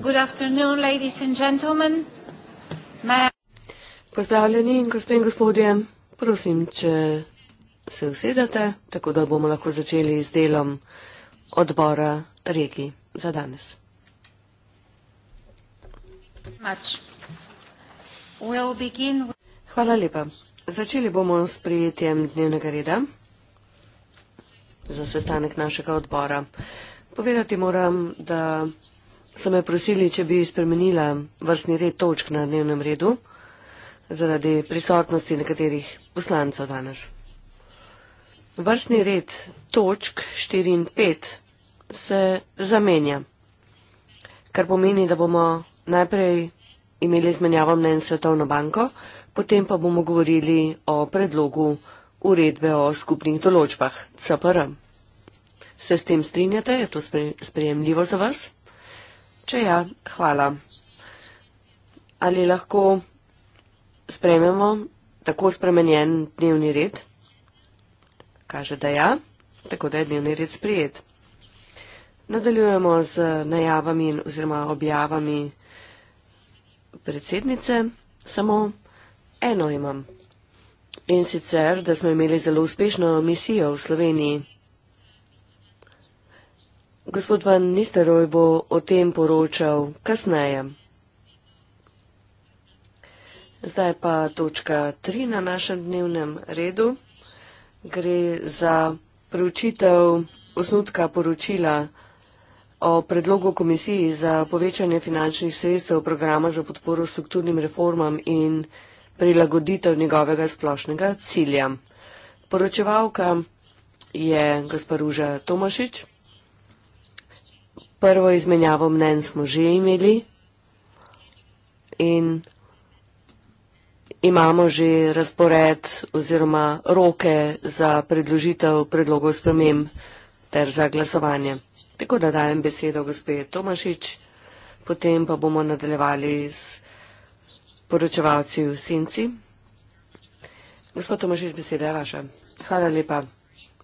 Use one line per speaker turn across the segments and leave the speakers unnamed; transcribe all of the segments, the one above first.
Good afternoon, ladies and gentlemen.
May Pozdravljeni, gospe in gospodje. Prosim, če se usedete, tako da bomo lahko začeli z delom odbora regij za danes. We'll begin... Hvala lepa. Začeli bomo s prijetjem dnevnega reda za sestanek našega odbora. Povedati moram, da so me prosili, če bi spremenila vrstni red točk na dnevnem redu zaradi prisotnosti nekaterih poslancev danes. Vrstni red točk 4 in 5 se zamenja, kar pomeni, da bomo najprej imeli izmenjavo mnen Svetovno banko, potem pa bomo govorili o predlogu uredbe o skupnih določbah CPR. Se s tem strinjate? Je to sprejemljivo za vas? Če ja, hvala. Ali lahko sprememo tako spremenjen dnevni red? Kaže, da ja, tako da je dnevni red sprijet. Nadaljujemo z najavami oziroma objavami predsednice, samo eno imam. In sicer, da smo imeli zelo uspešno misijo v Sloveniji. Gospod Van Nisteroj bo o tem poročal kasneje. Zdaj pa točka 3 na našem dnevnem redu. Gre za preučitev osnutka poročila o predlogu komisiji za povečanje finančnih sredstev programa za podporo strukturnim reformam in prilagoditev njegovega splošnega cilja. Poročevalka je gospa Ruža Tomašič prvo izmenjavo mnenj smo že imeli in imamo že razpored oziroma roke za predložitev predlogov sprememb ter za glasovanje. Tako da dajem besedo gospe Tomašič, potem pa bomo nadaljevali s poročevalci v Sinci. Gospod Tomašič, beseda je vaša. Hvala lepa.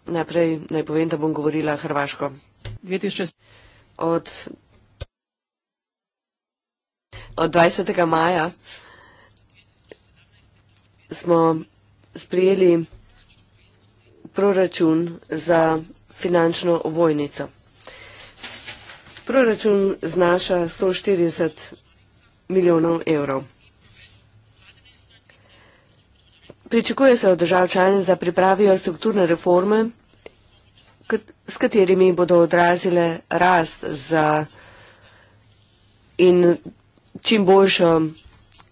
Najprej naj povem, da bom govorila hrvaško. 2006 od, od 20. maja smo sprijeli proračun za finančno vojnico. Proračun znaša 140 milijonov evrov. Pričakuje se od držav članic, da pripravijo strukturne reforme, s katerimi bodo odrazile rast za in čim boljšo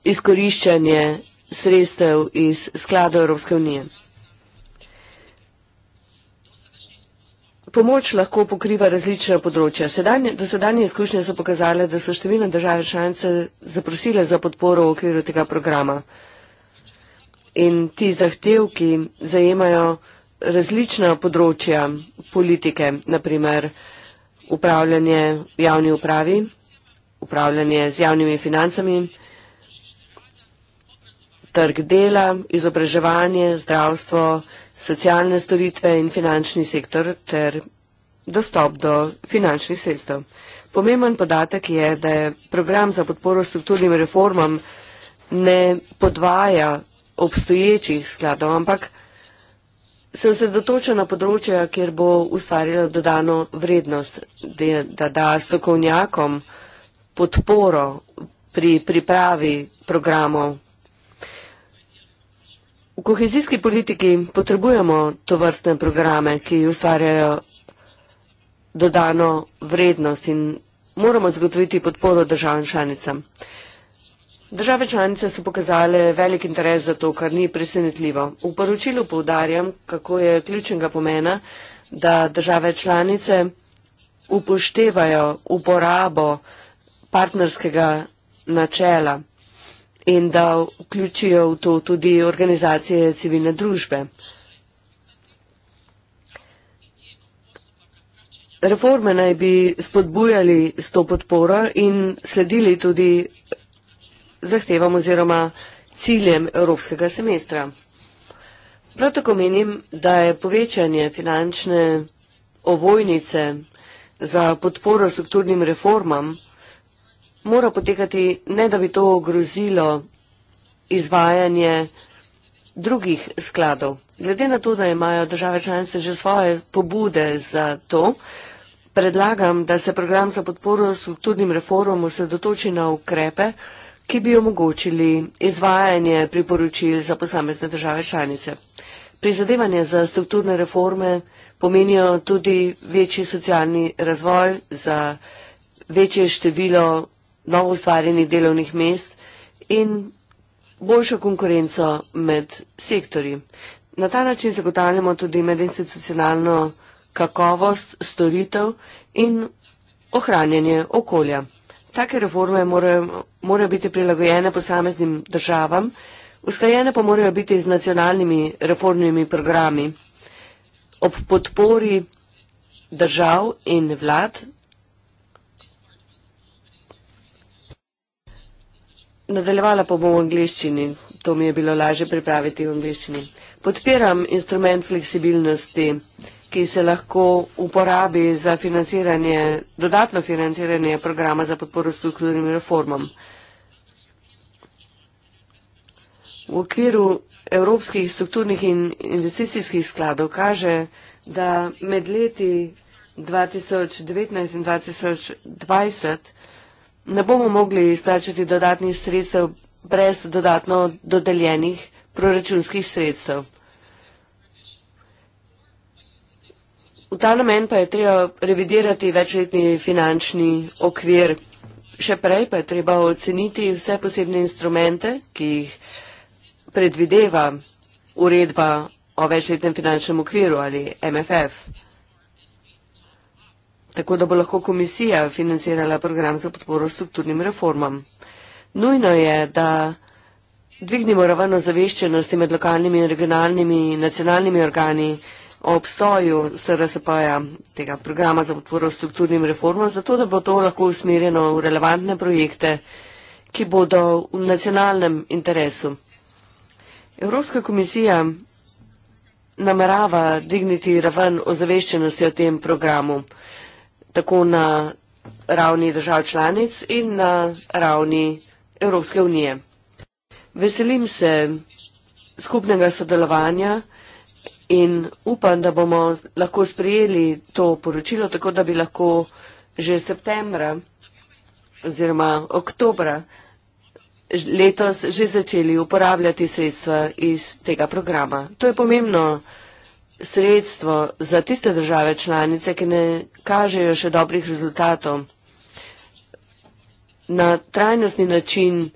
izkoriščanje sredstev iz skladov Evropske unije. Pomoč lahko pokriva različna področja. Sedanje, dosedanje izkušnje so pokazale, da so številne države članice zaprosile za podporo v okviru tega programa. In ti zahtevki zajemajo različna področja politike, naprimer upravljanje javni upravi, upravljanje z javnimi financami, trg dela, izobraževanje, zdravstvo, socialne storitve in finančni sektor ter dostop do finančnih sredstev. Pomemben podatek je, da je program za podporo strukturnim reformam ne podvaja obstoječih skladov, ampak se osredotoča na področja, kjer bo ustvarjala dodano vrednost, da, da da strokovnjakom podporo pri pripravi programov. V kohezijski politiki potrebujemo to vrstne programe, ki ustvarjajo dodano vrednost in moramo zagotoviti podporo državam članicam. Države članice so pokazale velik interes za to, kar ni presenetljivo. V poročilu povdarjam, kako je ključnega pomena, da države članice upoštevajo uporabo partnerskega načela in da vključijo v to tudi organizacije civilne družbe. Reforme naj bi spodbujali s to podporo in sledili tudi zahtevam oziroma ciljem evropskega semestra. Prav tako menim, da je povečanje finančne ovojnice za podporo strukturnim reformam mora potekati ne da bi to ogrozilo izvajanje drugih skladov. Glede na to, da imajo države članice že svoje pobude za to, predlagam, da se program za podporo strukturnim reformom osredotoči na ukrepe, ki bi omogočili izvajanje priporočil za posamezne države članice. Prizadevanje za strukturne reforme pomenijo tudi večji socialni razvoj za večje število novo ustvarjenih delovnih mest in boljšo konkurenco med sektori. Na ta način zagotavljamo tudi medinstitucionalno kakovost storitev in ohranjanje okolja. Take reforme morajo, morajo biti prilagojene posameznim državam, usklajene pa morajo biti z nacionalnimi reformnimi programi. Ob podpori držav in vlad nadaljevala pa bom v angliščini, to mi je bilo lažje pripraviti v angliščini. Podpiram instrument fleksibilnosti ki se lahko uporabi za financiranje, dodatno financiranje programa za podporo strukturnim reformam. V okviru evropskih strukturnih in investicijskih skladov kaže, da med leti 2019 in 2020 ne bomo mogli izplačati dodatnih sredstev brez dodatno dodeljenih proračunskih sredstev. V ta namen pa je treba revidirati večletni finančni okvir. Še prej pa je treba oceniti vse posebne instrumente, ki jih predvideva uredba o večletnem finančnem okviru ali MFF. Tako da bo lahko komisija financirala program za podporo strukturnim reformam. Nujno je, da dvignimo ravno zaveščenosti med lokalnimi, regionalnimi in nacionalnimi organi, o obstoju SRSP-ja, tega programa za podporo strukturnim reformam, zato da bo to lahko usmerjeno v relevantne projekte, ki bodo v nacionalnem interesu. Evropska komisija namerava digniti raven ozaveščenosti o tem programu, tako na ravni držav članic in na ravni Evropske unije. Veselim se skupnega sodelovanja in upam, da bomo lahko sprejeli to poročilo, tako da bi lahko že septembra oziroma oktobra letos že začeli uporabljati sredstva iz tega programa. To je pomembno sredstvo za tiste države članice, ki ne kažejo še dobrih rezultatov na trajnostni način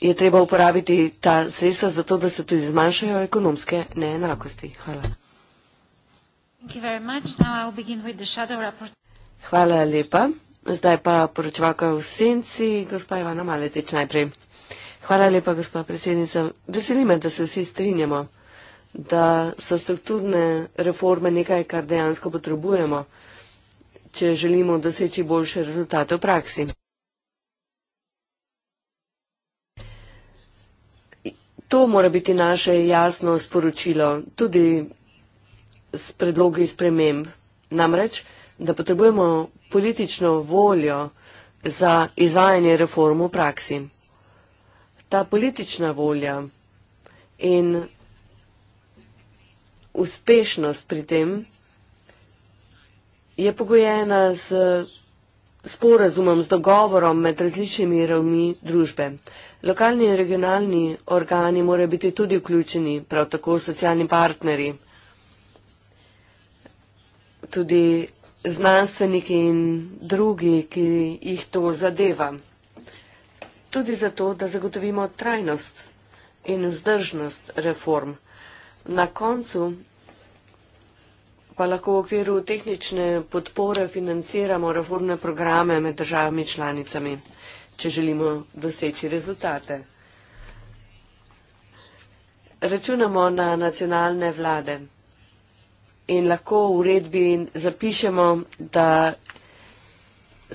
je treba uporabiti ta sredstva za to, da se tudi zmanjšajo ekonomske neenakosti. Hvala. Hvala lepa. Zdaj pa poročevalka v senci, gospa Ivana Maletič najprej. Hvala lepa, gospa predsednica. Veseli me, da se vsi strinjamo, da so strukturne reforme nekaj, kar dejansko potrebujemo, če želimo doseči boljše rezultate v praksi. to mora biti naše jasno sporočilo tudi s predlogi sprememb. Namreč, da potrebujemo politično voljo za izvajanje reform v praksi. Ta politična volja in uspešnost pri tem je pogojena s sporazumom, z dogovorom med različnimi ravni družbe. Lokalni in regionalni organi morajo biti tudi vključeni, prav tako socialni partneri, tudi znanstveniki in drugi, ki jih to zadeva. Tudi zato, da zagotovimo trajnost in vzdržnost reform. Na koncu pa lahko v okviru tehnične podpore financiramo reformne programe med državami članicami če želimo doseči rezultate. Računamo na nacionalne vlade in lahko v uredbi zapišemo, da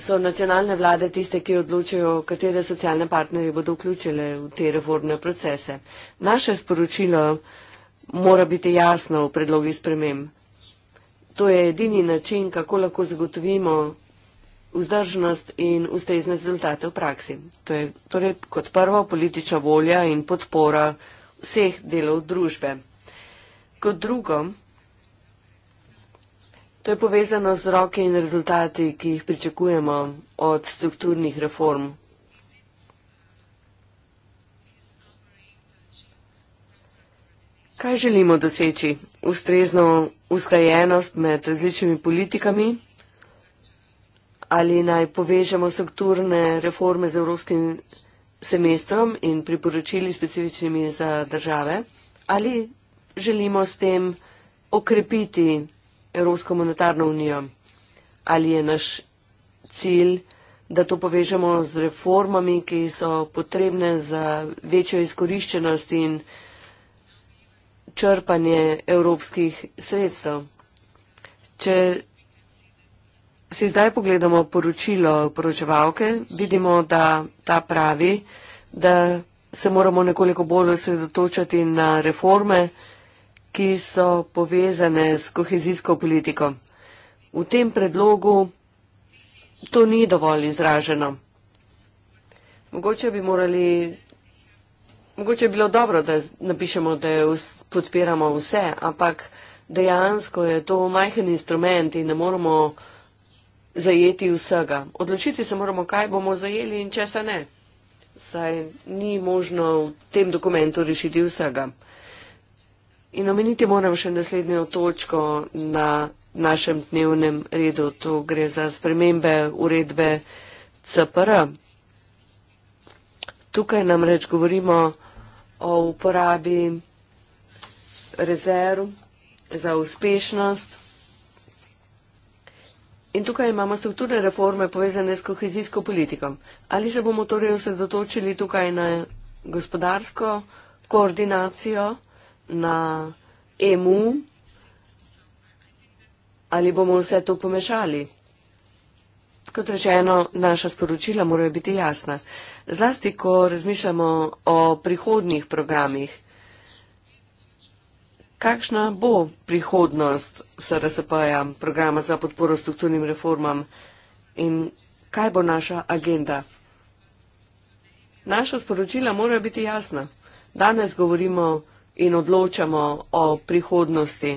so nacionalne vlade tiste, ki odločajo, katere socialne partnerje bodo vključile v te reformne procese. Naše sporočilo mora biti jasno v predlogi spremem. To je edini način, kako lahko zagotovimo vzdržnost in ustrezne rezultate v praksi. To je torej kot prvo politična volja in podpora vseh delov družbe. Kot drugo, to je povezano z roke in rezultati, ki jih pričakujemo od strukturnih reform. Kaj želimo doseči? Ustrezno usklajenost med različnimi politikami ali naj povežemo strukturne reforme z evropskim semestrom in priporočili specifičnimi za države, ali želimo s tem okrepiti Evropsko monetarno unijo, ali je naš cilj, da to povežemo z reformami, ki so potrebne za večjo izkoriščenost in črpanje evropskih sredstev. Če Si zdaj pogledamo poročilo poročevalke, vidimo, da ta pravi, da se moramo nekoliko bolj osredotočati na reforme, ki so povezane s kohezijsko politiko. V tem predlogu to ni dovolj izraženo. Mogoče bi morali, mogoče bi bilo dobro, da napišemo, da podpiramo vse, ampak dejansko je to majhen instrument in ne moramo zajeti vsega. Odločiti se moramo, kaj bomo zajeli in česa ne. Saj ni možno v tem dokumentu rešiti vsega. In omeniti moram še naslednjo točko na našem dnevnem redu. To gre za spremembe uredbe CPR. Tukaj nam reč govorimo o uporabi rezerv za uspešnost In tukaj imamo strukturne reforme povezane s kohezijsko politiko. Ali se bomo torej osredotočili tukaj na gospodarsko koordinacijo, na EMU, ali bomo vse to pomešali? Kot rečeno, naša sporočila morajo biti jasna. Zlasti, ko razmišljamo o prihodnih programih, Kakšna bo prihodnost SRSP-ja, programa za podporo strukturnim reformam in kaj bo naša agenda? Naša sporočila morajo biti jasna. Danes govorimo in odločamo o prihodnosti.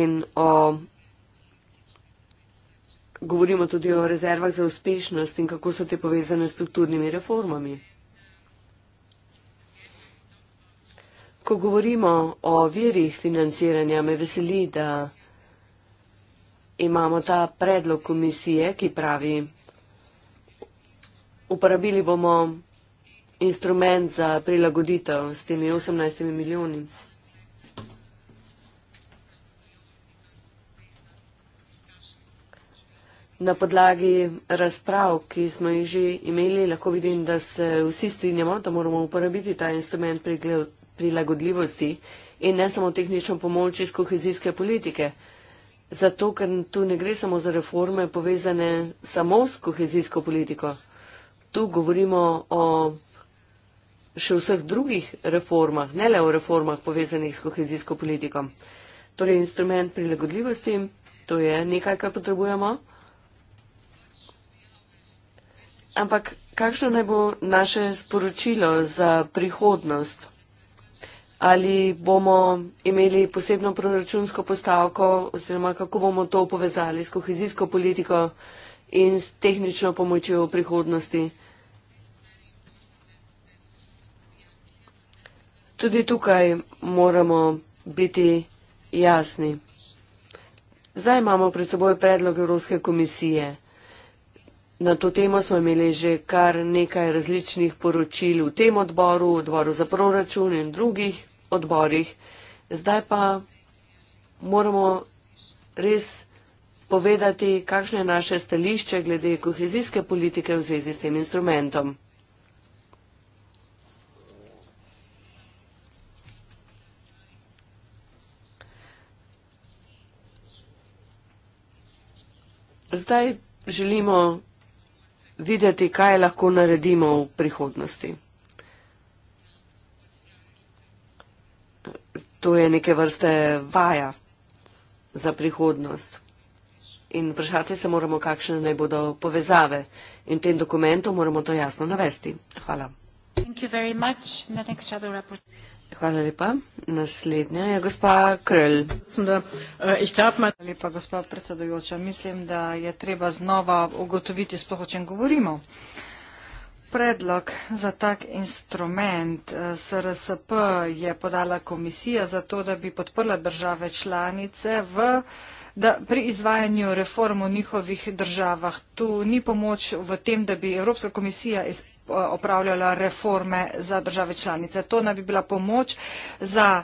In o, govorimo tudi o rezervah za uspešnost in kako so te povezane s strukturnimi reformami. Ko govorimo o virih financiranja, me veseli, da imamo ta predlog komisije, ki pravi, uporabili bomo instrument za prilagoditev s temi 18 milijoni. Na podlagi razprav, ki smo jih že imeli, lahko vidim, da se vsi strinjamo, da moramo uporabiti ta instrument prilagodljivosti in ne samo tehnično pomoč iz kohezijske politike. Zato, ker tu ne gre samo za reforme povezane samo s kohezijsko politiko. Tu govorimo o še vseh drugih reformah, ne le o reformah povezanih s kohezijsko politiko. Torej, instrument prilagodljivosti, to je nekaj, kar potrebujemo. Ampak kakšno naj bo naše sporočilo za prihodnost? Ali bomo imeli posebno proračunsko postavko oziroma kako bomo to povezali s kohezijsko politiko in s tehnično pomočjo v prihodnosti? Tudi tukaj moramo biti jasni. Zdaj imamo pred seboj predlog Evropske komisije. Na to temo smo imeli že kar nekaj različnih poročil v tem odboru, v odboru za proračun in drugih odborih. Zdaj pa moramo res povedati, kakšno je naše stališče glede kohezijske politike v zvezi s tem instrumentom. Zdaj želimo videti, kaj lahko naredimo v prihodnosti. To je neke vrste vaja za prihodnost. In vprašati se moramo, kakšne naj bodo povezave. In v tem dokumentu moramo to jasno navesti. Hvala.
Thank you very
much. The next shadow report.
Hvala lepa. Naslednja je gospa Krl.
Eh, Hvala lepa, gospa predsedojoča. Mislim, da je treba znova ugotoviti sploh, o čem govorimo. Predlog za tak instrument eh, SRSP je podala komisija za to, da bi podprla države članice v, da pri izvajanju reform v njihovih državah. Tu ni pomoč v tem, da bi Evropska komisija iz, opravljala reforme za države članice. To naj bi bila pomoč za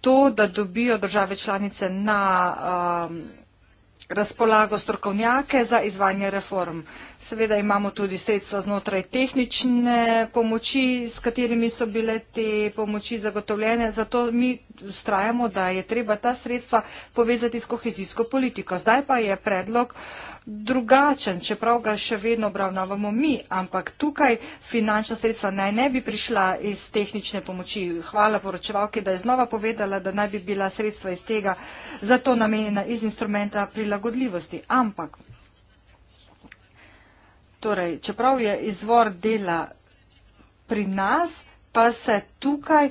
to, da dobijo države članice na um, razpolago strokovnjake za izvanje reform. Seveda imamo tudi sredstva znotraj tehnične pomoči, s katerimi so bile te pomoči zagotovljene. Zato mi ustrajamo, da je treba ta sredstva povezati s kohezijsko politiko. Zdaj pa je predlog uh, drugačen, čeprav ga še vedno obravnavamo mi, ampak tukaj finančna sredstva naj ne bi prišla iz tehnične pomoči. Hvala poročevalki, da je znova povedala, da naj bi bila sredstva iz tega zato namenjena iz instrumenta prilagodljivosti. Ampak, torej, čeprav je izvor dela pri nas, pa se tukaj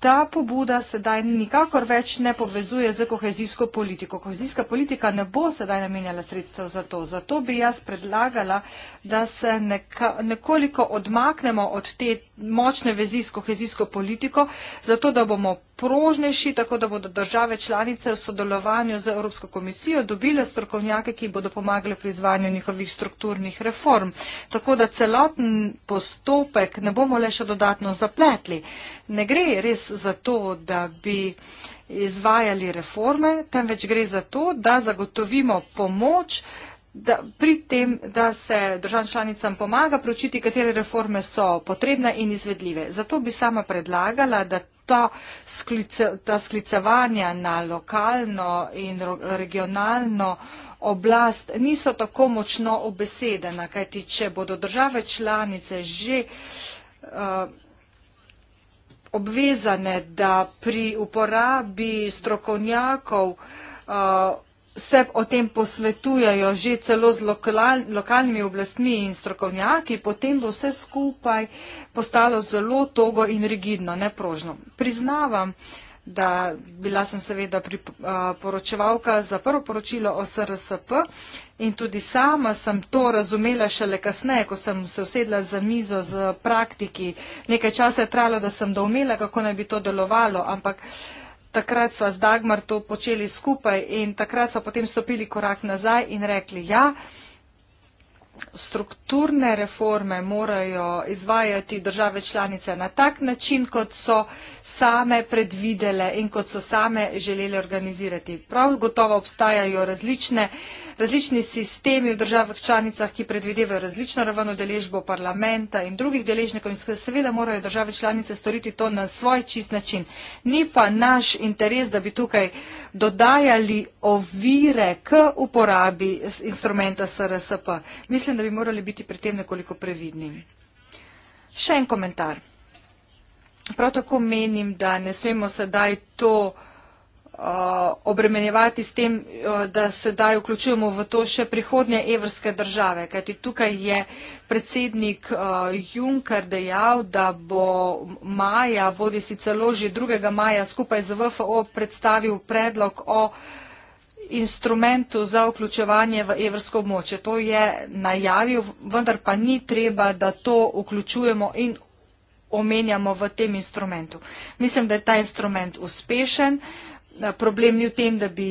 ta pobuda sedaj nikakor več ne povezuje z kohezijsko politiko. Kohezijska politika ne bo sedaj namenjala sredstev za to. Zato bi jaz predlagala, da se neka, nekoliko odmaknemo od te močne vezi s kohezijsko politiko, zato da bomo prožnejši, tako da bodo države članice v sodelovanju z Evropsko komisijo dobile strokovnjake, ki bodo pomagali pri izvanju njihovih strukturnih reform. Tako da celoten postopek ne bomo le še dodatno zapletli. Ne gre res za to, da bi izvajali reforme, temveč gre za to, da zagotovimo pomoč da, pri tem, da se državam članicam pomaga pročiti, katere reforme so potrebne in izvedljive. Zato bi sama predlagala, da sklice, ta sklicevanja na lokalno in ro, regionalno oblast niso tako močno obesedena, kajti če bodo države članice že uh, obvezane, da pri uporabi strokovnjakov uh, se o tem posvetujajo že celo z lokal, lokalnimi oblastmi in strokovnjaki, potem bo vse skupaj postalo zelo togo in rigidno, neprožno. Priznavam, uh, da bila sem seveda eh, poročevalka za prvo poročilo o SRSP in tudi sama sem to razumela šele kasneje, ko sem se usedla za mizo z praktiki. Nekaj časa je trajalo, da sem doumela, kako naj bi to delovalo, ampak takrat sva z Dagmar to počeli skupaj in takrat sva potem stopili korak nazaj in rekli ja strukturne reforme morajo izvajati države članice na tak način, kot so same predvidele in kot so same želeli organizirati. Prav gotovo obstajajo različne, različni sistemi v državah članicah, ki predvidevajo različno raven udeležbo parlamenta in drugih deležnikov in seveda morajo države članice storiti to na svoj čist način. Ni pa naš interes, da bi tukaj dodajali ovire k uporabi instrumenta SRSP. Mislim, mislim, da bi morali biti pri tem nekoliko previdni. Še en komentar. Prav tako menim, da ne smemo sedaj to uh, obremenjevati s tem, uh, da sedaj vključujemo v to še prihodnje evrske države, kajti tukaj je predsednik uh, Juncker dejal, da bo maja, bodi si celo že 2. maja, skupaj z VFO predstavil predlog o uh, instrumentu za vključevanje v evrsko območje. To je najavil, vendar pa ni treba, da to vključujemo in omenjamo v tem instrumentu. Mislim, da je ta instrument uspešen. Problem ni v tem, da bi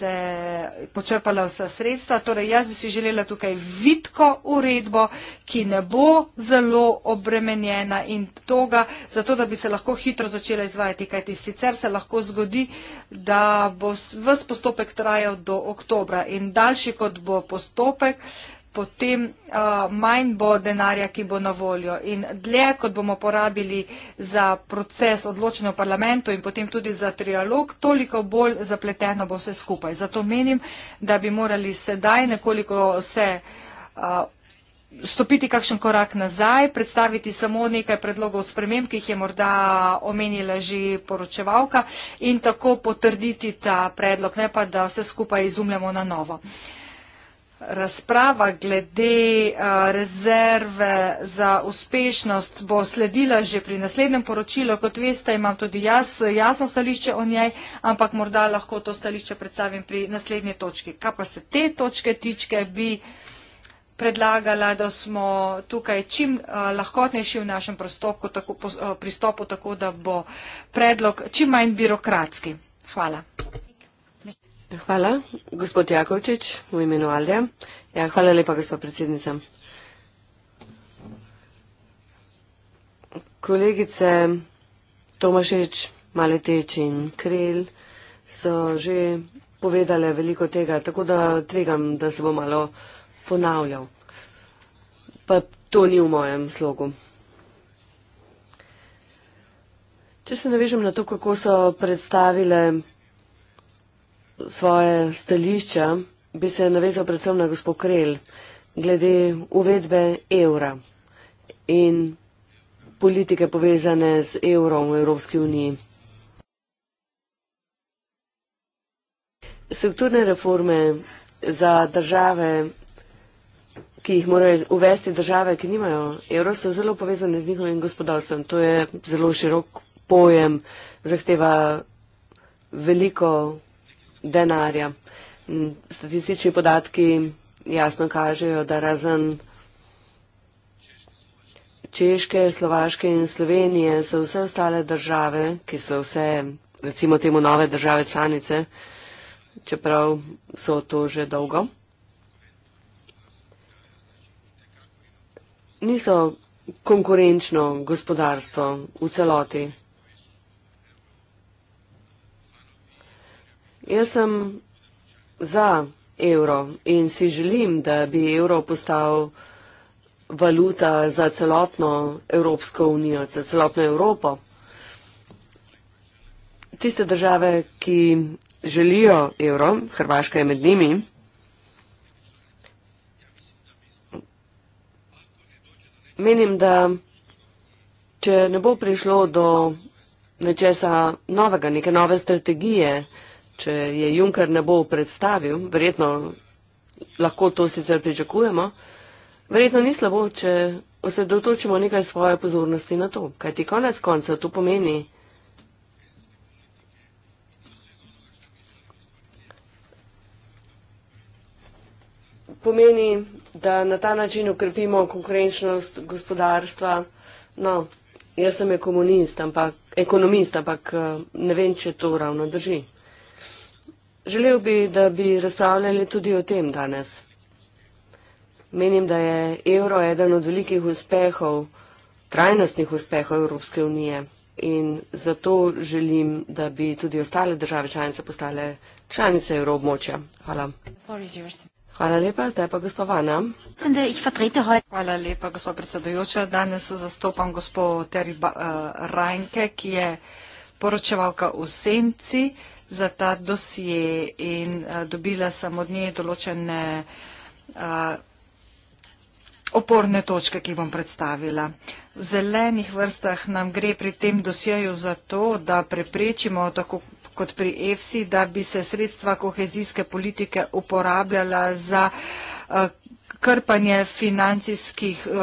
se počrpala vsa sredstva. Torej, jaz bi si želela tukaj vitko uredbo, ki ne bo zelo obremenjena in toga, zato da bi se lahko hitro začela izvajati, kajti sicer se lahko zgodi, da bo vse postopek trajal do oktobra in daljši kot bo postopek, potem uh, manj bo denarja, ki bo na voljo. In dlje, kot bomo porabili za proces odločenja v parlamentu in potem tudi za trialog, toliko bolj zapleteno bo vse skupaj. Zato menim, da bi morali sedaj nekoliko se uh, stopiti kakšen korak nazaj, predstaviti samo nekaj predlogov sprememb, ki jih je morda omenila že poročevalka in tako potrditi ta predlog, ne pa da vse skupaj izumljamo na novo. Uh, razprava glede eh, rezerve za uspešnost bo sledila že pri naslednjem poročilu. Kot veste, imam tudi jaz jasno stališče o njej, ampak morda lahko to stališče predstavim pri naslednji točki. Kaj pa se te točke tičke, bi predlagala, da smo tukaj čim eh, lahkotnejši v našem prostopku, tako, eh, pristopu, tako da bo predlog čim manj birokratski. Hvala.
Hvala, gospod Jakovčič, v imenu Aldeja. Ja, hvala lepa, gospod predsednica. Kolegice Tomašič, Maletič in Kril so že povedale veliko tega, tako da tvegam, da se bo malo ponavljal. Pa to ni v mojem slogu. Če se navežem na to, kako so predstavile svoje stališča, bi se navezal predvsem na gospod Krel glede uvedbe evra in politike povezane z evrom v Evropski uniji. Strukturne reforme za države, ki jih morajo uvesti države, ki nimajo evro, so zelo povezane z njihovim gospodarstvom. To je zelo širok pojem, zahteva veliko denarja. Mm, Statistični podatki jasno kažejo, da razen Češke, Slovaške in Slovenije so vse ostale države, ki so vse, recimo temu, nove države članice, čeprav so to že dolgo. Niso konkurenčno gospodarstvo v celoti. Jaz sem za evro in si želim, da bi evro postal valuta za celotno Evropsko unijo, za celotno Evropo. Tiste države, ki želijo evro, Hrvaška je med njimi, menim, da če ne bo prišlo do nečesa novega, neke nove strategije, če je Juncker ne bo predstavil, verjetno lahko to sicer pričakujemo, verjetno ni slabo, če osredotočimo nekaj svoje pozornosti na to, kaj ti konec konca to pomeni. Pomeni, da na ta način ukrepimo konkurenčnost gospodarstva. No, jaz sem ekonomist, ampak eh, ne vem, če to ravno drži. Želel bi, da bi razpravljali tudi o tem danes. Menim, da je evro eden od velikih uspehov, trajnostnih uspehov Evropske unije in zato želim, da bi tudi ostale države članice postale članice evroobmočja. Hvala. Hvala lepa, zdaj pa gospa Vana. Hvala lepa, gospod predsedujoča. Danes zastopam gospod Teri eh,
Ranke, ki je poročevalka v Senci za ta dosje in uh, dobila sem od nje določene uh, oporne točke, ki bom predstavila. V zelenih vrstah nam gre pri tem dosjeju za to, da preprečimo, tako kot pri EFSI, da bi se sredstva kohezijske politike uporabljala za uh, krpanje financijskih eh,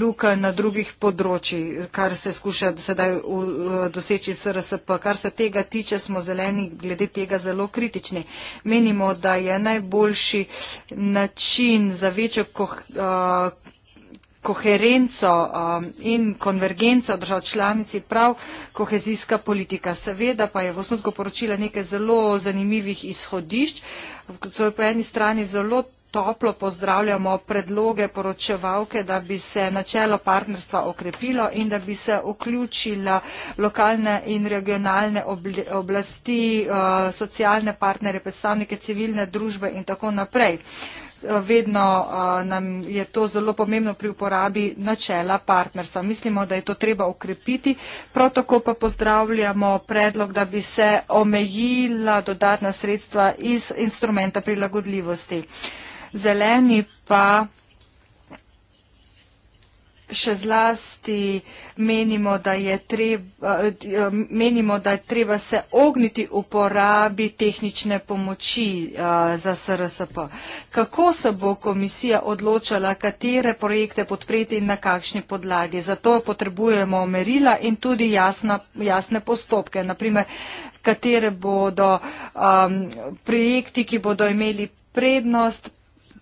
luka na drugih področji, kar se skuša sedaj eh, doseči SRSP. Kar se tega tiče, smo zeleni glede tega zelo kritični. Menimo, da je najboljši način za večjo eh, koherenco in konvergenco držav članici prav kohezijska politika. Seveda pa je v osnutku poročila nekaj zelo zanimivih izhodišč, ki so po eni strani zelo toplo pozdravljamo predloge poročevalke, da bi se načelo partnerstva okrepilo in da bi se vključila lokalne in regionalne oblasti, eh, socialne partnere, predstavnike civilne družbe in tako naprej. Eh, vedno eh, nam je to zelo pomembno pri uporabi načela partnerstva. Mislimo, da je to treba ukrepiti. Prav tako pa pozdravljamo predlog, da bi se omejila dodatna sredstva iz instrumenta prilagodljivosti zeleni pa še zlasti menimo, da je treba, eh, menimo, da je treba se ogniti uporabi tehnične pomoči eh, za SRSP. Kako se bo komisija odločala, katere projekte podpreti in na kakšni podlagi? Zato potrebujemo merila in tudi jasna, jasne postopke. Naprimer, katere bodo um, projekti, ki bodo imeli prednost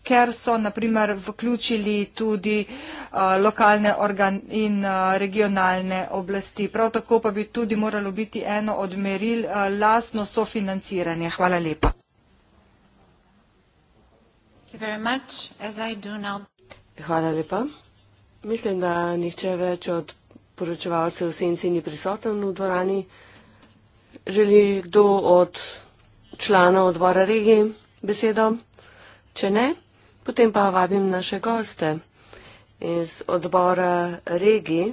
ker so naprimer vključili tudi eh, lokalne organ in eh, regionalne oblasti. Prav tako pa bi tudi moralo biti eno od meril eh, lasno sofinanciranje.
Hvala lepa. Hvala lepa. Mislim, da nihče več od poročevalcev senci ni prisoten v dvorani. Želi kdo od člana odbora regije besedo? Če ne, Potem pa vabim naše goste iz odbora regi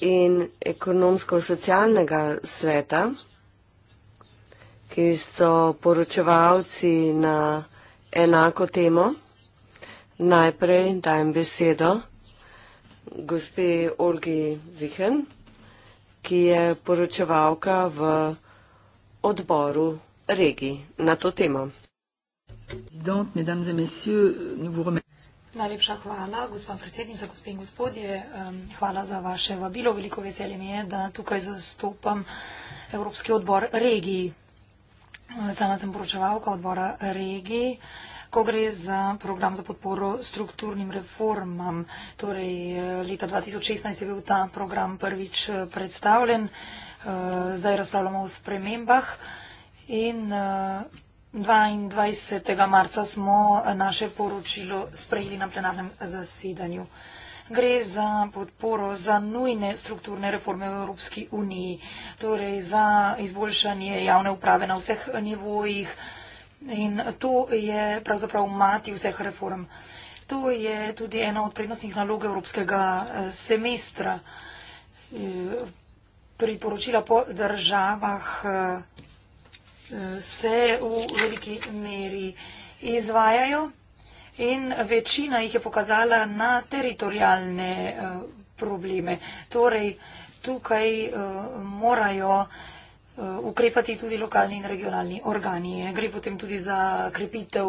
in ekonomsko-socialnega sveta, ki so poročevalci na enako temo. Najprej dajem besedo gospe Olgi Vihen, ki je poročevalka v odboru regi na to temo.
Najlepša hvala, gospa predsednica, gospe in gospodje. Hvala za vaše vabilo. Veliko veselje mi je, da tukaj zastopam Evropski odbor regiji. Sama sem poročevalka odbora regiji, ko gre za program za podporo strukturnim reformam. Torej, leta 2016 je bil ta program prvič eh, predstavljen. Eh, zdaj razpravljamo o spremembah. In eh, 22. marca smo naše poročilo sprejeli na plenarnem zasedanju. Gre za podporo za nujne strukturne reforme v Evropski uniji, torej za izboljšanje javne uprave na vseh nivojih. In to je pravzaprav mati vseh reform. To je tudi ena od prednostnih nalog Evropskega eh, semestra. Eh, priporočila po državah eh, se v veliki meri izvajajo in večina jih je pokazala na teritorijalne eh, probleme. Torej, tukaj eh, morajo eh, ukrepati tudi lokalni in regionalni organi. Gre potem tudi za krepitev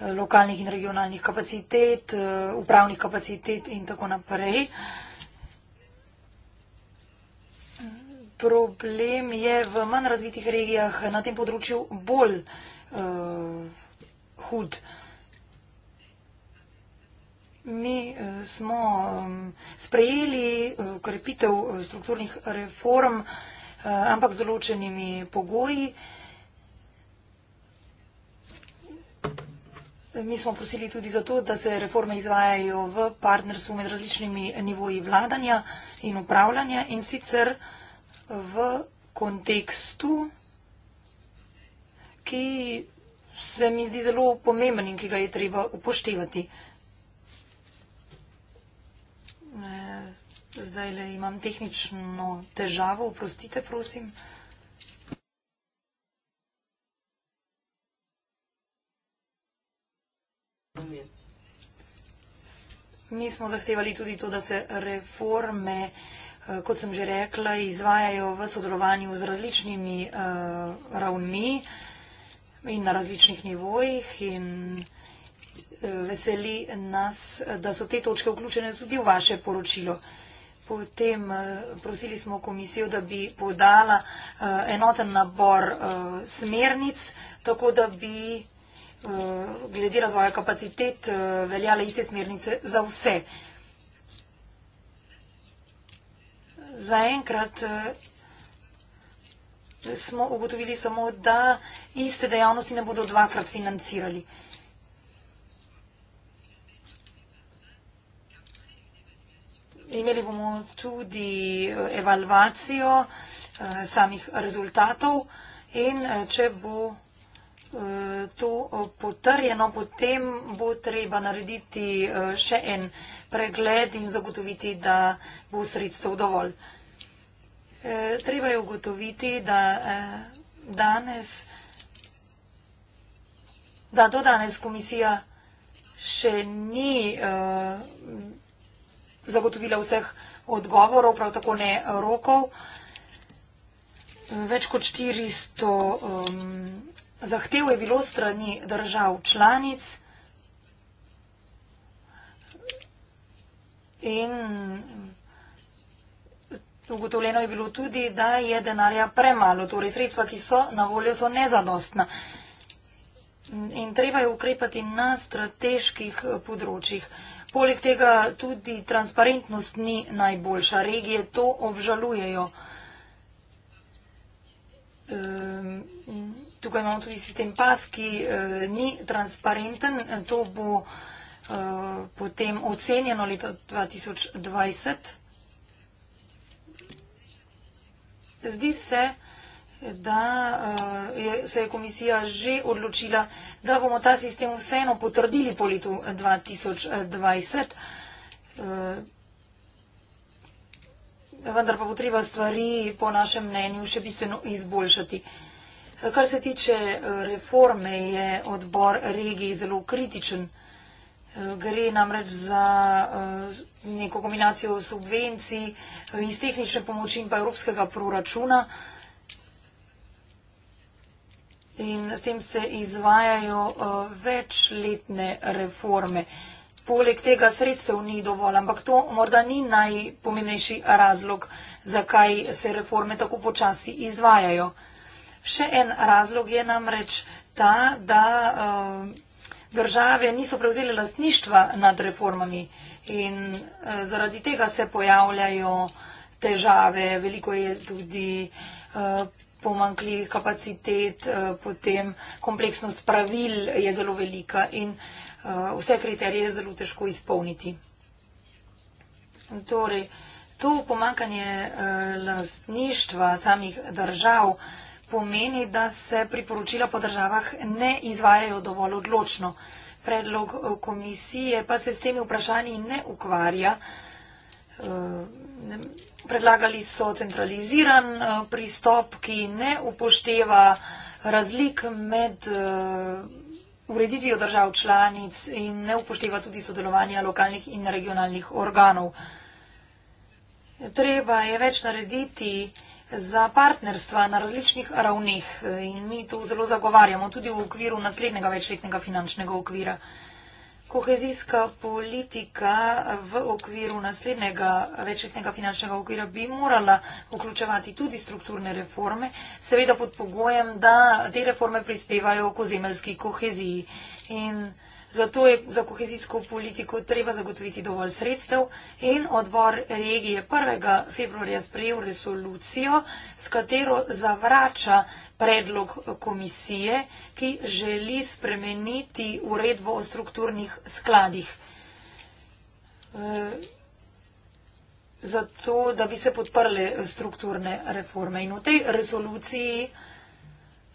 lokalnih in regionalnih kapacitet, upravnih kapacitet in tako naprej. problem je v manj razvitih regijah na tem področju bolj uh, hud. Mi uh, smo um, sprejeli ukrepitev uh, strukturnih reform, uh, ampak z določenimi pogoji. Mi smo prosili tudi za to, da se reforme izvajajo v partnerstvu med različnimi nivoji vladanja in upravljanja in sicer uh, v kontekstu, ki se mi zdi zelo pomemben in ki ga je treba upoštevati. E, zdaj le imam tehnično težavo, uprostite, prosim. Mi smo zahtevali tudi to, da se reforme Eh, kot sem že rekla, izvajajo v sodelovanju z različnimi uh, ravnmi in na različnih nivojih in eh, veseli nas, da so te točke vključene tudi v vaše poročilo. Potem prosili smo komisijo, da bi podala enoten nabor smernic, tako da bi glede razvoja kapacitet veljale iste smernice za vse. zaenkrat eh, smo ugotovili samo, da iste dejavnosti ne bodo dvakrat financirali. Imeli bomo tudi eh, evalvacijo eh, samih rezultatov in če bo Eh, to eh, potrjeno, potem bo treba narediti eh, še en pregled in zagotoviti, da bo sredstev dovolj. Treba je ugotoviti, da danes, da do danes komisija še ni zagotovila vseh odgovorov, prav tako ne rokov, več kot 400 odgovorov, zahtev je bilo strani držav članic in ugotovljeno je bilo tudi, da je denarja premalo, torej sredstva, ki so na voljo, so nezadostna. In treba je ukrepati na strateških področjih. Poleg tega tudi transparentnost ni najboljša. Regije to obžalujejo. Um, Tukaj imamo tudi sistem PAS, ki eh, ni transparenten. To bo eh, potem ocenjeno leta 2020. Zdi se, da eh, se je komisija že odločila, da bomo ta sistem vseeno potrdili po letu 2020. Eh, vendar pa bo treba stvari po našem mnenju še bistveno izboljšati. Eh, Kar se tiče eh, reforme, je odbor regiji zelo kritičen. Eh, gre namreč za eh, neko kombinacijo subvencij iz tehnične pomoči in pa evropskega proračuna. In s tem se izvajajo večletne reforme. Poleg tega sredstev ni dovolj, ampak to morda ni najpomembnejši razlog, zakaj se reforme tako počasi izvajajo. Še en razlog je namreč ta, da eh, države niso prevzeli lastništva nad reformami in eh, zaradi tega se pojavljajo težave, veliko je tudi eh, pomankljivih kapacitet, potem kompleksnost pravil je zelo velika in vse kriterije je zelo težko izpolniti. Torej, to pomankanje lastništva samih držav je, pomeni, da se priporočila po državah ne izvajajo dovolj odločno. Predlog eh, komisije pa se s temi vprašanji ne ukvarja. Eh, predlagali so centraliziran eh, pristop, ki ne upošteva razlik med ureditvijo držav članic in ne upošteva tudi sodelovanja lokalnih in regionalnih organov. Treba je več narediti za partnerstva na različnih ravneh e, in mi to zelo zagovarjamo tudi v okviru naslednjega večletnega finančnega okvira. Kohezijska politika v okviru naslednjega večletnega finančnega okvira bi morala vključevati tudi strukturne reforme, seveda pod pogojem, da te reforme prispevajo k ozemeljski koheziji. In Zato je za kohezijsko politiko treba zagotoviti dovolj sredstev in odbor regije 1. februarja sprejel resolucijo, s katero zavrača predlog komisije, ki želi spremeniti uredbo o strukturnih skladih. Zato, da bi se podprle strukturne reforme. In v tej resoluciji vsega,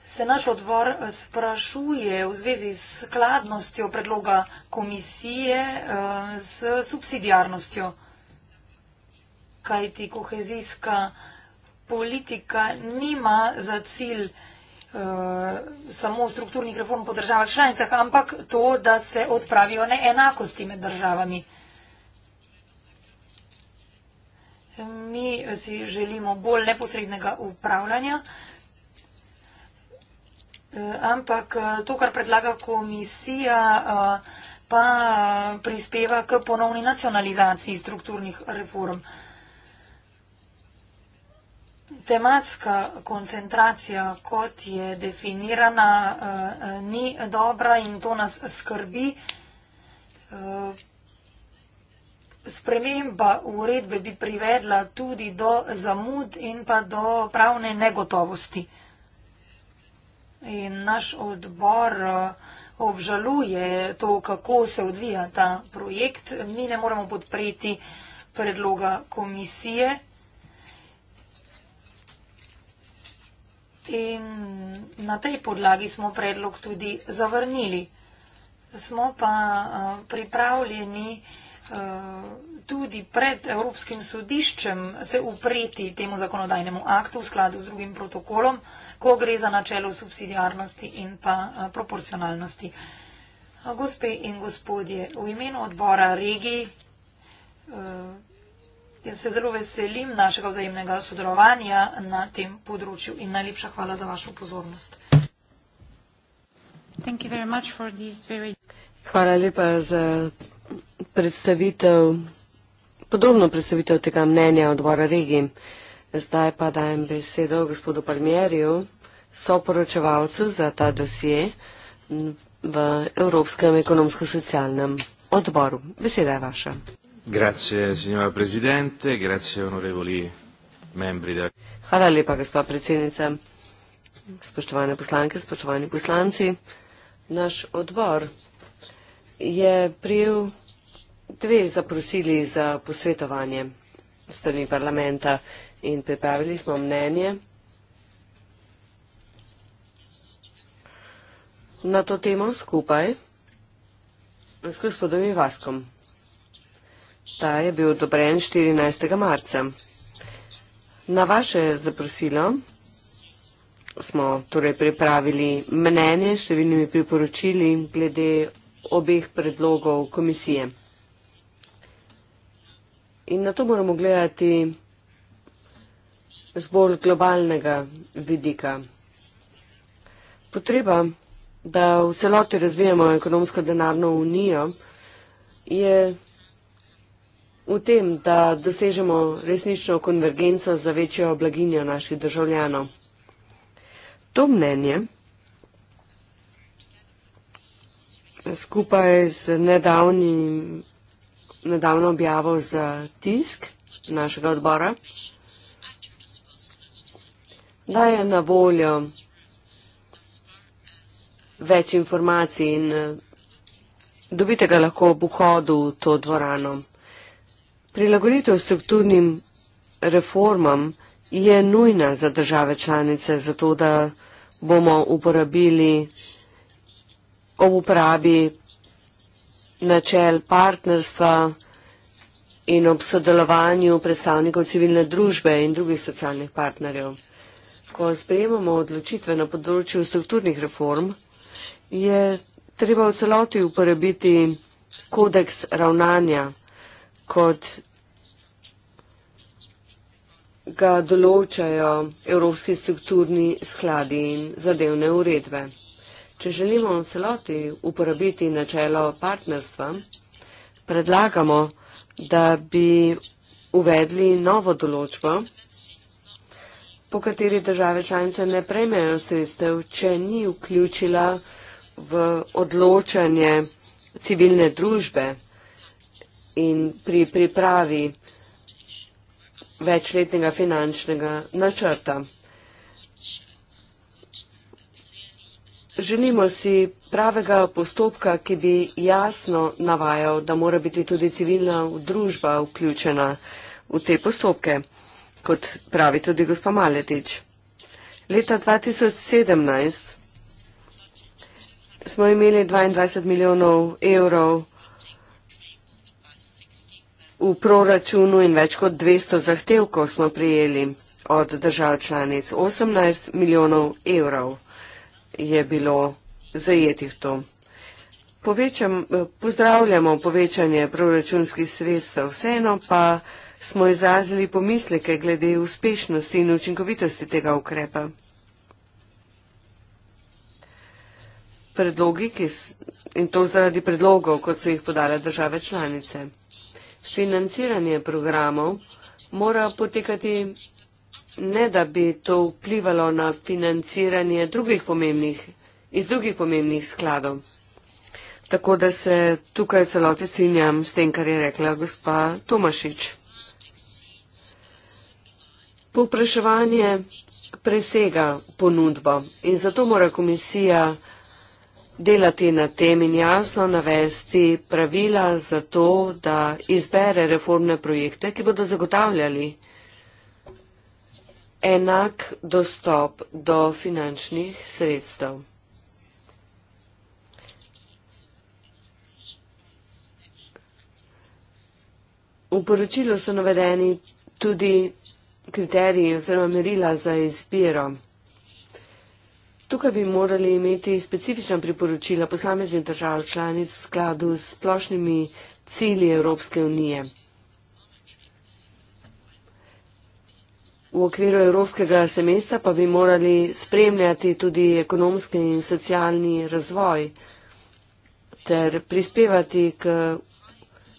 Se naš odbor eh, sprašuje v zvezi s skladnostjo predloga komisije eh, s subsidijarnostjo, kajti kohezijska politika nima za cilj eh, samo strukturnih reform po državah članicah, ampak to, da se odpravijo neenakosti med državami. Mi si želimo bolj neposrednega upravljanja, Ampak eh, to, kar predlaga komisija, eh, pa eh, prispeva k ponovni nacionalizaciji strukturnih reform. Tematska koncentracija, kot je definirana, ni dobra in to nas skrbi. Sprememba uredbe bi privedla tudi do zamud in pa do pravne negotovosti. In naš odbor eh, obžaluje to, kako se odvija ta projekt. Mi ne moremo podpreti predloga komisije. In na tej podlagi smo predlog tudi zavrnili. Smo pa eh, pripravljeni, da se odvija ta projekt. Eh, tudi pred Evropskim sodiščem se upreti temu zakonodajnemu aktu v skladu z drugim protokolom, ko gre za načelo subsidijarnosti in pa eh, proporcionalnosti. Eh, gospe in gospodje, v imenu odbora regiji se zelo veselim našega vzajemnega sodelovanja na tem področju in najlepša hvala za vašo pozornost.
Hvala lepa za predstavitev, podrobno predstavitev tega mnenja odbora regij. Zdaj pa dajem besedo gospodu Palmieriju, soporočevalcu za ta dosje v Evropskem ekonomsko-socialnem odboru. Beseda je vaša. Grazie, signora presidente, grazie, onorevoli membri. Da... Hvala lepa, gospa predsednica. Spoštovane poslanke, spoštovani poslanci, naš odbor je prijel dve zaprosili za posvetovanje strani parlamenta in pripravili smo mnenje. Na to temo skupaj s gospodom Ivaskom. Ta je bil odobren 14. marca. Na vaše zaprosilo smo torej pripravili mnenje s številnimi priporočili glede obeh predlogov komisije. In na to moramo gledati z bolj globalnega vidika. Potreba, da v celoti razvijemo ekonomsko denarno unijo, je v tem, da dosežemo resnično konvergenco za večjo blaginjo naših državljanov. To mnenje skupaj z nedavnim nedavno objavil za tisk našega odbora, da je na voljo več informacij in eh, dobite ga lahko ob vhodu v to dvorano. Prilagoditev strukturnim reformam je nujna za države članice, zato da bomo uporabili ob uporabi načel partnerstva in ob sodelovanju predstavnikov civilne družbe in drugih socialnih partnerjev. Ko sprejemamo odločitve na področju strukturnih reform, je treba v celoti uporabiti kodeks ravnanja, kot ga določajo evropski strukturni skladi in zadevne uredbe. Če želimo v celoti uporabiti načelo partnerstva, predlagamo, da bi uvedli novo določbo, po kateri države članice ne prejmejo sredstev, če ni vključila v odločanje civilne družbe in pri pripravi večletnega finančnega načrta. Želimo si pravega postopka, ki bi jasno navajal, da mora biti tudi civilna družba vključena v te postopke, kot pravi tudi gospa Maletič. Leta 2017 smo imeli 22 milijonov evrov v proračunu in več kot 200 zahtevkov smo prijeli od držav članic 18 milijonov evrov je bilo zajetih to. Povečam, pozdravljamo povečanje proračunskih sredstev, vseeno pa smo izrazili pomisleke glede uspešnosti in učinkovitosti tega ukrepa. Predlogi, ki, in to zaradi predlogov, kot so jih podale države članice. Financiranje programov mora potekati ne da bi to vplivalo na financiranje drugih pomembnih, iz drugih pomembnih skladov. Tako da se tukaj celoti strinjam s tem, kar je rekla gospa Tomašič. Popraševanje presega ponudbo in zato mora komisija delati na tem in jasno navesti pravila za to, da izbere reformne projekte, ki bodo zagotavljali enak dostop do finančnih sredstev. V poročilu so navedeni tudi kriteriji oziroma merila za izbiro. Tukaj bi morali imeti specifična priporočila posameznih držav članic v skladu s splošnimi cilji Evropske unije. V okviru evropskega semestra pa bi morali spremljati tudi ekonomski in socialni razvoj ter prispevati k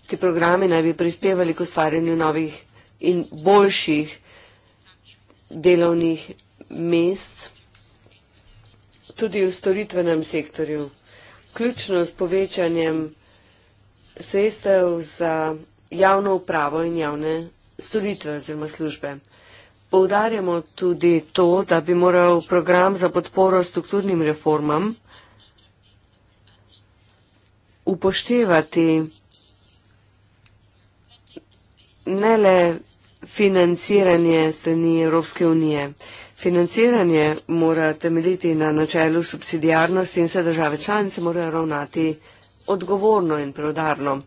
ti programi naj bi prispevali k ustvarjanju novih in boljših delovnih mest tudi v storitvenem sektorju. Ključno s povečanjem sredstev za javno upravo in javne storitve oziroma službe. Poudarjamo tudi to, da bi moral program za podporo strukturnim reformam upoštevati ne le financiranje strani Evropske unije. Financiranje mora temeljiti na načelu subsidijarnosti in vse države članice morajo ravnati odgovorno in preudarno.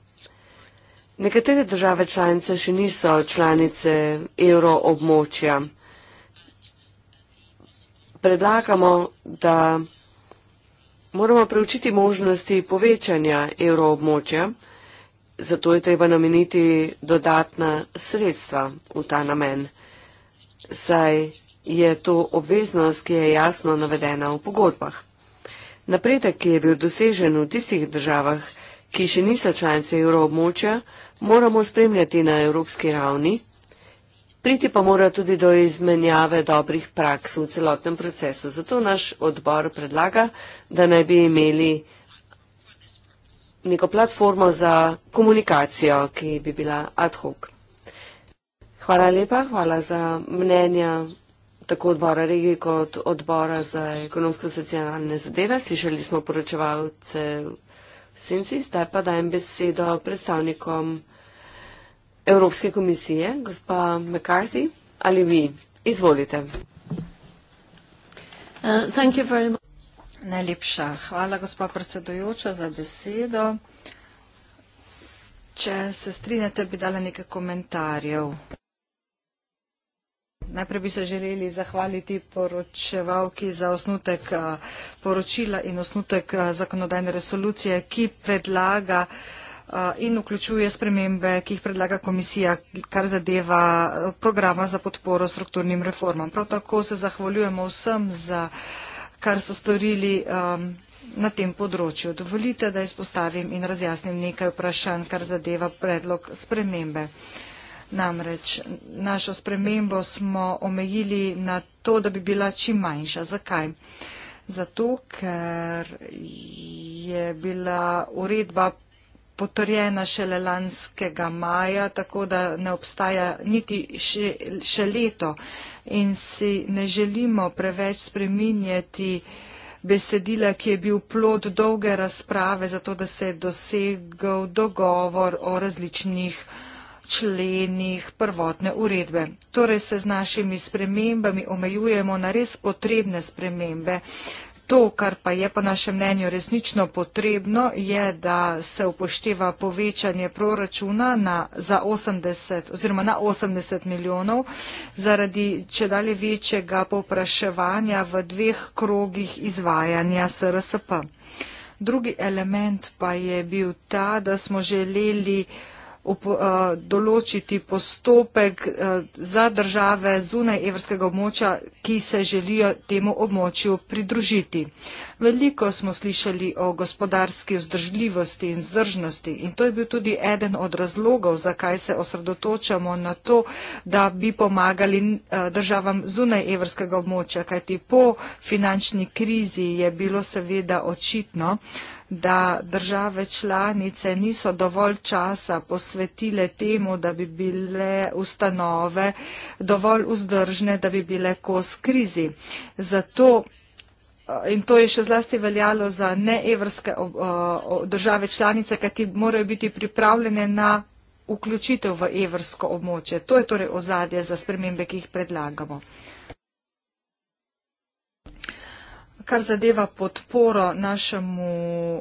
Nekatere države članice še niso članice evroobmočja. Predlagamo, da moramo preučiti možnosti povečanja evroobmočja, zato je treba nameniti dodatna sredstva v ta namen, saj je to obveznost, ki je jasno navedena v pogodbah. Napredek, ki je bil dosežen v tistih državah, ki še niso članice evroobmočja, moramo spremljati na evropski ravni, priti pa mora tudi do izmenjave dobrih praks v celotnem procesu. Zato naš odbor predlaga, da naj bi imeli neko platformo za komunikacijo, ki bi bila ad hoc. Hvala lepa, hvala za mnenja tako odbora regije kot odbora za ekonomsko-socialne zadeve. Slišali smo poročevalce v senci, zdaj pa dajem besedo predstavnikom. Evropske komisije, gospa McCarthy, ali vi? Izvolite. Uh, thank you very
much. Najlepša hvala, gospa predsedujoča, za besedo. Če se strinjate, bi dala nekaj komentarjev. Najprej bi se želeli zahvaliti poročevalki za osnutek uh, poročila in osnutek uh, zakonodajne resolucije, ki predlaga uh, in vključuje spremembe, ki jih predlaga komisija, kar zadeva e, programa za podporo strukturnim reformam. Prav tako se zahvaljujemo vsem za kar so storili um, na tem področju. Dovolite, da izpostavim in razjasnim nekaj vprašanj, kar zadeva predlog spremembe. Namreč našo spremembo smo omejili na to, da bi bila čim manjša. Zakaj? Zato, ker je bila uredba potrjena šele lanskega maja, tako da ne obstaja niti še, še leto in si ne želimo preveč spreminjati besedila, ki je bil plod dolge razprave, zato da se je dosegel dogovor o različnih členih prvotne uredbe. Torej se z našimi spremembami omejujemo na res potrebne spremembe. Uh, To, kar pa je po našem mnenju resnično potrebno, je, da se upošteva povečanje proračuna na, za 80, na 80 milijonov zaradi če dalje večjega popraševanja v dveh krogih izvajanja SRSP. Drugi element pa je bil ta, da smo želeli uh, up, uh, eh, določiti postopek uh, za države zunaj evrskega območja, ki se želijo temu območju pridružiti. Veliko smo slišali o gospodarski vzdržljivosti in vzdržnosti in to je bil tudi eden od razlogov, zakaj se osredotočamo na to, da bi pomagali uh, državam zunaj evrskega območja, kajti po finančni krizi je bilo seveda očitno, da države članice niso dovolj časa posvetile temu, da bi bile ustanove dovolj vzdržne, da bi bile kos krizi. Zato In to je še zlasti veljalo za neevrske države članice, ki morajo biti pripravljene na vključitev v evrsko območje. To je torej ozadje za spremembe, ki jih predlagamo. Kar zadeva podporo našemu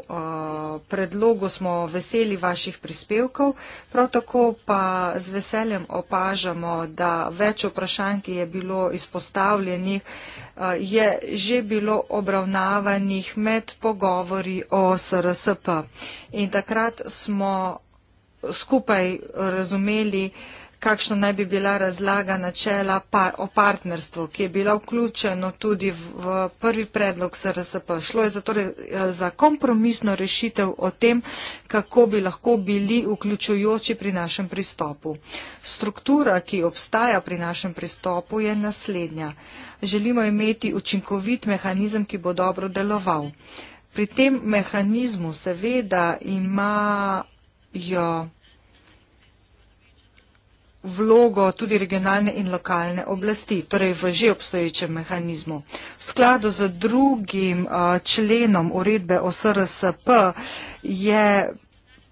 uh, predlogu, smo veseli vaših prispevkov, prav tako pa z veseljem opažamo, da več vprašanj, ki je bilo izpostavljenih, uh, je že bilo obravnavanih med pogovori o SRSP. In takrat smo skupaj razumeli, uh, kakšna naj bi bila razlaga načela par, o partnerstvu, ki je bila vključena tudi v, v prvi predlog SRSP. Šlo je zatorej eh, za kompromisno rešitev o tem, kako bi lahko bili vključujoči pri našem pristopu. Struktura, ki obstaja pri našem pristopu, je naslednja. Želimo imeti učinkovit mehanizem, ki bo dobro deloval. Pri tem mehanizmu seveda imajo vlogo tudi regionalne in lokalne oblasti, torej v že obstoječem mehanizmu. V skladu z drugim uh, členom uredbe o SRSP je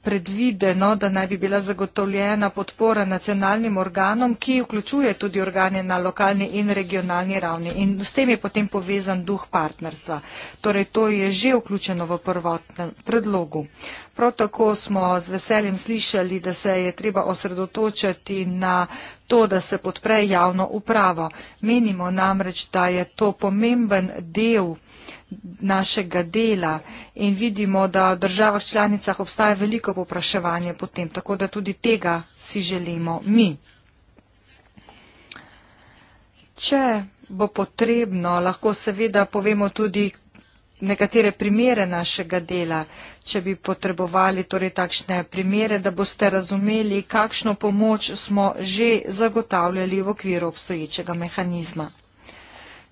predvideno, da naj bi bila zagotovljena podpora nacionalnim organom, ki vključuje tudi organe na lokalni in regionalni ravni. In s tem je potem povezan duh partnerstva. Torej, to je že vključeno v prvotnem predlogu. Prav tako smo z veseljem slišali, da se je treba osredotočiti na to, da se podpre javno upravo. Menimo namreč, da je to pomemben del našega dela in vidimo, da v državah članicah obstaja veliko popraševanje potem, tako da tudi tega si želimo mi. Če bo potrebno, lahko seveda povemo tudi, nekatere primere našega dela, če bi potrebovali torej takšne primere, da boste razumeli, kakšno pomoč smo že zagotavljali v okviru obstoječega mehanizma.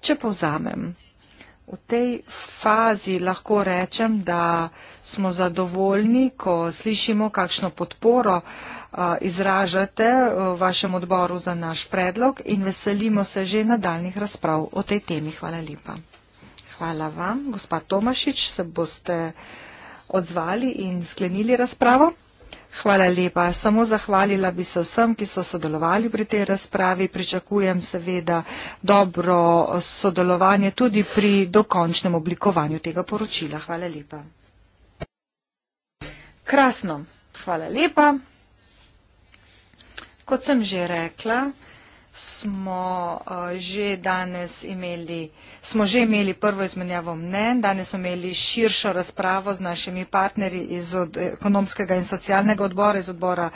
Če povzamem, v tej fazi lahko rečem, da smo zadovoljni, ko slišimo, kakšno podporo izražate v vašem odboru za naš predlog in veselimo se že nadaljnih razprav o tej temi. Hvala lepa. Hvala vam. Gospa Tomašič, se boste odzvali in sklenili razpravo. Hvala lepa. Samo zahvalila bi se vsem, ki so sodelovali pri tej razpravi. Pričakujem seveda dobro sodelovanje tudi pri dokončnem oblikovanju tega poročila. Hvala lepa. Krasno. Hvala lepa. Kot sem že rekla, smo eh, že danes imeli, smo že imeli prvo izmenjavo mnen, danes smo imeli širšo razpravo z našimi partnerji iz od, ekonomskega in socialnega odbora, iz odbora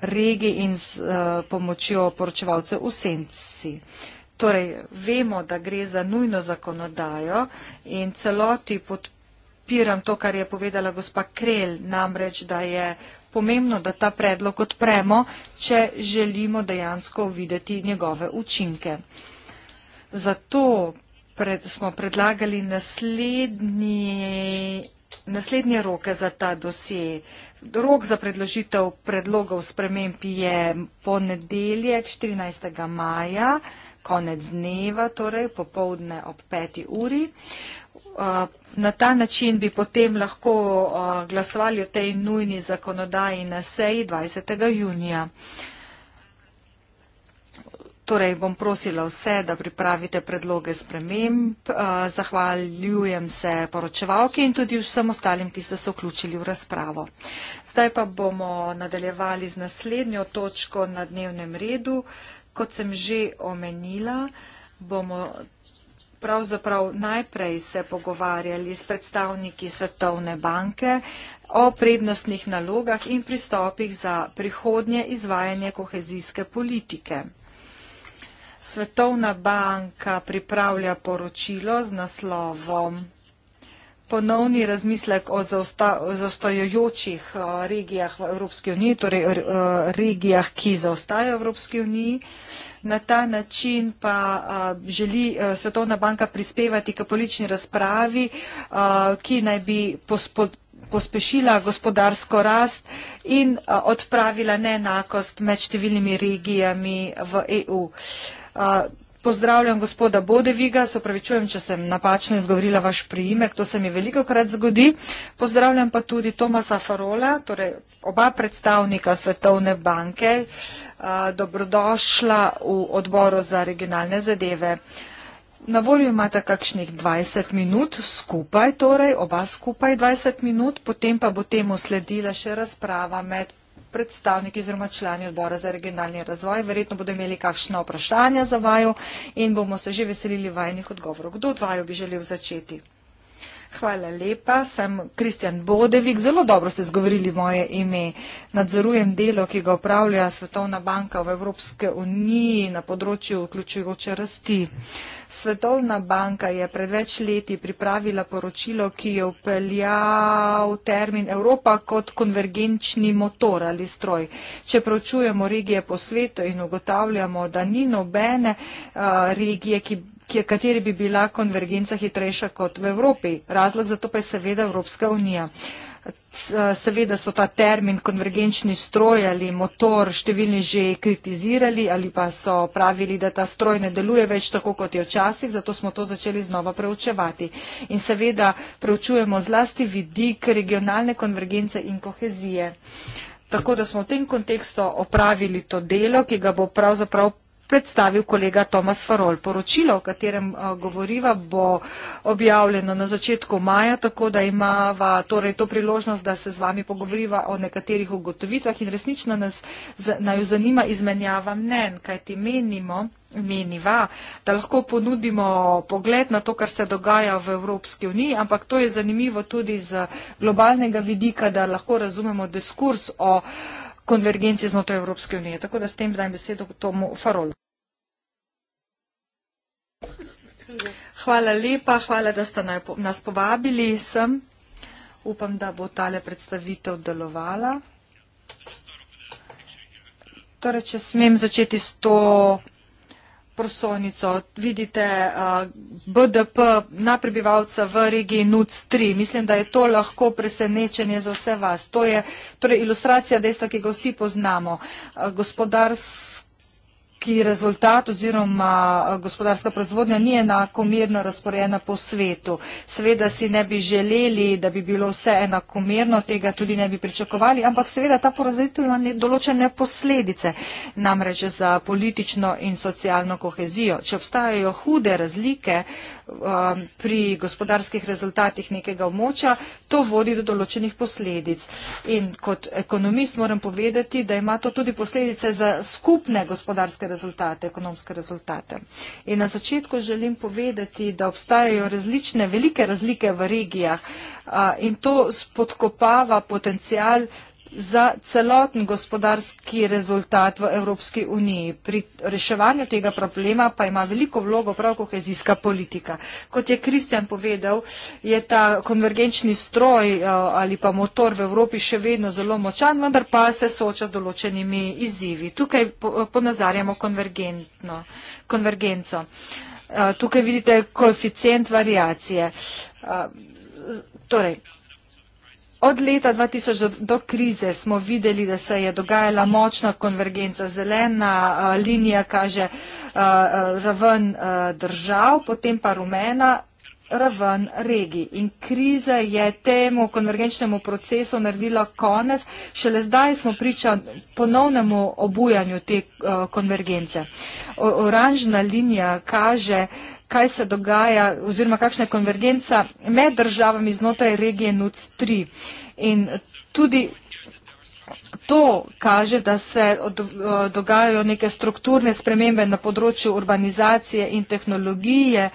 regi in s uh, eh, pomočjo poročevalcev v Senci. Torej, vemo, da gre za nujno zakonodajo in celoti podpiram to, kar je povedala gospa Krel, namreč, da je pomembno, da ta predlog odpremo, če želimo dejansko videti njegove učinke. Zato pred, smo predlagali naslednji, naslednje roke za ta dosje. Rok za predložitev predlogov sprememb je ponedeljek 14. maja, konec dneva, torej popovdne ob 5. uri na ta način bi potem lahko glasovali o tej nujni zakonodaji na seji 20. junija. Torej bom prosila vse, da pripravite predloge sprememb. Zahvaljujem se poročevalki in tudi vsem ostalim, ki ste se vključili v razpravo. Zdaj pa bomo nadaljevali z naslednjo točko na dnevnem redu. Kot sem že omenila, bomo pravzaprav najprej se pogovarjali s predstavniki Svetovne banke o prednostnih nalogah in pristopih za prihodnje izvajanje kohezijske politike. Svetovna banka pripravlja poročilo z naslovom ponovni razmislek o zaostajajočih eh, regijah v Evropski uniji, torej eh, regijah, ki zaostajajo v Evropski uniji na ta način pa želi Svetovna banka prispevati k politični razpravi, ki naj bi pospod pospešila gospodarsko rast in odpravila neenakost med številnimi regijami v EU. Pozdravljam gospoda Bodeviga, se opravičujem, če sem napačno izgovorila vaš priimek, to se mi veliko krat zgodi. Pozdravljam pa tudi Tomasa Farola, torej oba predstavnika Svetovne banke, dobrodošla v odboru za regionalne zadeve. Na volju imate kakšnih 20 minut, skupaj torej, oba skupaj 20 minut, potem pa bo temu sledila še razprava med predstavniki oziroma člani odbora za regionalni razvoj. Verjetno bodo imeli kakšna vprašanja za vaju in bomo se že veselili vajnih odgovorov. Kdo od vaju bi želel začeti? Hvala lepa, sem Kristjan Bodevik. Zelo dobro ste zgovorili moje ime. Nadzorujem delo, ki ga upravlja Svetovna banka v Evropske uniji na področju vključujoče rasti. Svetovna banka je pred več leti pripravila poročilo, ki je upeljal termin Evropa kot konvergenčni motor ali stroj. Če pročujemo regije po svetu in ugotavljamo, da ni nobene uh, regije, ki kje, kateri bi bila konvergenca hitrejša kot v Evropi. Razlog za to pa je seveda Evropska unija. Eh, seveda so ta termin konvergenčni stroj ali motor številni že kritizirali ali pa so pravili, da ta stroj ne deluje več tako, kot je včasih, zato smo to začeli znova preučevati. In seveda preučujemo zlasti vidik regionalne konvergence in kohezije. Tako da smo v tem kontekstu opravili to delo, ki ga bo pravzaprav predstavil kolega Tomas Farol. Poročilo, o katerem eh, govoriva, bo objavljeno na začetku maja, tako da imava torej to priložnost, da se z vami pogovoriva o nekaterih ugotovitvah in resnično nas naju zanima izmenjava mnen, kaj ti menimo. Meniva, da lahko ponudimo pogled na to, kar se dogaja v Evropski uniji, ampak to je zanimivo tudi z globalnega vidika, da lahko razumemo diskurs o konvergenci znotraj Evropske unije. Tako da s tem dajem besedo Tomu Farolu. Hvala lepa, hvala, da ste nas povabili sem. Upam, da bo tale predstavitev delovala. Torej, če smem začeti s to prosonico, vidite eh, BDP na prebivalca v regiji NUC3. Mislim, da je to lahko presenečenje za vse vas. To je torej, ilustracija dejstva, ki ga vsi poznamo. Eh, Gospodarstvo ki rezultat oziroma eh, gospodarska proizvodnja ni enakomerno razporejena po svetu. Seveda si ne bi želeli, da bi bilo vse enakomerno, tega tudi ne bi pričakovali, ampak seveda ta porazitev ima določene posledice, namreč za politično in socialno kohezijo. Če obstajajo hude razlike um, pri gospodarskih rezultatih nekega območja, to vodi do določenih posledic. In kot ekonomist moram povedati, da ima to tudi posledice za skupne gospodarske rezultate rezultate, ekonomske rezultate. In na začetku želim povedati, da obstajajo različne, velike razlike v regijah in to spodkopava potencial za celoten gospodarski rezultat v Evropski uniji. Pri reševanju tega problema pa ima veliko vlogo prav kohezijska politika. Kot je Kristjan povedal, je ta konvergenčni stroj eh, ali pa motor v Evropi še vedno zelo močan, vendar pa se sooča z določenimi izzivi. Tukaj ponazarjamo konvergenco. Eh, tukaj vidite koeficient variacije. Eh, torej, Od leta 2000 do, do krize smo videli, da se je dogajala močna konvergenca zelena, eh, linija kaže eh, eh, raven držav, potem pa rumena raven regij. In kriza je temu konvergenčnemu procesu naredila konec. Šele zdaj smo priča ponovnemu obujanju te konvergence. Oranžna linija kaže, kaj se dogaja oziroma kakšna je konvergenca med državami znotraj regije NUC3. In tudi To kaže, da se eh, eh, dogajajo neke strukturne spremembe na področju urbanizacije in tehnologije,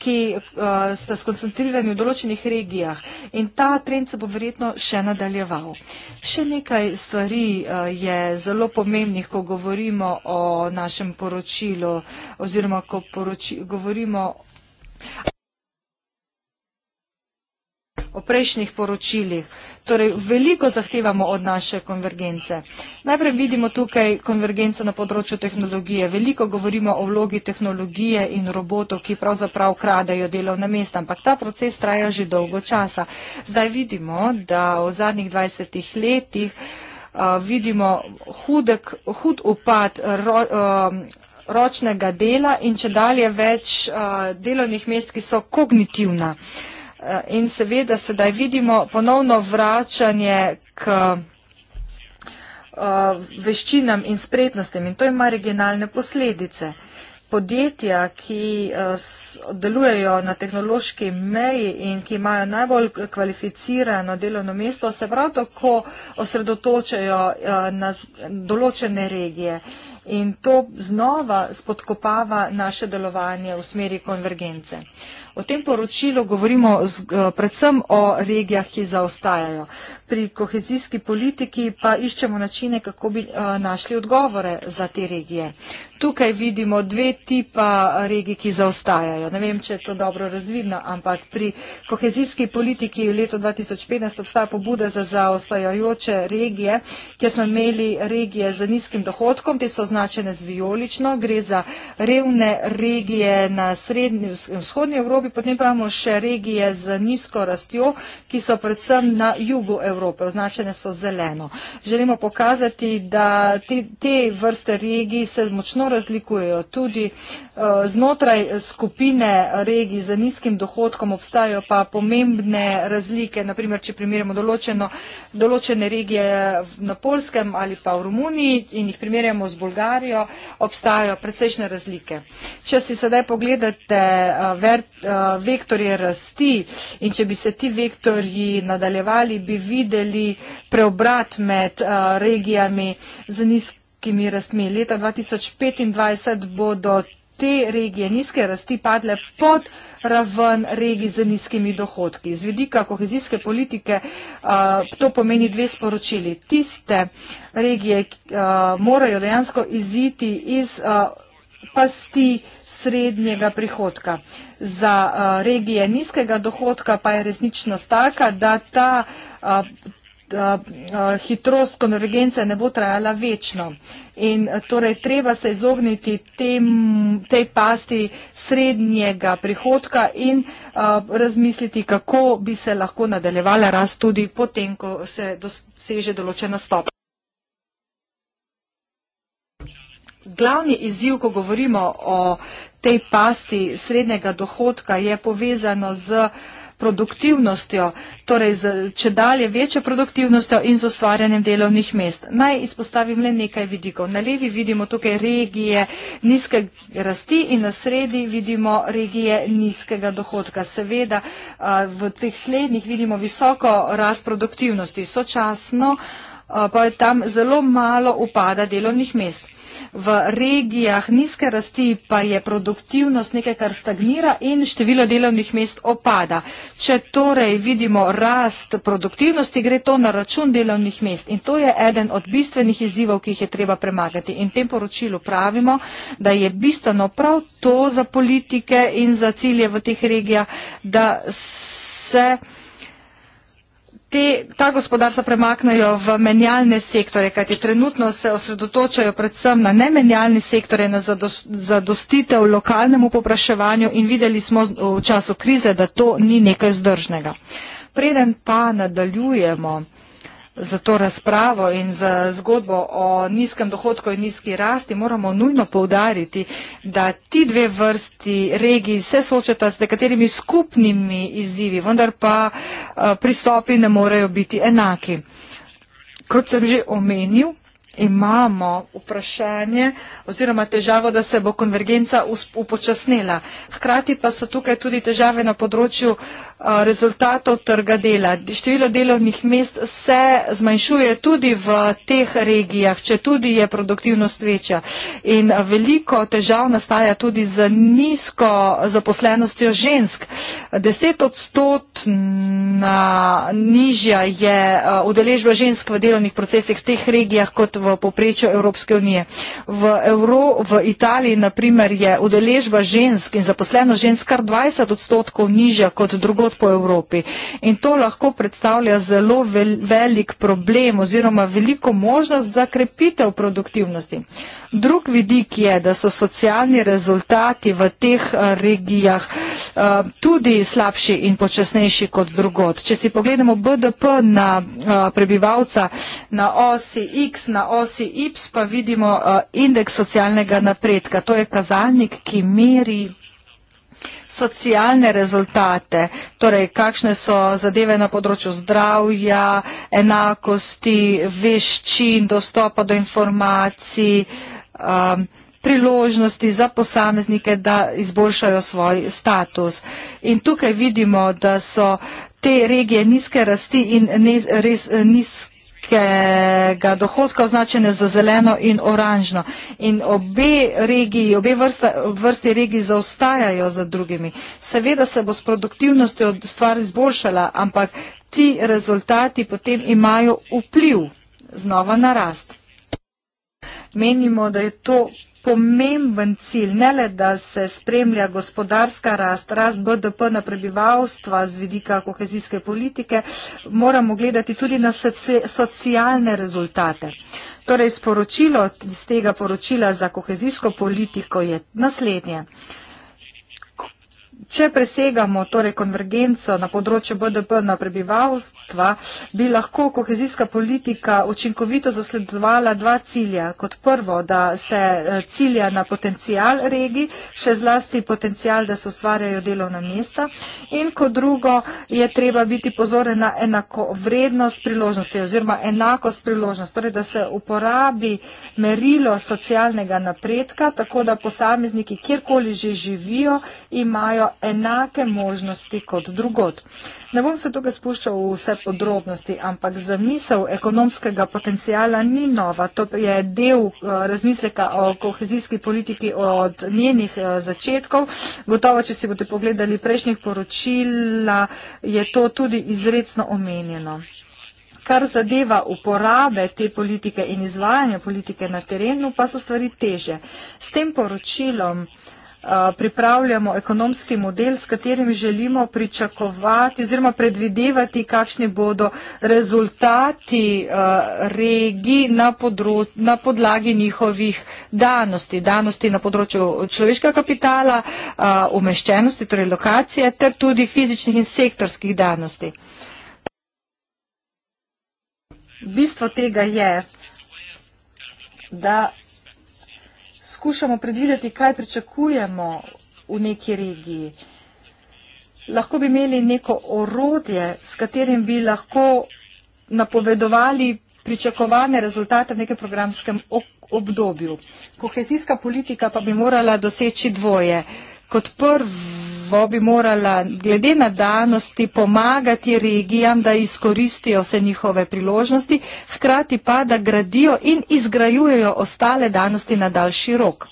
ki eh, sta skoncentrirani v določenih regijah. In ta trend se bo verjetno še nadaljeval. Še nekaj stvari je zelo pomembnih, ko govorimo o našem poročilu oziroma ko govorimo o prejšnjih poročilih. Torej, veliko zahtevamo od naše konvergence. Najprej vidimo tukaj konvergenco na področju tehnologije. Veliko govorimo o vlogi tehnologije in robotov, ki pravzaprav kradajo delovna mesta, ampak ta proces traja že dolgo časa. Zdaj vidimo, da v zadnjih 20 letih uh, vidimo hudek, hud upad. Ro, uh, ročnega dela in če dalje več uh, delovnih mest, ki so kognitivna. Uh, Eh, in seveda sedaj vidimo ponovno vračanje k eh, veščinam in spretnostem in to ima regionalne posledice. Podjetja, ki eh, delujejo na tehnološki meji in ki imajo najbolj kvalificirano delovno mesto, se prav tako osredotočajo na določene regije in to znova spodkopava naše delovanje v smeri konvergence. V tem poročilu govorimo z, eh, predvsem o regijah, ki zaostajajo. Pri kohezijski politiki pa iščemo načine, kako bi a, eh, našli odgovore za te regije tukaj vidimo dve tipa regij, ki zaostajajo. Ne vem, če je to dobro razvidno, ampak pri kohezijski politiki leto 2015 obstaja pobuda za zaostajajoče regije, kjer smo imeli regije z nizkim dohodkom, te so označene z violično, gre za revne regije na srednji, vzhodnji Evropi, potem pa imamo še regije z nizko rastjo, ki so predvsem na jugu Evrope, označene so zeleno. Želimo pokazati, da te, te vrste regij se močno razlikujejo. Tudi eh, znotraj skupine regij z nizkim dohodkom obstajajo pa pomembne razlike. Naprimer, če primerjamo določeno, določene regije na Polskem ali pa v Romuniji in jih primerjamo z Bolgarijo, obstajajo precejšne razlike. Če si sedaj pogledate eh, eh, vektorje rasti in če bi se ti vektorji nadaljevali, bi videli preobrat med regijami z nizkim ki mi rastmi. Leta 2025 bodo te regije nizke rasti padle pod raven regij z nizkimi dohodki. Z vidika kohezijske politike uh, to pomeni dve sporočili. Tiste regije uh, morajo dejansko iziti iz uh, pasti srednjega prihodka. Za uh, regije nizkega dohodka pa je resničnost taka, da ta, uh, hitrost konvergence ne bo trajala večno. In torej treba se izogniti tem, tej pasti srednjega prihodka in a, razmisliti, kako bi se lahko nadaljevala rast tudi potem, ko se doseže določena stopnja. Glavni izziv, ko govorimo o tej pasti srednjega dohodka, je povezano z uh, produktivnostjo, torej z če dalje večjo produktivnostjo in z ustvarjanjem delovnih mest. Naj izpostavim le nekaj vidikov. Na levi vidimo tukaj regije nizke rasti in na sredi vidimo regije nizkega dohodka. Seveda v teh slednjih vidimo visoko rast produktivnosti. Sočasno Eh, pa je tam zelo malo upada delovnih mest. V regijah nizke rasti pa je produktivnost nekaj, kar stagnira in število delovnih mest opada. Če torej vidimo rast produktivnosti, gre to na račun delovnih mest in to je eden od bistvenih izzivov, ki jih je treba premagati. In v tem poročilu pravimo, da je bistveno prav to za politike in za cilje v teh regijah, da se te, ta gospodarstva premaknejo v menjalne sektore, kajti trenutno se osredotočajo predvsem na nemenjalne sektore, na zadostitev lokalnemu popraševanju in videli smo v času krize, da to ni nekaj vzdržnega. Preden pa nadaljujemo, za to razpravo in za zgodbo o nizkem dohodku in nizki rasti moramo nujno povdariti, da ti dve vrsti regij se soočata z nekaterimi skupnimi izzivi, vendar pa eh, pristopi ne morejo biti enaki. Kot sem že omenil, imamo vprašanje oziroma težavo, da se bo konvergenca upočasnila. Hkrati pa so tukaj tudi težave na področju rezultatov trga dela. Število delovnih mest se zmanjšuje tudi v teh regijah, če tudi je produktivnost večja. In veliko težav nastaja tudi z nizko zaposlenostjo žensk. Deset odstotna nižja je udeležba žensk v delovnih procesih v teh regijah kot v poprečju Evropske unije. V, Evro, v Italiji, na primer, je udeležba žensk in zaposleno žensk kar 20 odstotkov nižja kot drugot po Evropi. In to lahko predstavlja zelo vel, velik problem oziroma veliko možnost za krepitev produktivnosti. Drug vidik je, da so socialni rezultati v teh eh, regijah uh, tudi slabši in počasnejši kot drugot. Če si pogledamo BDP na uh, prebivalca, na osi X, na osi osi IPS pa vidimo eh, indeks socialnega napredka. To je kazalnik, ki meri socialne rezultate, torej kakšne so zadeve na področju zdravja, enakosti, veščin, dostopa do informacij, eh, priložnosti za posameznike, da izboljšajo svoj status. In tukaj vidimo, da so te regije nizke rasti in res eh, nizke nizkega dohodka označene za zeleno in oranžno. In obe, regiji, obe vrsta, vrsti regij zaostajajo za drugimi. Seveda se bo s produktivnostjo stvar izboljšala, ampak ti rezultati potem imajo vpliv znova na rast. Menimo, da je to pomemben cilj, ne le da se spremlja gospodarska rast, rast BDP na prebivalstva z vidika kohezijske politike, moramo gledati tudi na socialne rezultate. Torej, sporočilo iz tega poročila za kohezijsko politiko je naslednje. Če presegamo torej konvergenco na področju BDP na prebivalstva, bi lahko kohezijska politika učinkovito zasledovala dva cilja. Kot prvo, da se eh, cilja na potencial regij, še zlasti potencial, da se ustvarjajo delovna mesta. In kot drugo, je treba biti pozoren na enako vrednost priložnosti oziroma enakost priložnosti, torej da se uporabi merilo socialnega napredka, tako da posamezniki, kjerkoli že živijo, imajo enake možnosti kot drugot. Ne bom se tega spuščal v vse podrobnosti, ampak zamisel ekonomskega potencijala ni nova. To je del eh, razmisleka o kohezijski politiki od njenih eh, začetkov. Gotovo, če si boste pogledali prejšnjih poročila, je to tudi izredno omenjeno. Kar zadeva uporabe te politike in izvajanja politike na terenu, pa so stvari teže. S tem poročilom uh, pripravljamo ekonomski model, s katerim želimo pričakovati oziroma predvidevati, kakšni bodo rezultati regij na, na podlagi njihovih danosti, danosti na področju človeškega kapitala, umeščenosti, torej lokacije, ter tudi fizičnih in sektorskih danosti. Bistvo tega je, da skušamo predvideti, kaj pričakujemo v neki regiji. Lahko bi imeli neko orodje, s katerim bi lahko napovedovali pričakovane rezultate v nekem programskem obdobju. Kohezijska politika pa bi morala doseči dvoje kot prvo bi morala glede na danosti pomagati regijam, da izkoristijo vse njihove priložnosti, hkrati pa, da gradijo in izgrajujejo ostale danosti na daljši rok.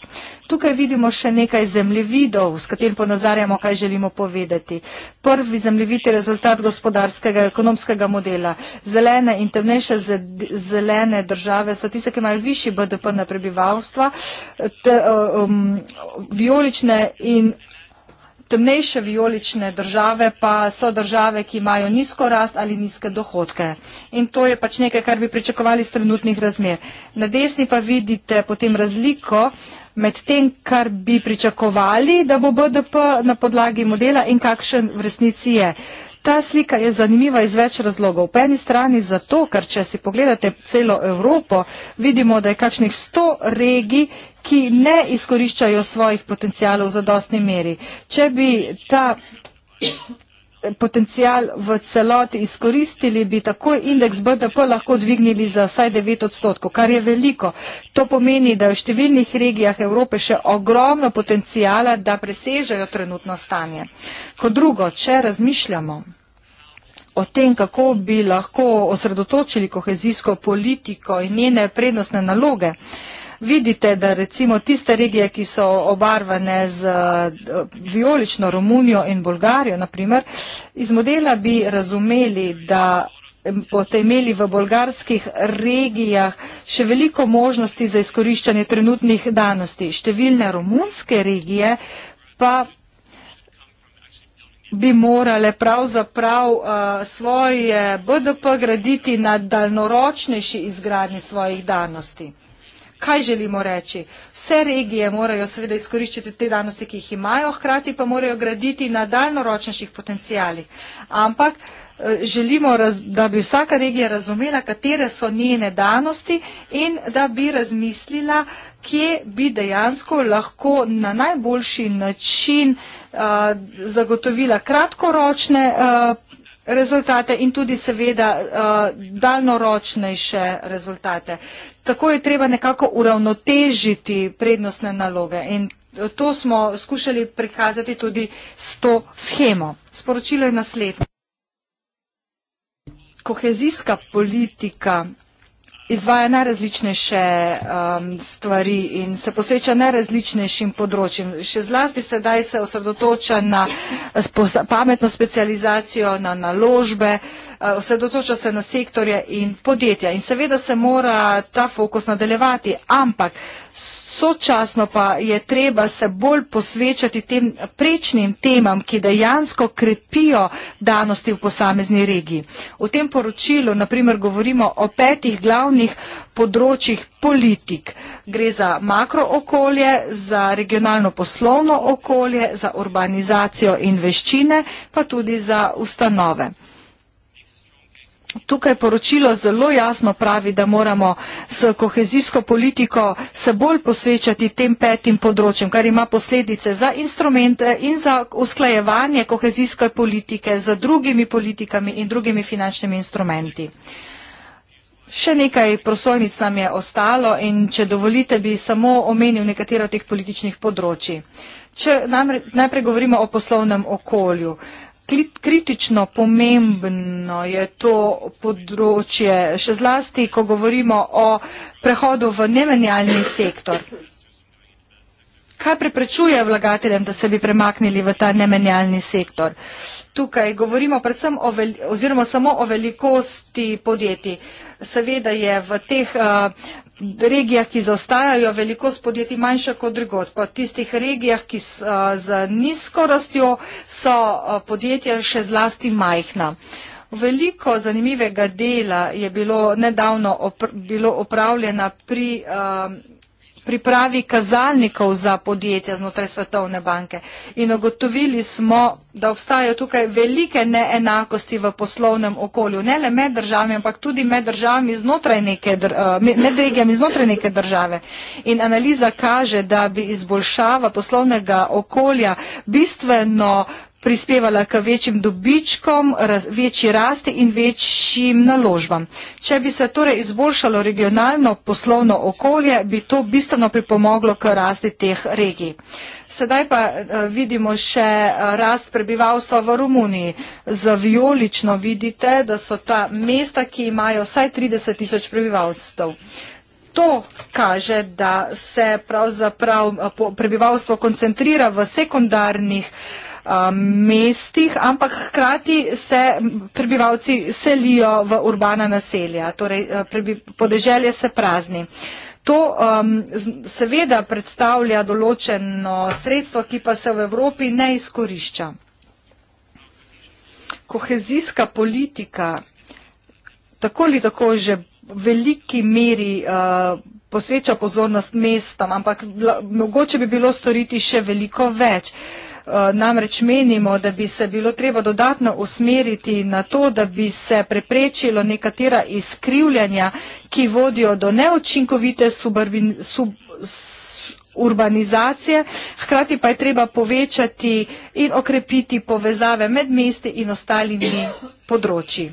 Tukaj vidimo še nekaj zemljevidov, s katerim ponazarjamo, kaj želimo povedati. Prvi zemljevid je rezultat gospodarskega in ekonomskega modela. Zelene in temnejše zelene države so tiste, ki imajo višji BDP na prebivalstva. Te, um, violične in temnejše violične države pa so države, ki imajo nizko rast ali nizke dohodke. In to je pač nekaj, kar bi pričakovali iz trenutnih razmer. Na desni pa vidite potem razliko med tem, kar bi pričakovali, da bo BDP na podlagi modela in kakšen v resnici je. Ta slika je zanimiva iz več razlogov. Po eni strani zato, ker če si pogledate celo Evropo, vidimo, da je kakšnih sto regij, ki ne izkoriščajo svojih potencijalov v zadostni meri. Če bi ta potencijal v celoti izkoristili, bi takoj indeks BDP lahko dvignili za vsaj 9 odstotkov, kar je veliko. To pomeni, da je v številnih regijah Evrope še ogromno potencijala, da presežejo trenutno stanje. Kot drugo, če razmišljamo o tem, kako bi lahko osredotočili kohezijsko politiko in njene prednostne naloge, vidite, da recimo tiste regije, ki so obarvane z eh, violično Romunijo in Bolgarijo, naprimer, iz modela bi razumeli, da boste imeli v bolgarskih regijah še veliko možnosti za izkoriščanje trenutnih danosti. Številne romunske regije pa bi morale pravzaprav uh, svoje BDP graditi na daljnoročnejši izgradnji svojih danosti. Kaj želimo reči? Vse regije morajo seveda izkoriščiti te danosti, ki jih imajo, hkrati pa morajo graditi na daljnoročnejših potencijalih. Ampak eh, želimo, da bi vsaka regija razumela, katere so njene danosti in da bi razmislila, kje bi dejansko lahko na najboljši način uh, zagotovila kratkoročne uh, rezultate in tudi seveda uh, daljnoročnejše rezultate. Tako je treba nekako uravnotežiti prednostne naloge in to smo skušali prikazati tudi s to schemo. Sporočilo je naslednje. Kohezijska politika izvaja najrazličnejše um, stvari in se posveča najrazličnejšim področjem. Še zlasti sedaj se osredotoča na pametno specializacijo, na naložbe, uh, osredotoča se na sektorje in podjetja. In seveda se mora ta fokus nadaljevati, ampak sočasno pa je treba se bolj posvečati tem prečnim temam, ki dejansko krepijo danosti v posamezni regiji. V tem poročilu naprimer govorimo o petih glavnih področjih politik. Gre za makrookolje, za regionalno poslovno okolje, za urbanizacijo in veščine, pa tudi za ustanove tukaj poročilo zelo jasno pravi, da moramo s kohezijsko politiko se bolj posvečati tem petim področjem, kar ima posledice za instrumente in za usklajevanje kohezijske politike z drugimi politikami in drugimi finančnimi instrumenti. Še nekaj prosojnic nam je ostalo in če dovolite, bi samo omenil nekatero teh političnih področji. Če namre, najprej govorimo o poslovnem okolju. Uh, kritično pomembno je to področje, še zlasti, ko govorimo o prehodu v nemenjalni sektor. Kaj preprečuje vlagateljem, da se bi premaknili v ta nemenjalni sektor? Uh, tukaj govorimo predvsem o vel, oziroma samo o velikosti podjetij. Seveda je v teh uh, regijah, ki zaostajajo, velikost podjetij manjša kot drugod. Po tistih regijah, ki uh, z nizko rastjo, so uh, podjetja še zlasti majhna. Veliko zanimivega dela je bilo nedavno opr bilo opravljena pri uh, pripravi kazalnikov za podjetja znotraj Svetovne banke in ogotovili smo, da obstajajo tukaj velike neenakosti v poslovnem okolju, ne le med državami, ampak tudi med, državami znotraj neke, eh, med regijami znotraj neke države. In analiza kaže, da bi izboljšava poslovnega okolja bistveno uh, prispevala k večjim dobičkom, večji rasti in večjim naložbam. Če bi se torej izboljšalo regionalno poslovno okolje, bi to bistveno pripomoglo k rasti teh regij. Sedaj pa eh, vidimo še eh, rast prebivalstva v Romuniji. Za violično vidite, da so ta mesta, ki imajo vsaj 30 tisoč prebivalstv. To kaže, da se pravzaprav eh, prebivalstvo koncentrira v sekundarnih uh, Eh, mestih, ampak hkrati se prebivalci selijo v urbana naselja, torej eh, podeželje se prazni. To um, seveda predstavlja določeno sredstvo, ki pa se v Evropi ne izkorišča. Kohezijska politika tako ali tako že v veliki meri uh, posveča pozornost mestom, ampak mogoče bi bilo storiti še veliko več. Uh, Eh, namreč menimo, da bi se bilo treba dodatno usmeriti na to, da bi se preprečilo nekatera izkrivljanja, ki vodijo do neočinkovite suburbin, sub, urbanizacije, hkrati pa je treba povečati in okrepiti povezave med mesti in ostalimi področji.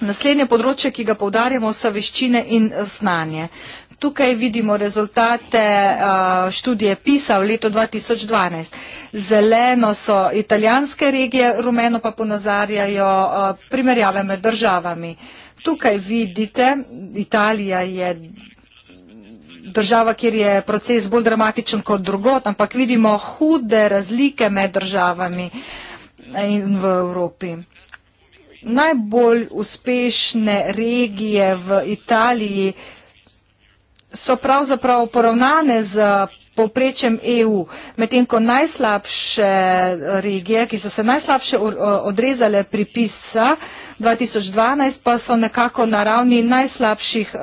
Naslednje področje, ki ga povdarjamo, so veščine in znanje tukaj vidimo rezultate eh, študije PISA v letu 2012. Zeleno so italijanske regije, rumeno pa ponazarjajo eh, primerjave med državami. Tukaj vidite, Italija je država, kjer je proces bolj dramatičen kot drugot, ampak vidimo hude razlike med državami in v Evropi. Najbolj uspešne regije v Italiji so pravzaprav poravnane z povprečjem EU, medtem ko najslabše eh, regije, ki so se najslabše odrezale pri PISA 2012, pa so nekako na ravni najslabših eh,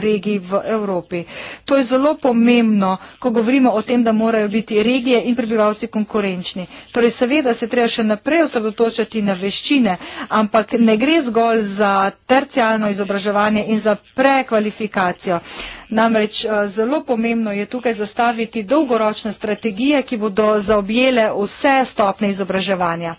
regij v Evropi. To je zelo pomembno, ko govorimo o tem, da morajo biti regije in prebivalci konkurenčni. Torej, seveda se treba še naprej osredotočati na veščine, ampak ne gre zgolj za tercijalno izobraževanje in za prekvalifikacijo. Namreč eh, zelo pomembno je tukaj zastaviti dolgoročne strategije, ki bodo zaobjele vse stopne izobraževanja.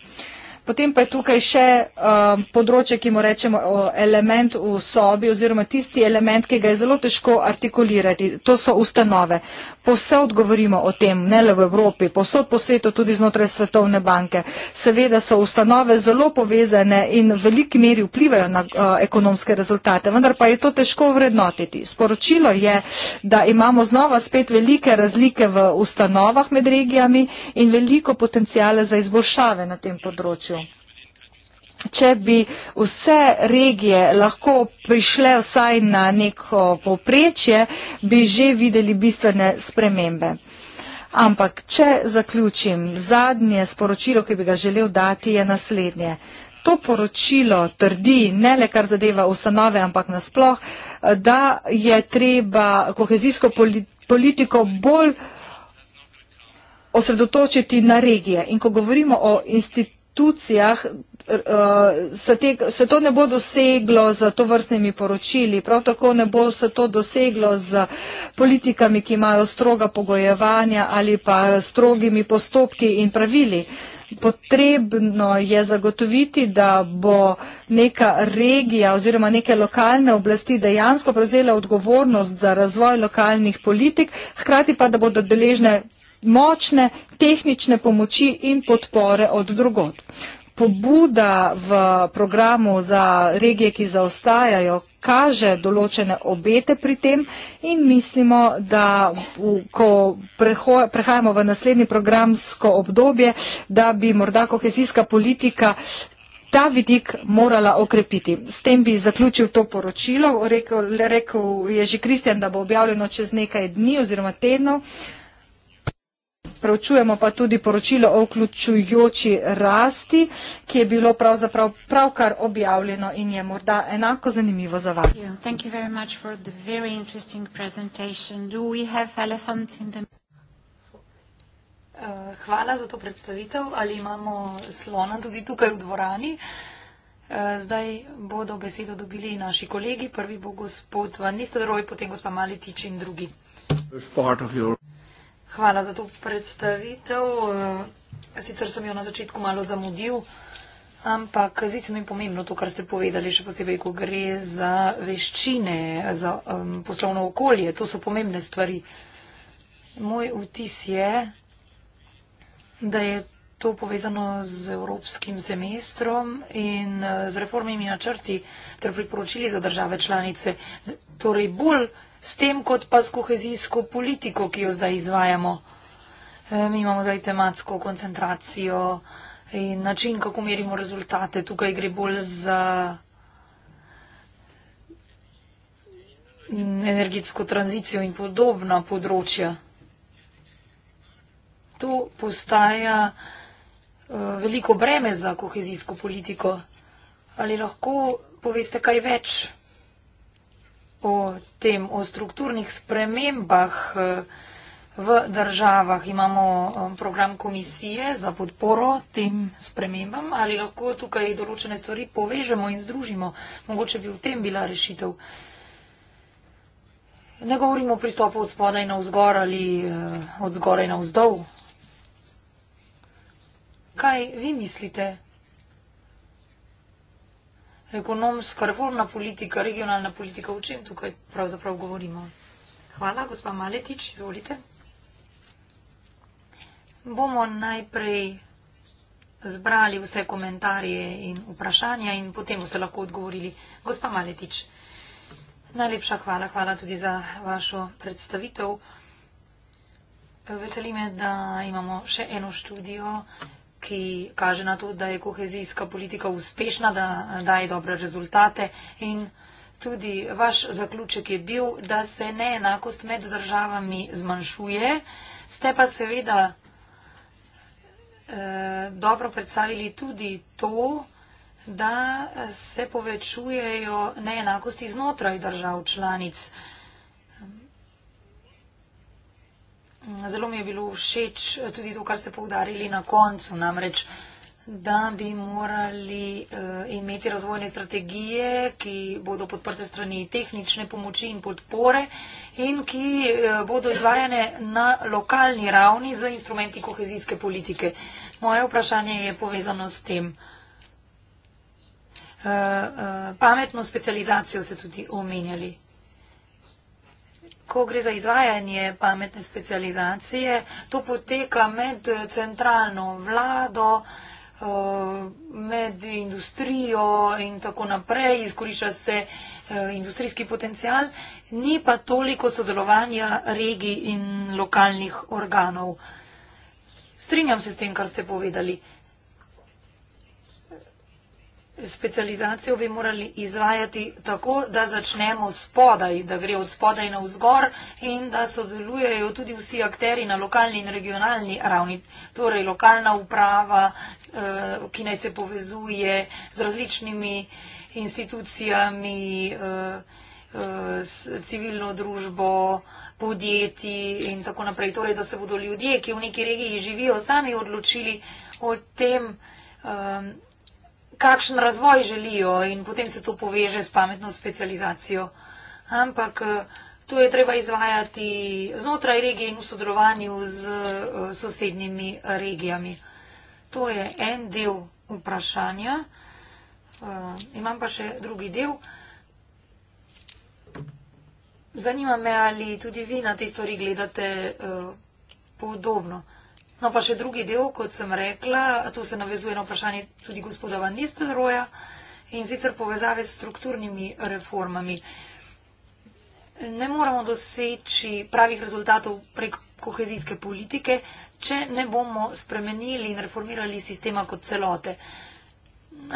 Potem pa je tukaj še um, področje, ki mu rečemo element v sobi oziroma tisti element, ki ga je zelo težko artikulirati. To so ustanove. Posod govorimo o tem, ne le v Evropi, posod po svetu, tudi znotraj Svetovne banke. Seveda so ustanove zelo povezane in v veliki meri vplivajo na uh, ekonomske rezultate, vendar pa je to težko vrednotiti. Sporočilo je, da imamo znova spet velike razlike v ustanovah med regijami in veliko potencijale za izboljšave na tem področju. Če bi vse regije lahko prišle vsaj na neko poprečje, bi že videli bistvene spremembe. Ampak, če zaključim, zadnje sporočilo, ki bi ga želel dati, je naslednje. To poročilo trdi, ne le kar zadeva ustanove, ampak nasploh, da je treba kohezijsko politiko bolj osredotočiti na regije. In ko govorimo o institucijah, Uh, se, te, se to ne bo doseglo z to vrstnimi poročili, prav tako ne bo se to doseglo z politikami, ki imajo stroga pogojevanja ali pa strogimi postopki in pravili. Potrebno je zagotoviti, da bo neka regija oziroma neke lokalne oblasti dejansko prevzela odgovornost za razvoj lokalnih politik, hkrati pa, da bodo deležne močne tehnične pomoči in podpore od drugot. Uh, pobuda v programu za regije, ki zaostajajo, kaže določene obete pri tem in mislimo, da ko prehajamo v naslednji programsko obdobje, da bi morda kohezijska politika ta vidik morala okrepiti. S tem bi zaključil to poročilo. Rekel, rekel je že Kristjan, da bo objavljeno čez nekaj dni oziroma tednov preučujemo pa tudi poročilo o vključujoči rasti, ki je bilo pravzaprav pravkar objavljeno in je morda enako zanimivo za vas.
Eh, hvala za to predstavitev. Ali imamo slona tudi tukaj v dvorani? Eh, zdaj bodo besedo dobili naši kolegi. Prvi bo gospod Van Nistelrooy, potem gospa Mali Tič in drugi.
First part of your...
Hvala za to predstavitev. Eh, sicer sem jo na začetku malo zamudil, ampak zdi se mi pomembno to, kar ste povedali, še posebej, ko gre za veščine, za um, poslovno okolje. To so pomembne stvari. Moj vtis je, da je to povezano z evropskim semestrom in eh, z reformimi načrti ter priporočili za države članice. Torej bolj s tem kot pa s kohezijsko politiko, ki jo zdaj izvajamo. E, mi imamo zdaj tematsko koncentracijo in način, kako merimo rezultate. Tukaj gre bolj za energetsko tranzicijo in podobna področja. To postaja e, veliko breme za kohezijsko politiko. Ali lahko poveste kaj več? o tem, o strukturnih spremembah eh, v državah. Imamo eh, program komisije za podporo tem spremembam, ali lahko tukaj določene stvari povežemo in združimo. Mogoče bi v tem bila rešitev. Ne govorimo o pristopu od spodaj na vzgor ali eh, od zgoraj na vzdolj. Kaj vi mislite? ekonomska reformna politika, regionalna politika, o čem tukaj pravzaprav govorimo. Hvala, gospa Maletič, izvolite. Bomo najprej zbrali vse komentarje in vprašanja in potem boste lahko odgovorili. Gospa Maletič, najlepša hvala, hvala tudi za vašo predstavitev. Veseli me, da imamo še eno študijo ki kaže na to, da je kohezijska politika uspešna, da daje dobre rezultate in tudi vaš zaključek je bil, da se neenakost med državami zmanjšuje. Ste pa seveda eh, dobro predstavili tudi to, da se povečujejo neenakosti znotraj držav članic. Mm, zelo mi je bilo všeč eh, tudi to, kar ste povdarili na koncu, namreč, da bi morali uh, imeti razvojne strategije, ki bodo podprte strani tehnične pomoči in podpore in ki uh, bodo izvajane na lokalni ravni z instrumenti kohezijske politike. Moje vprašanje je povezano s tem. Uh, uh, pametno specializacijo ste tudi omenjali. Ko gre za izvajanje pametne specializacije, to poteka med centralno vlado, eh, med industrijo in tako naprej, izkorišča se eh, industrijski potencial, ni pa toliko sodelovanja regij in lokalnih organov. Strinjam se s tem, kar ste povedali specializacijo bi morali izvajati tako, da začnemo spodaj, da gre od spodaj na vzgor in da sodelujejo tudi vsi akteri na lokalni in regionalni ravni. Torej, lokalna uprava, eh, ki naj se povezuje z različnimi institucijami, eh, eh, s civilno družbo, podjetji in tako naprej. Torej, da se bodo ljudje, ki v neki regiji živijo, sami odločili o tem, kakšen razvoj želijo in potem se to poveže s pametno specializacijo. Ampak eh, to je treba izvajati znotraj regije in v sodelovanju z eh, sosednjimi regijami. To je en del vprašanja. Eh, imam pa še drugi del. Zanima me, ali tudi vi na te stvari gledate podobno. No, pa še drugi del, kot sem rekla, tu se navezuje na vprašanje tudi gospoda Van Nistelrooja in sicer povezave s strukturnimi reformami. Ne moramo doseči pravih rezultatov prek kohezijske politike, če ne bomo spremenili in reformirali sistema kot celote.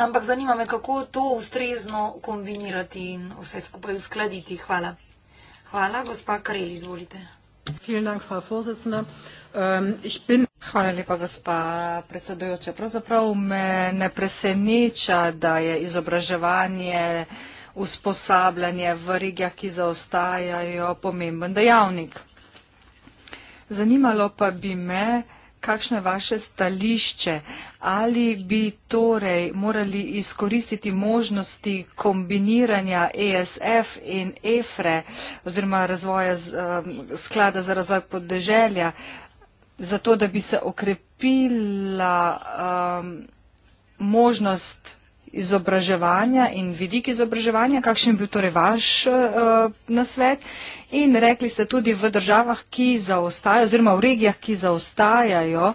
Ampak zanima me, kako to ustrezno kombinirati in vse skupaj uskladiti. Hvala. Hvala,
gospa Karel, izvolite. Ähm, Hvala lepa, gospa predsedujoča. Pravzaprav me ne preseneča, da je izobraževanje, usposabljanje v regijah, ki zaostajajo, pomemben dejavnik. Zanimalo pa bi me, kakšno je vaše stališče, ali bi torej morali izkoristiti možnosti kombiniranja ESF in EFRE e oziroma razvoja z, um, sklada za razvoj podeželja, zato da bi se okrepila um, možnost izobraževanja in vidik izobraževanja, kakšen bi torej vaš uh, nasvet. In rekli ste tudi v državah, ki zaostajajo, oziroma v regijah, ki zaostajajo,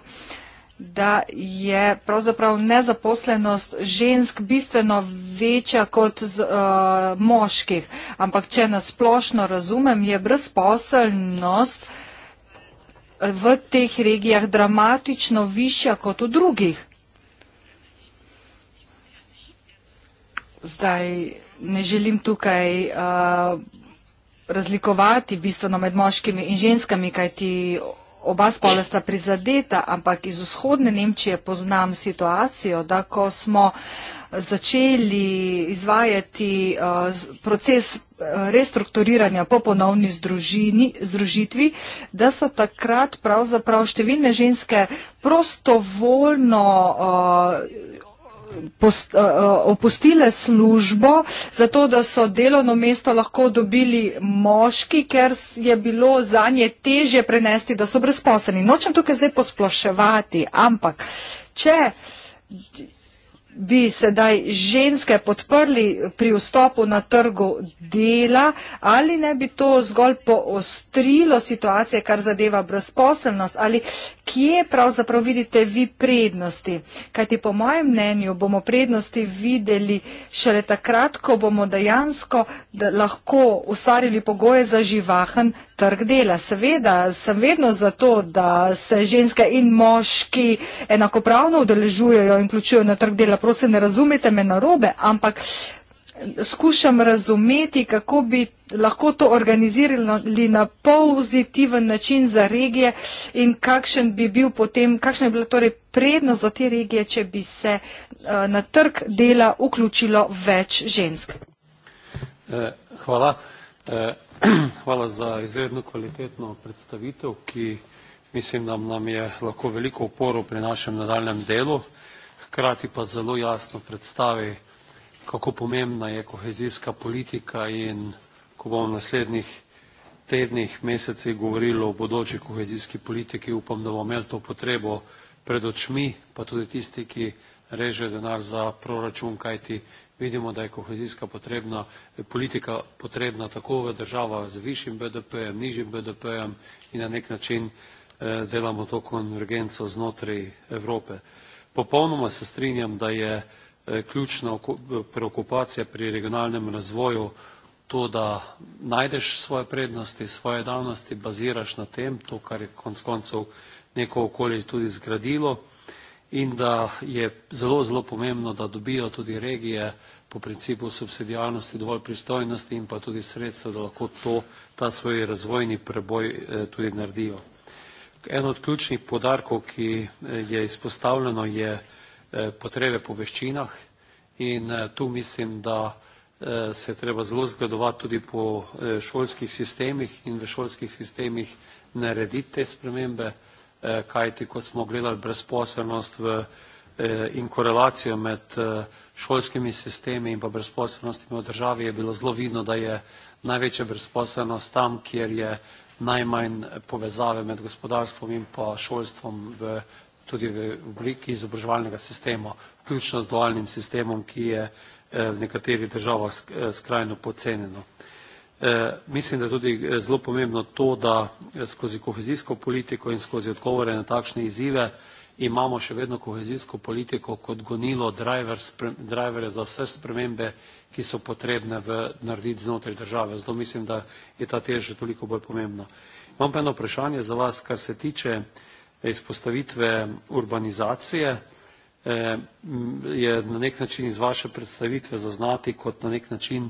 da je pravzaprav nezaposlenost žensk bistveno večja kot z, uh, moških. Ampak, če nasplošno razumem, je brezposelnost eh, v teh regijah dramatično višja kot v drugih. zdaj ne želim tukaj uh, razlikovati bistveno med moškimi in ženskami, kajti oba spola sta prizadeta, ampak iz vzhodne Nemčije poznam situacijo, da ko smo začeli izvajati uh, proces uh, restrukturiranja po ponovni združini, združitvi, da so takrat pravzaprav številne ženske prostovoljno uh, post, uh, opustile službo, zato da so delovno mesto lahko dobili moški, ker je bilo za nje težje prenesti, da so brezposleni. Nočem tukaj zdaj posploševati, ampak če bi sedaj ženske podprli pri vstopu na trgu dela ali ne bi to zgolj poostrilo situacije, kar zadeva brezposelnost ali kje pravzaprav vidite vi prednosti. Kajti po mojem mnenju bomo prednosti videli šele takrat, ko bomo dejansko da lahko ustvarili pogoje za živahen trg dela. Seveda sem vedno za to, da se ženske in moški enakopravno udeležujejo in vključujejo na trg dela prosim, ne razumete me narobe, ampak skušam razumeti, kako bi lahko to organizirali na pozitiven način za regije in kakšen bi bil potem, kakšna je bila torej prednost za te regije, če bi se eh, na trg dela vključilo več žensk.
Eh, hvala. Eh, hvala za izredno kvalitetno predstavitev, ki mislim, da nam je lahko veliko uporo pri našem nadaljem delu hkrati pa zelo jasno predstavi, kako pomembna je kohezijska politika in ko bomo v naslednjih tednih, mesecih govorili o bodoči kohezijski politiki, upam, da bomo imeli to potrebo pred očmi, pa tudi tisti, ki režejo denar za proračun, kajti vidimo, da je kohezijska potrebna, politika potrebna tako v državah z višjim BDP-em, nižjim BDP-em in na nek način eh, delamo to konvergenco znotraj Evrope. Popolnoma se strinjam, da je eh, ključna preokupacija pri regionalnem razvoju to, da najdeš svoje prednosti, svoje danosti, baziraš na tem, to, kar je konc koncev neko okolje tudi zgradilo in da je zelo, zelo pomembno, da dobijo tudi regije po principu subsidijalnosti dovolj pristojnosti in pa tudi sredstva, da lahko to, ta svoj razvojni preboj eh, tudi naredijo eden od ključnih podarkov, ki eh, je izpostavljeno, je eh, potrebe po veščinah in eh, tu mislim, da se je treba zelo zgledovati tudi po šolskih sistemih in v šolskih sistemih narediti te spremembe, kajti ko smo gledali brezposelnost v, in korelacijo med šolskimi sistemi in pa brezposelnostmi v državi, je bilo zelo vidno, da je največja brezposelnost tam, kjer je najmanj eh, povezave med gospodarstvom in pa šolstvom v, tudi v obliki izobraževalnega sistema, vključno z dualnim sistemom, ki je eh, v nekaterih državah eh, skrajno podcenjeno. Mislim, da je tudi zelo pomembno to, da skozi kohezijsko politiko in skozi odgovore na takšne izzive imamo še vedno kohezijsko politiko kot gonilo, driver, driver za vse spremembe ki so potrebne v, narediti znotraj države. Zato mislim, da je ta tež toliko bolj pomembna. Imam pa eno vprašanje za vas, kar se tiče eh, izpostavitve urbanizacije. E, je na nek način iz vaše predstavitve zaznati kot na nek način e,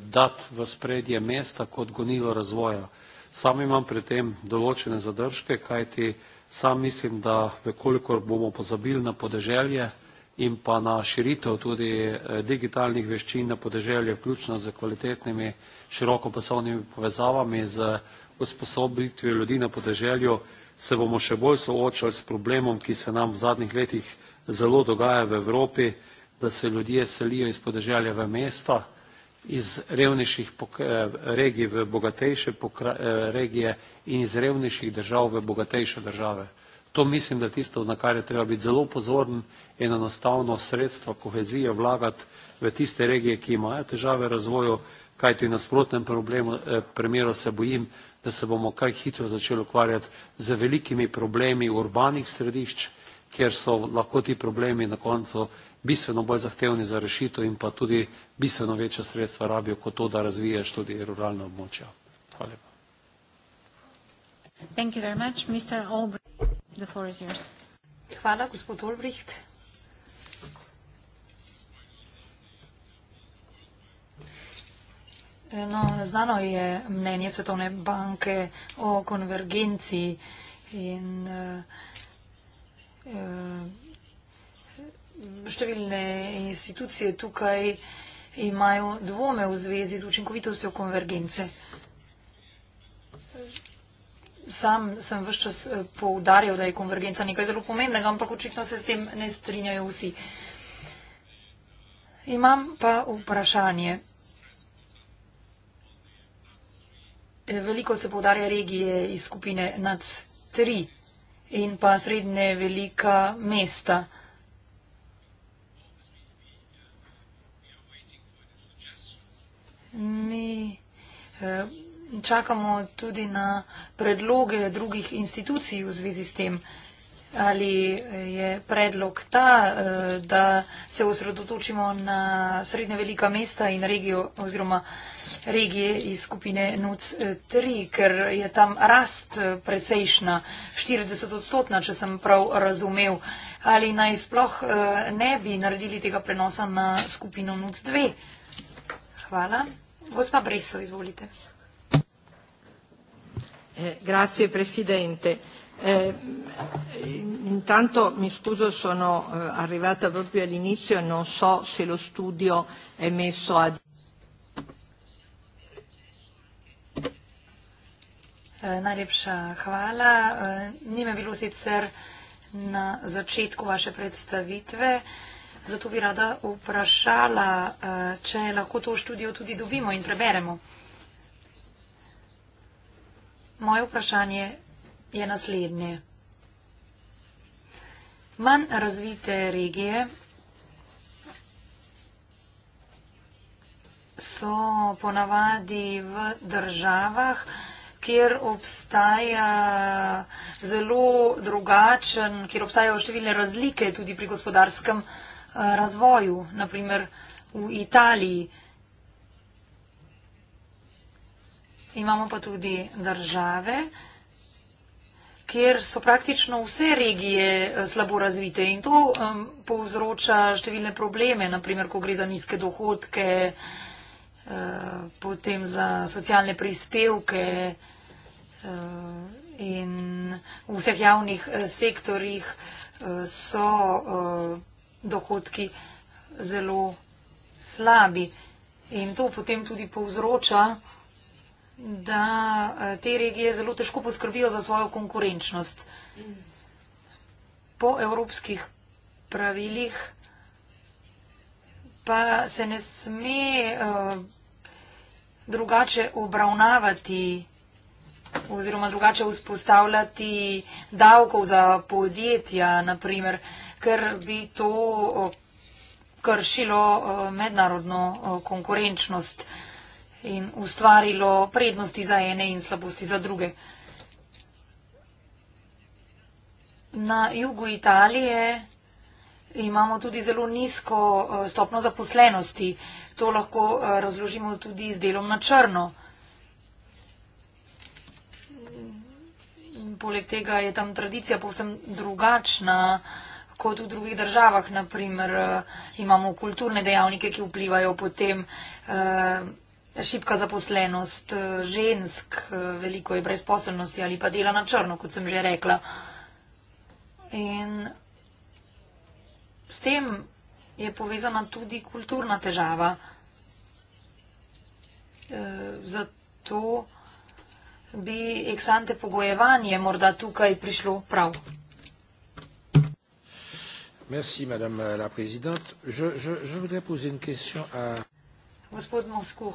dat v spredje mesta kot gonilo razvoja. Sam imam pri tem določene zadržke, kajti sam mislim, da vekolikor bomo pozabili na podeželje, in pa na širitev tudi eh, digitalnih veščin na podeželje, vključno z kvalitetnimi širokopasovnimi povezavami, z usposobitvijo ljudi na podeželju, se bomo še bolj soočali s problemom, ki se nam v zadnjih letih zelo dogaja v Evropi, da se ljudje selijo iz podeželja v mesta, iz revnejših eh, regij v bogatejše eh, regije in iz revnejših držav v bogatejše države. To mislim, da je tisto, na kar je treba biti zelo pozoren in enostavno sredstva kohezije vlagati v tiste regije, ki imajo težave razvoju, kajti nasprotnem problemu, eh, primeru se bojim, da se bomo kaj hitro začeli ukvarjati z velikimi problemi urbanih središč, kjer so lahko ti problemi na koncu bistveno bolj zahtevni za rešitev in pa tudi bistveno večja sredstva rabijo kot to, da razviješ tudi ruralna območja. Hvala
lepa. The floor is yours.
Hvala, gospod Olbricht. No, znano je mnenje Svetovne banke o konvergenci in eh, eh, številne institucije tukaj imajo dvome v zvezi z učinkovitostjo konvergence sam sem vse čas eh, poudarjal, da je konvergenca nekaj zelo pomembnega, ampak očitno se s tem ne strinjajo vsi. Imam pa vprašanje. Eh, veliko se poudarja regije iz skupine NAC3 in pa srednje velika mesta. Mi, eh, čakamo tudi na predloge drugih institucij v zvezi s tem. Ali je predlog ta, eh, da se osredotočimo na srednje velika mesta in regijo oziroma regije iz skupine NUC3, eh, ker je tam rast eh, precejšna, 40 odstotna, če sem prav razumev, ali naj sploh ne bi naredili tega prenosa na skupino NUC2? Hvala. Gospa Breso, izvolite.
Eh, grazie Presidente. Eh, intanto mi scuso, sono eh, arrivata proprio all'inizio e non so se lo studio è messo a...
Eh, najlepša hvala. Eh, nime bilo sicer na začetku vaše predstavitve, zato bi rada vprašala, če lahko to študijo tudi dobimo in preberemo. Moje vprašanje je naslednje. Manj razvite regije so ponavadi v državah, kjer obstaja zelo drugačen, kjer obstajajo številne razlike tudi pri gospodarskem eh, razvoju, naprimer v Italiji. Imamo pa tudi države, kjer so praktično vse regije eh, slabo razvite in to um, povzroča številne probleme, naprimer, ko gre za nizke dohodke, uh, potem za socialne prispevke uh, in v vseh javnih uh, sektorjih uh, so uh, dohodki zelo slabi. In to potem tudi povzroča, da eh, te regije zelo težko poskrbijo za svojo konkurenčnost. Po evropskih pravilih pa se ne sme eh, drugače obravnavati oziroma drugače vzpostavljati davkov za podjetja, naprimer, ker bi to eh, kršilo mednarodno konkurenčnost in ustvarilo prednosti za ene in slabosti za druge. Na jugu Italije imamo tudi zelo nizko eh, stopno zaposlenosti. To lahko eh, razložimo tudi z delom na črno. Poleg tega je tam tradicija povsem drugačna kot v drugih državah. Naprimer eh, imamo kulturne dejavnike, ki vplivajo potem šibka zaposlenost eh, žensk, eh, veliko je brezposobnosti ali pa dela na črno, kot sem že rekla. In s tem je povezana tudi kulturna težava. Eh, zato bi eksante pogojevanje morda tukaj prišlo prav.
Merci, madame la présidente. Je, je, je voudrais poser une question à...
Gospod Moskuh,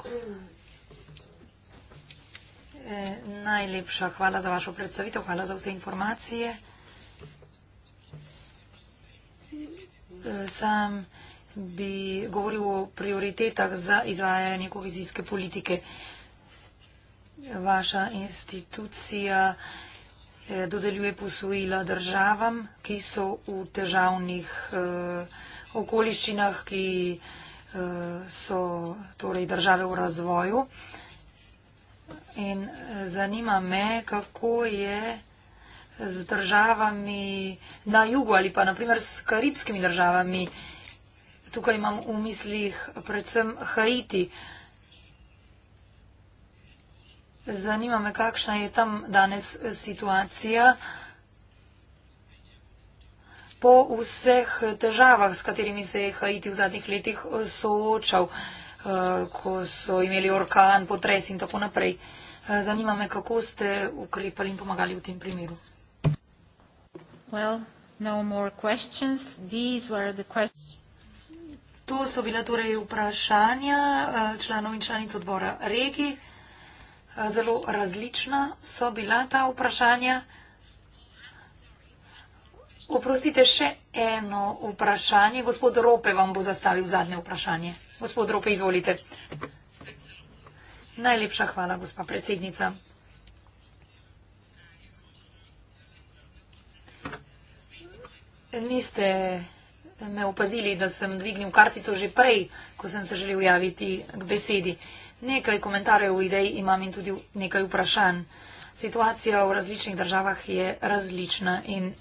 e, najlepša hvala za vašo predstavitev, hvala za vse informacije. E, sam bi govoril o prioritetah za izvajanje kohezijske politike. Vaša institucija e, dodeljuje posojila državam, ki so v težavnih okoliščinah, ki so v težavnih okoliščinah, Eh, so torej države v razvoju. In eh, zanima me, kako je z državami na jugu ali pa naprimer s karibskimi državami. Tukaj imam v mislih predvsem Haiti. Zanima me, kakšna je tam danes situacija po vseh težavah, s katerimi se je Haiti v zadnjih letih eh, soočal, eh, ko so imeli orkan, potres in tako naprej. Eh, zanima me, kako ste ukrepali in pomagali v tem primeru. Well, no to so bila torej vprašanja članov in članic odbora regi. Zelo različna so bila ta vprašanja. Oprostite, še eno vprašanje. Gospod Rope vam bo zastavil zadnje vprašanje. Gospod Rope, izvolite. Najlepša hvala, gospa predsednica. Niste me opazili, da sem dvignil kartico že prej, ko sem se želel javiti k besedi. Nekaj komentarjev v ideji imam in tudi nekaj vprašanj. Situacija v različnih državah je različna in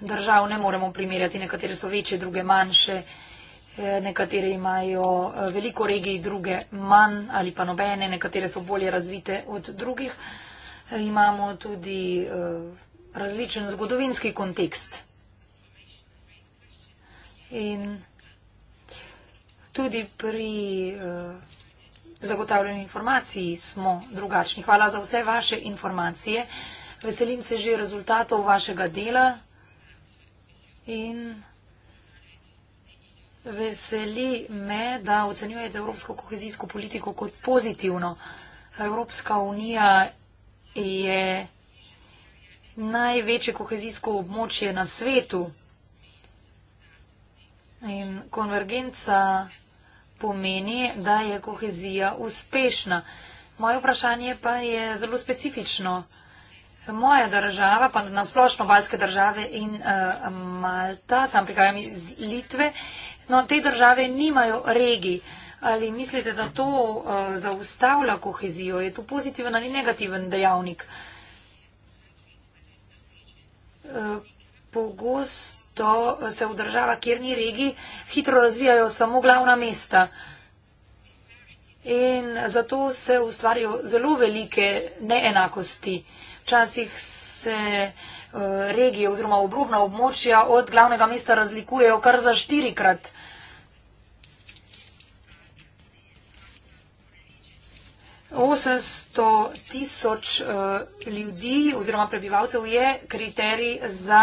držav ne moremo primerjati, nekatere so večje, druge manjše, eh, nekatere imajo eh, veliko regij, druge manj ali pa nobene, nekatere so bolje razvite od drugih. Eh, imamo tudi različen zgodovinski kontekst. In tudi pri zagotavljanju informacij smo drugačni. Hvala za vse vaše informacije. Veselim se že rezultatov vašega dela in veseli me, da ocenjujete evropsko kohezijsko politiko kot pozitivno. Evropska unija je največje kohezijsko območje na svetu in konvergenca pomeni, da je kohezija uspešna. Moje vprašanje pa je zelo specifično. Moja država, pa nasplošno Balske države in uh, Malta, sam prihajam iz Litve, no te države nimajo regij. Ali mislite, da to uh, zaustavlja kohezijo? Je to pozitiven ali negativen dejavnik? Uh, pogosto se v državah, kjer ni regij, hitro razvijajo samo glavna mesta. In zato se ustvarjajo zelo velike neenakosti. Uh, včasih se eh, regije oziroma obrubna območja od glavnega mesta razlikujejo kar za štirikrat. Osemsto tisoč eh, ljudi oziroma prebivalcev je kriterij za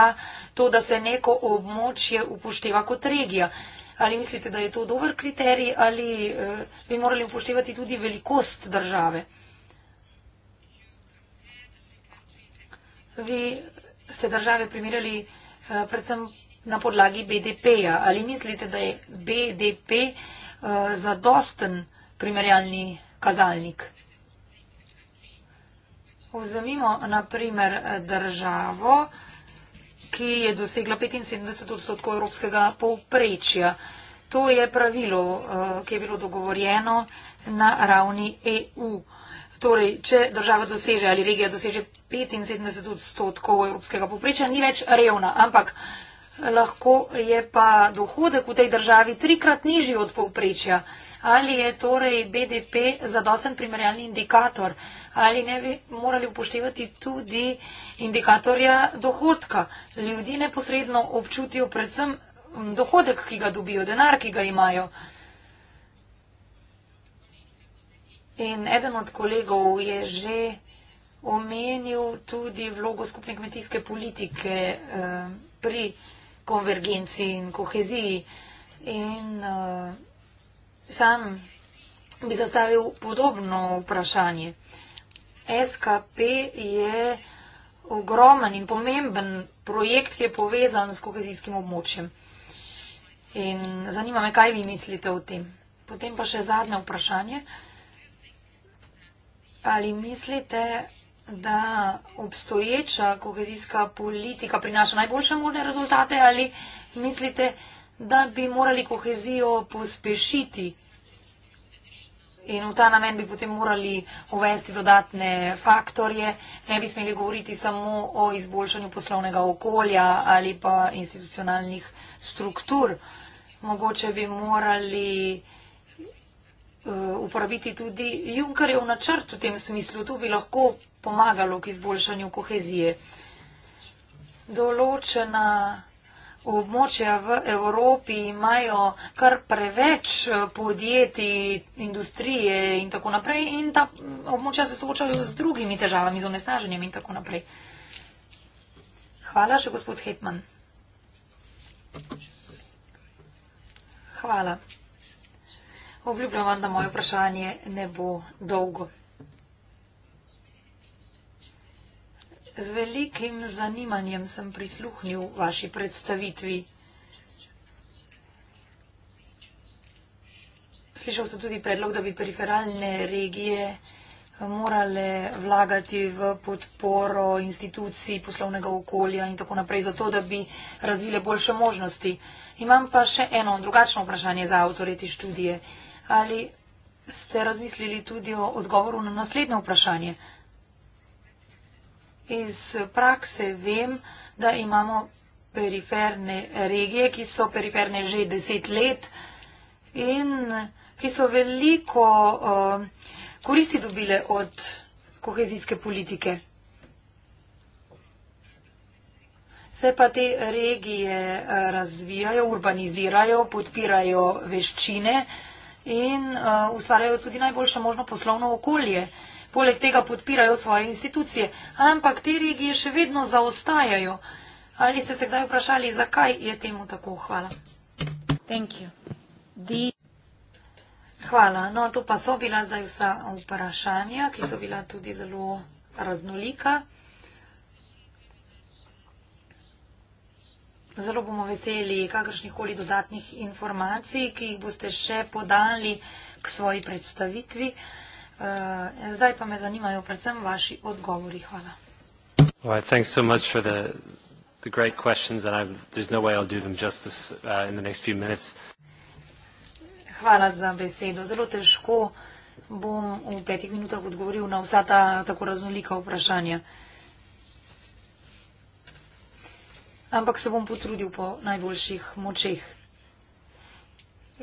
to, da se neko območje upošteva kot regija. Ali mislite, da je to dober kriterij ali eh, bi morali upoštevati tudi velikost države? vi ste države primerjali eh, predvsem na podlagi BDP-ja. Ali mislite, da je BDP eh, zadosten primerjalni kazalnik? Vzemimo naprimer državo, ki je dosegla 75 odstotkov evropskega povprečja. To je pravilo, eh, ki je bilo dogovorjeno na ravni EU. Torej, če država doseže ali regija doseže 75 odstotkov evropskega poprečja, ni več revna, ampak lahko je pa dohodek v tej državi trikrat nižji od poprečja. Ali je torej BDP zadosten primerjalni indikator? Ali ne bi morali upoštevati tudi indikatorja dohodka? Ljudje neposredno občutijo predvsem mm, dohodek, ki ga dobijo, denar, ki ga imajo. In eden od kolegov je že omenil tudi vlogo skupne kmetijske politike eh, pri konvergenci in koheziji. In eh, sam bi zastavil podobno vprašanje. SKP je ogromen in pomemben projekt, ki je povezan s kohezijskim območjem. In zanima me, kaj vi mislite o tem. Potem pa še zadnje vprašanje ali mislite, da obstoječa kohezijska politika prinaša najboljše možne rezultate ali mislite, da bi morali kohezijo pospešiti in v ta namen bi potem morali uvesti dodatne faktorje, ne bi smeli govoriti samo o izboljšanju poslovnega okolja ali pa institucionalnih struktur. Mogoče bi morali Eh, uporabiti tudi Junkarjev načrt v tem smislu. To bi lahko pomagalo k izboljšanju kohezije. Določena območja v Evropi imajo kar preveč eh, podjetij, industrije in tako naprej in ta območja se soočajo z drugimi težavami, z onesnaženjem in tako naprej. Hvala še, gospod Hetman. Hvala. Obljubljam vam, da moje vprašanje ne bo dolgo. Z velikim zanimanjem sem prisluhnil vaši predstavitvi. Slišal sem tudi predlog, da bi periferalne regije morale vlagati v podporo institucij poslovnega okolja in tako naprej, zato da bi razvile boljše možnosti. Imam pa še eno drugačno vprašanje za avtoreti študije ali ste razmislili tudi o odgovoru na naslednje vprašanje. Iz prakse vem, da imamo periferne regije, ki so periferne že deset let in ki so veliko uh, koristi dobile od kohezijske politike. Se pa te regije eh, razvijajo, urbanizirajo, podpirajo veščine, uh, in uh, ustvarjajo tudi najboljše možno poslovno okolje. Poleg tega podpirajo svoje institucije. Ampak te regije še vedno zaostajajo. Ali ste se kdaj vprašali, zakaj je temu tako? Hvala. Hvala. No, to pa so bila zdaj vsa vprašanja, ki so bila tudi zelo raznolika. Zelo bomo veseli kakršnih koli dodatnih informacij, ki jih boste še podali k svoji predstavitvi. Eh, zdaj pa me zanimajo predvsem vaši odgovori. Hvala.
No uh,
Hvala za besedo. Zelo težko bom v petih minutah odgovoril na vsa ta tako raznolika vprašanja. ampak se bom potrudil po najboljših močeh.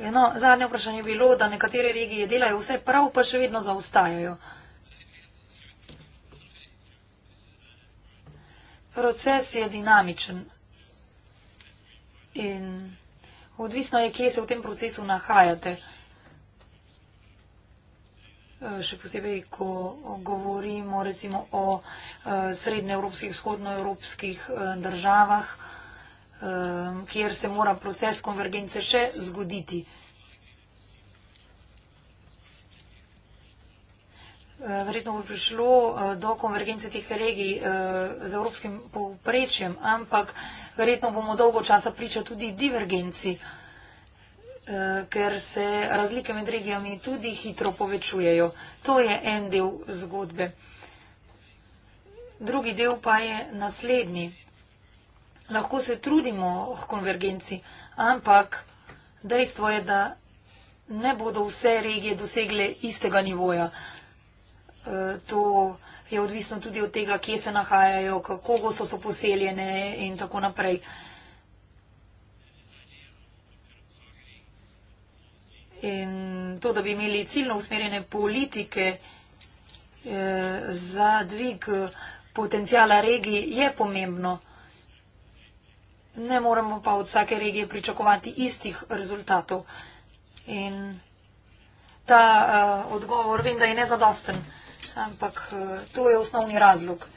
Eno zadnje vprašanje je bilo, da nekatere regije delajo vse prav, pa še vedno zaostajajo. Proces je dinamičen in odvisno je, kje se v tem procesu nahajate. Eh, še posebej, ko govorimo recimo o eh, srednjeevropskih, vzhodnoevropskih eh, državah, kjer se mora proces konvergence še zgoditi. Verjetno bo prišlo do konvergence teh regij z evropskim povprečjem, ampak verjetno bomo dolgo časa priča tudi divergenci. Eh, ker se razlike med regijami tudi hitro povečujejo. To je en del zgodbe. Drugi del pa je naslednji. Lahko se trudimo v konvergenci, ampak dejstvo je, da ne bodo vse regije dosegle istega nivoja. Eh, to je odvisno tudi od tega, kje se nahajajo, kako gosto so poseljene in tako naprej. In to, da bi imeli ciljno usmerjene politike eh, za dvig eh, potencijala regij, je pomembno. Ne moramo pa od vsake regije pričakovati istih rezultatov. In ta eh, odgovor vem, da je nezadosten, ampak to je osnovni razlog.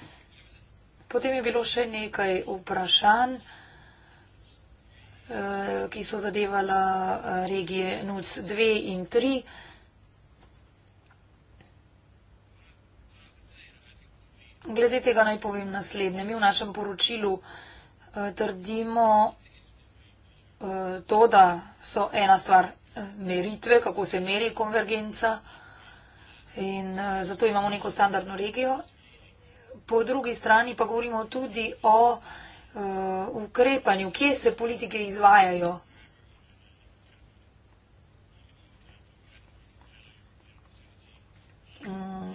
Potem je bilo še nekaj vprašanj. Eh, ki so zadevala eh, regije NUC 2 in 3. Glede tega naj povem naslednje. Mi v našem poročilu eh, trdimo to, da so ena stvar meritve, kako se meri konvergenca in zato imamo neko standardno regijo. Po drugi strani pa govorimo tudi o uh, ukrepanju, kje se politike izvajajo. Eh,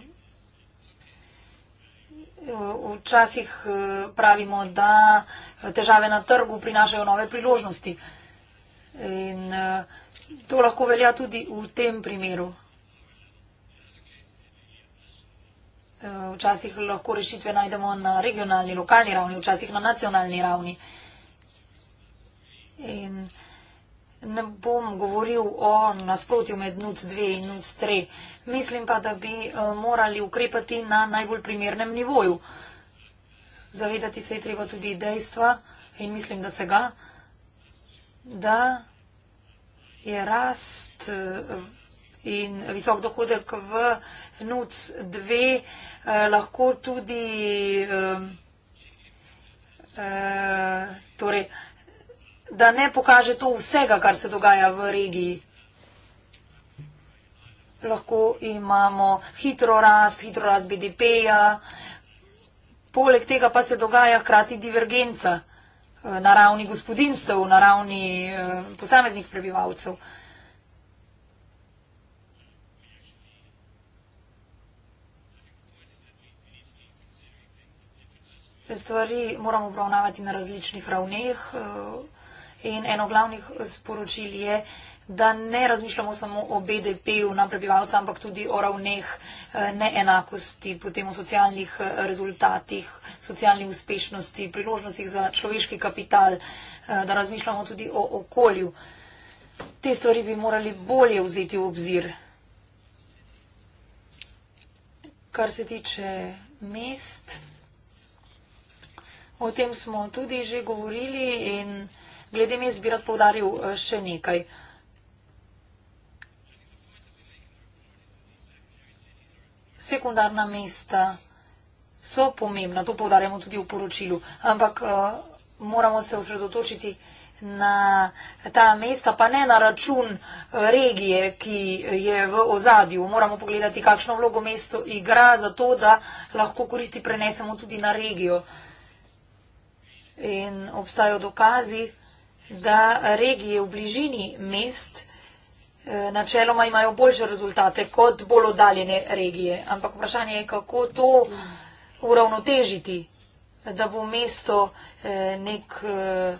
včasih eh, pravimo, da težave na trgu prinašajo nove priložnosti. In to lahko velja tudi v tem primeru. Včasih lahko rešitve najdemo na regionalni, lokalni ravni, včasih na nacionalni ravni. In ne bom govoril o nasprotju med NUC 2 in NUC 3. Mislim pa, da bi eh, morali ukrepati na najbolj primernem nivoju. Zavedati se je treba tudi dejstva in mislim, da se ga, da je rast. Uh, in visok dohodek v NUC 2 eh, lahko tudi ehm, eh, torej, da ne pokaže to vsega, kar se dogaja v regiji. Lahko imamo hitro rast, hitro rast BDP-ja, poleg tega pa se dogaja hkrati divergenca eh, na ravni gospodinstv, na ravni posameznih prebivalcev. stvari moramo obravnavati na različnih ravneh. Eh, in eno glavnih eh, sporočil je, da ne razmišljamo samo o BDP-ju na prebivalca, ampak tudi o ravneh eh, neenakosti, potem o socialnih rezultatih, socialni uspešnosti, priložnostih za človeški kapital, da razmišljamo tudi o okolju. Te stvari bi morali bolje vzeti v obzir. Kar se tiče mest. O tem smo tudi že govorili in glede mes bi rad povdaril eh, še nekaj. Sekundarna mesta so pomembna, to povdarjamo tudi v poročilu, ampak eh, moramo se osredotočiti na ta mesta, pa ne na račun eh, regije, ki je v ozadju. Moramo pogledati, kakšno vlogo mesto igra za to, da lahko koristi prenesemo tudi na regijo in obstajajo dokazi, da regije v bližini mest eh, načeloma imajo boljše rezultate kot bolj oddaljene regije. Ampak vprašanje je, kako to uravnotežiti, da bo mesto eh, nek, eh,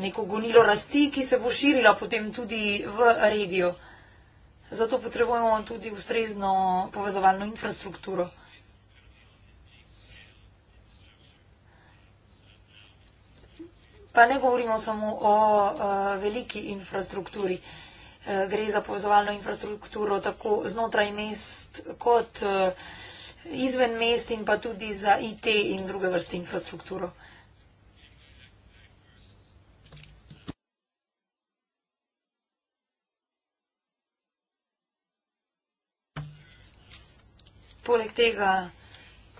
neko gonilo rasti, ki se bo širila potem tudi v regijo. Zato potrebujemo tudi ustrezno povezovalno infrastrukturo. Pa ne govorimo samo o uh, veliki infrastrukturi. Uh, gre za povezovalno infrastrukturo tako znotraj mest kot uh, izven mest in pa tudi za IT in druge vrste infrastrukturo. Poleg tega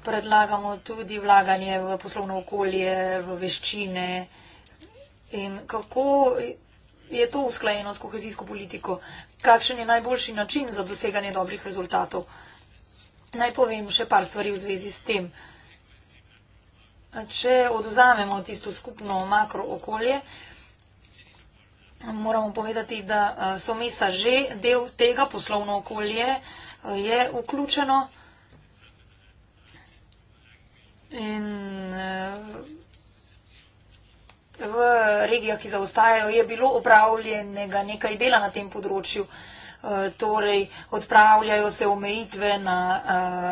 predlagamo tudi vlaganje v poslovno okolje, v veščine, in kako je to usklajeno s kohezijsko politiko, kakšen je najboljši način za doseganje dobrih rezultatov. Naj povem še par stvari v zvezi s tem. Če oduzamemo tisto skupno makro okolje, moramo povedati, da so mesta že del tega poslovno okolje, je vključeno in v regijah, ki zaostajajo, je bilo opravljenega nekaj dela na tem področju. Eh, torej, odpravljajo se omejitve na eh,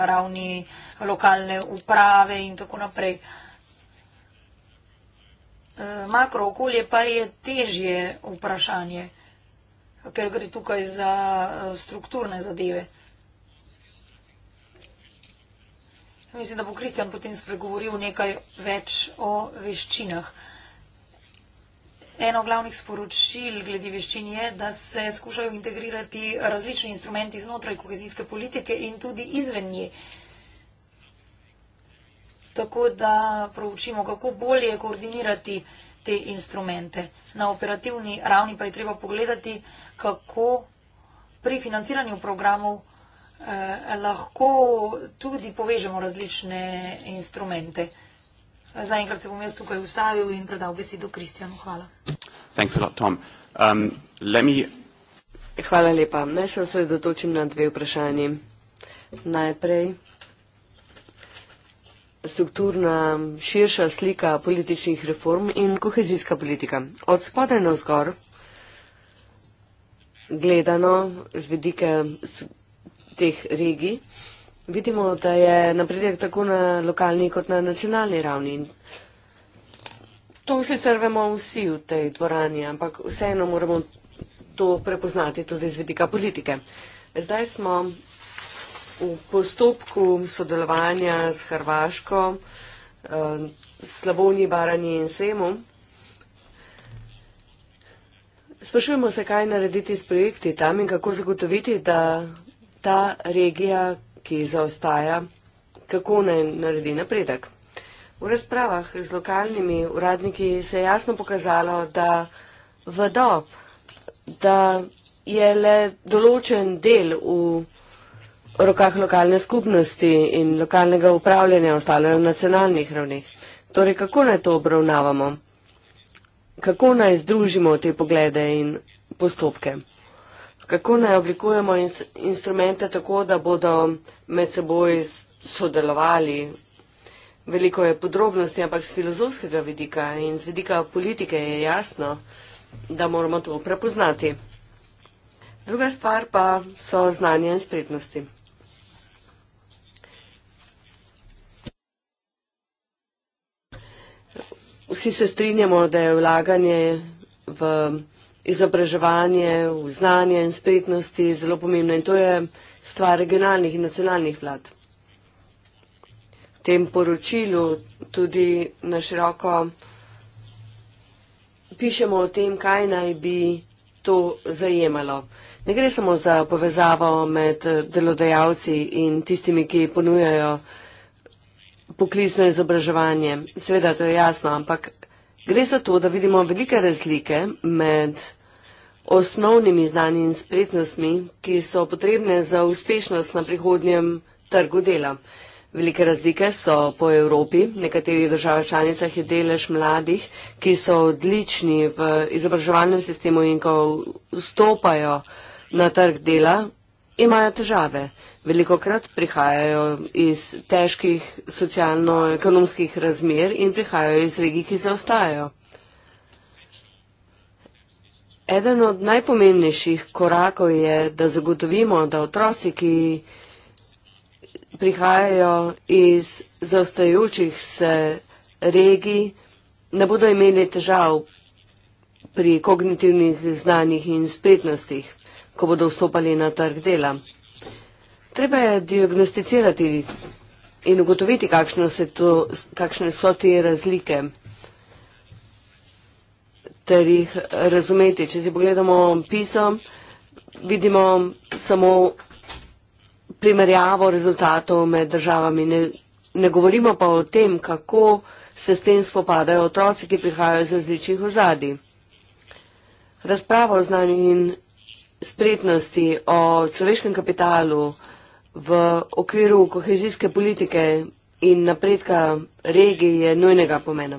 ravni lokalne uprave in tako naprej. Eh, Makro okolje pa je težje vprašanje, ker gre tukaj za strukturne zadeve. Mislim, da bo Kristjan potem spregovoril nekaj več o veščinah. Eno glavnih sporočil glede veščin je, da se skušajo integrirati različni instrumenti znotraj kohezijske politike in tudi izven nje. Tako da proučimo, kako bolje koordinirati te instrumente. Na operativni ravni pa je treba pogledati, kako pri financiranju programov eh, lahko tudi povežemo različne instrumente. Zaenkrat se bom jaz tukaj ustavil in predal besedo
Kristjanu. Hvala. Thanks a lot, Tom. Um, let me... Hvala lepa. Naj se osredotočim na dve vprašanji. Najprej strukturna širša slika političnih reform in kohezijska politika. Od spodaj na vzgor gledano z vedike teh regij Vidimo, da je napredek tako na lokalni kot na nacionalni ravni. To sicer vemo vsi v tej dvorani, ampak vseeno moramo to prepoznati tudi z vidika politike. Zdaj smo v postopku sodelovanja s Hrvaško, eh, Slavonji, Baranji in Semu. Sprašujemo se, kaj narediti s projekti tam in kako zagotoviti, da ta regija, ki zaostaja, kako naj naredi napredek. V razpravah z lokalnimi uradniki se je jasno pokazalo, da v dob, da je le določen del v rokah lokalne skupnosti in lokalnega upravljanja ostalo na nacionalnih ravnih. Torej, kako naj to obravnavamo? Kako naj združimo te poglede in postopke? kako naj oblikujemo in, instrumente tako, da bodo med seboj sodelovali. Veliko je podrobnosti, ampak z filozofskega vidika in z vidika politike je jasno, da moramo to prepoznati. Druga stvar pa so znanje in spretnosti. Vsi se strinjamo, da je vlaganje v izobraževanje, v znanje in spretnosti zelo pomembno in to je stvar regionalnih in nacionalnih vlad. V tem poročilu tudi na široko pišemo o tem, kaj naj bi to zajemalo. Ne gre samo za povezavo med delodajalci in tistimi, ki ponujajo poklicno izobraževanje. Seveda, to je jasno, ampak Gre za to, da vidimo velike razlike med osnovnimi znanji in spretnostmi, ki so potrebne za uspešnost na prihodnjem trgu dela. Velike razlike so po Evropi, nekaterih državah članicah je delež mladih, ki so odlični v izobraževalnem sistemu in ko vstopajo na trg dela, imajo težave velikokrat prihajajo iz težkih socialno-ekonomskih razmer in prihajajo iz regij, ki zaostajajo. Eden od najpomembnejših korakov je, da zagotovimo, da otroci, ki prihajajo iz zaostajajočih se regij, ne bodo imeli težav pri kognitivnih znanjih in spretnostih, ko bodo vstopali na trg dela treba je diagnosticirati in ugotoviti, kakšne so te razlike ter jih razumeti. Če si pogledamo piso, vidimo samo primerjavo rezultatov med državami. Ne govorimo pa o tem, kako se s tem spopadajo otroci, ki prihajajo z različnih ozadi. Razpravo o znanju in spretnosti o človeškem kapitalu, v okviru kohezijske politike in napredka regij je nujnega pomena.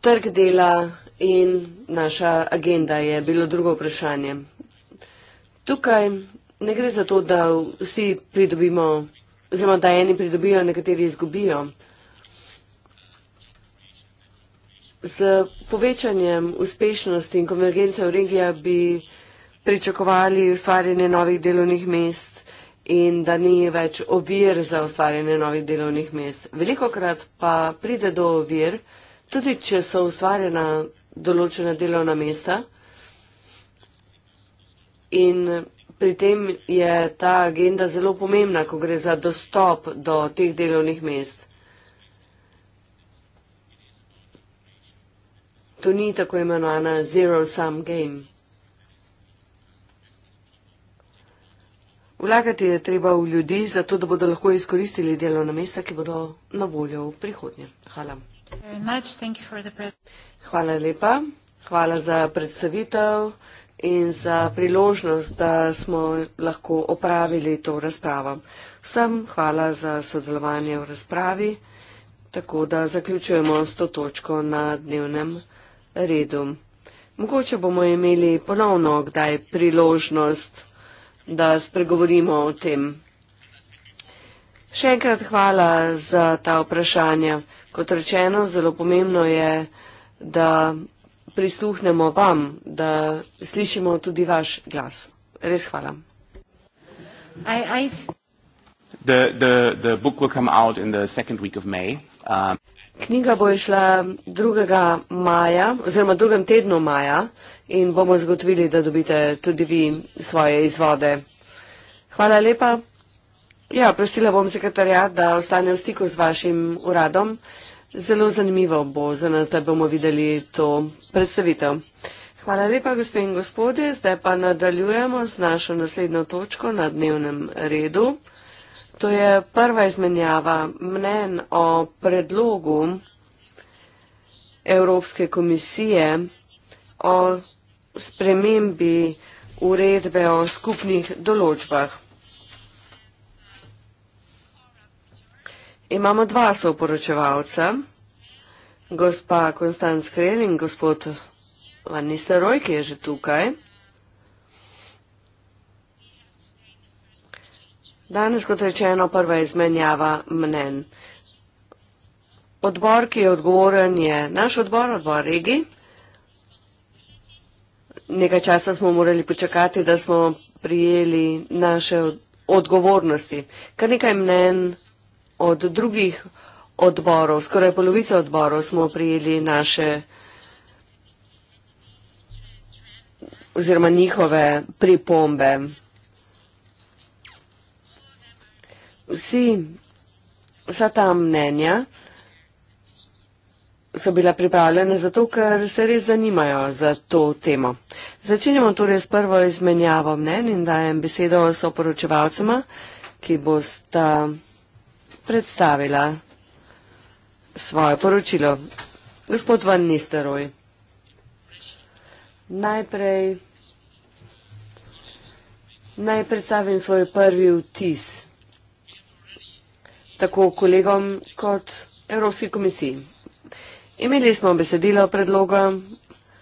Trg dela in naša agenda je bilo drugo vprašanje. Tukaj ne gre za to, da vsi pridobimo, oziroma da eni pridobijo, nekateri izgubijo. Z povečanjem uspešnosti in konvergence v regijah bi pričakovali ustvarjanje novih delovnih mest in da ni več ovir za ustvarjanje novih delovnih mest. Veliko krat pa pride do ovir, tudi če so ustvarjena določena delovna mesta in pri tem je ta agenda zelo pomembna, ko gre za dostop do teh delovnih mest. To ni tako imenovana zero-sum game. Vlagati je treba v ljudi, zato da bodo lahko izkoristili delovna mesta, ki bodo na voljo v prihodnje. Hvala. Hvala lepa. Hvala za predstavitev in za priložnost, da smo lahko opravili to razpravo. Vsem hvala za sodelovanje v razpravi, tako da zaključujemo s to točko na dnevnem redu. Mogoče bomo imeli ponovno kdaj priložnost da spregovorimo o tem. Še enkrat hvala za ta vprašanja. Kot rečeno, zelo pomembno je, da prisluhnemo vam, da slišimo tudi vaš glas. Res hvala. I, I... The, the, the Knjiga bo išla 2. maja oziroma 2. tednu maja in bomo zagotovili, da dobite tudi vi svoje izvode. Hvala lepa. Ja, prosila bom sekretarjat, da ostane v stiku z vašim uradom. Zelo zanimivo bo za nas, da bomo videli to predstavitev. Hvala lepa, gospe in gospodje. Zdaj pa nadaljujemo z našo naslednjo točko na dnevnem redu. To je prva izmenjava mnen o predlogu Evropske komisije o spremembi uredbe o skupnih določbah. Imamo dva soporočevalca, gospa Konstant Skrel in gospod Van Nistelrooy, ki je že tukaj. Danes, kot rečeno, prva izmenjava mnen. Odbor, ki je odgovoren, je naš odbor, odbor Regi. Nekaj časa smo morali počakati, da smo prijeli naše odgovornosti. Kar nekaj mnen od drugih odborov, skoraj polovica odborov smo prijeli naše oziroma njihove pripombe. vsi, vsa ta mnenja so bila pripravljena zato, ker se res zanimajo za to temo. Začenjamo torej s prvo izmenjavo mnen in dajem besedo soporočevalcema, ki bosta predstavila svoje poročilo. Gospod Van Nisteroj. Najprej naj predstavim svoj prvi vtis tako kolegom kot Evropski komisiji. Imeli smo besedilo predloga,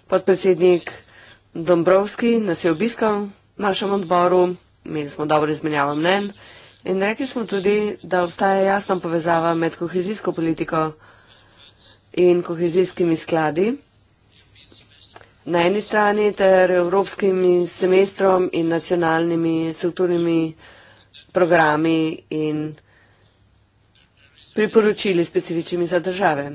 podpredsednik Dombrovski nas je obiskal v našem odboru, imeli smo dobro izmenjavo mnen in rekli smo tudi, da obstaja jasna povezava med kohezijsko politiko in kohezijskimi skladi na eni strani ter evropskim semestrom in nacionalnimi strukturnimi programi in programi priporočili specifičnimi za države.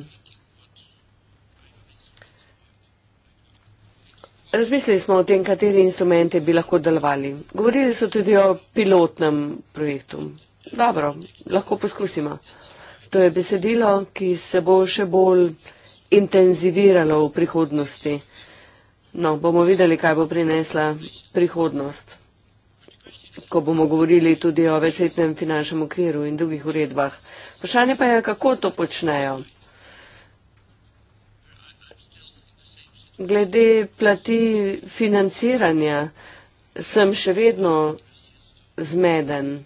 Razmislili smo o tem, kateri instrumente bi lahko delovali. Govorili so tudi o pilotnem projektu. Dobro, lahko poskusimo. To je besedilo, ki se bo še bolj intenziviralo v prihodnosti. No, bomo videli, kaj bo prinesla prihodnost ko bomo govorili tudi o večletnem finančnem okviru in drugih uredbah. Vprašanje pa je, kako to počnejo. Glede plati financiranja sem še vedno zmeden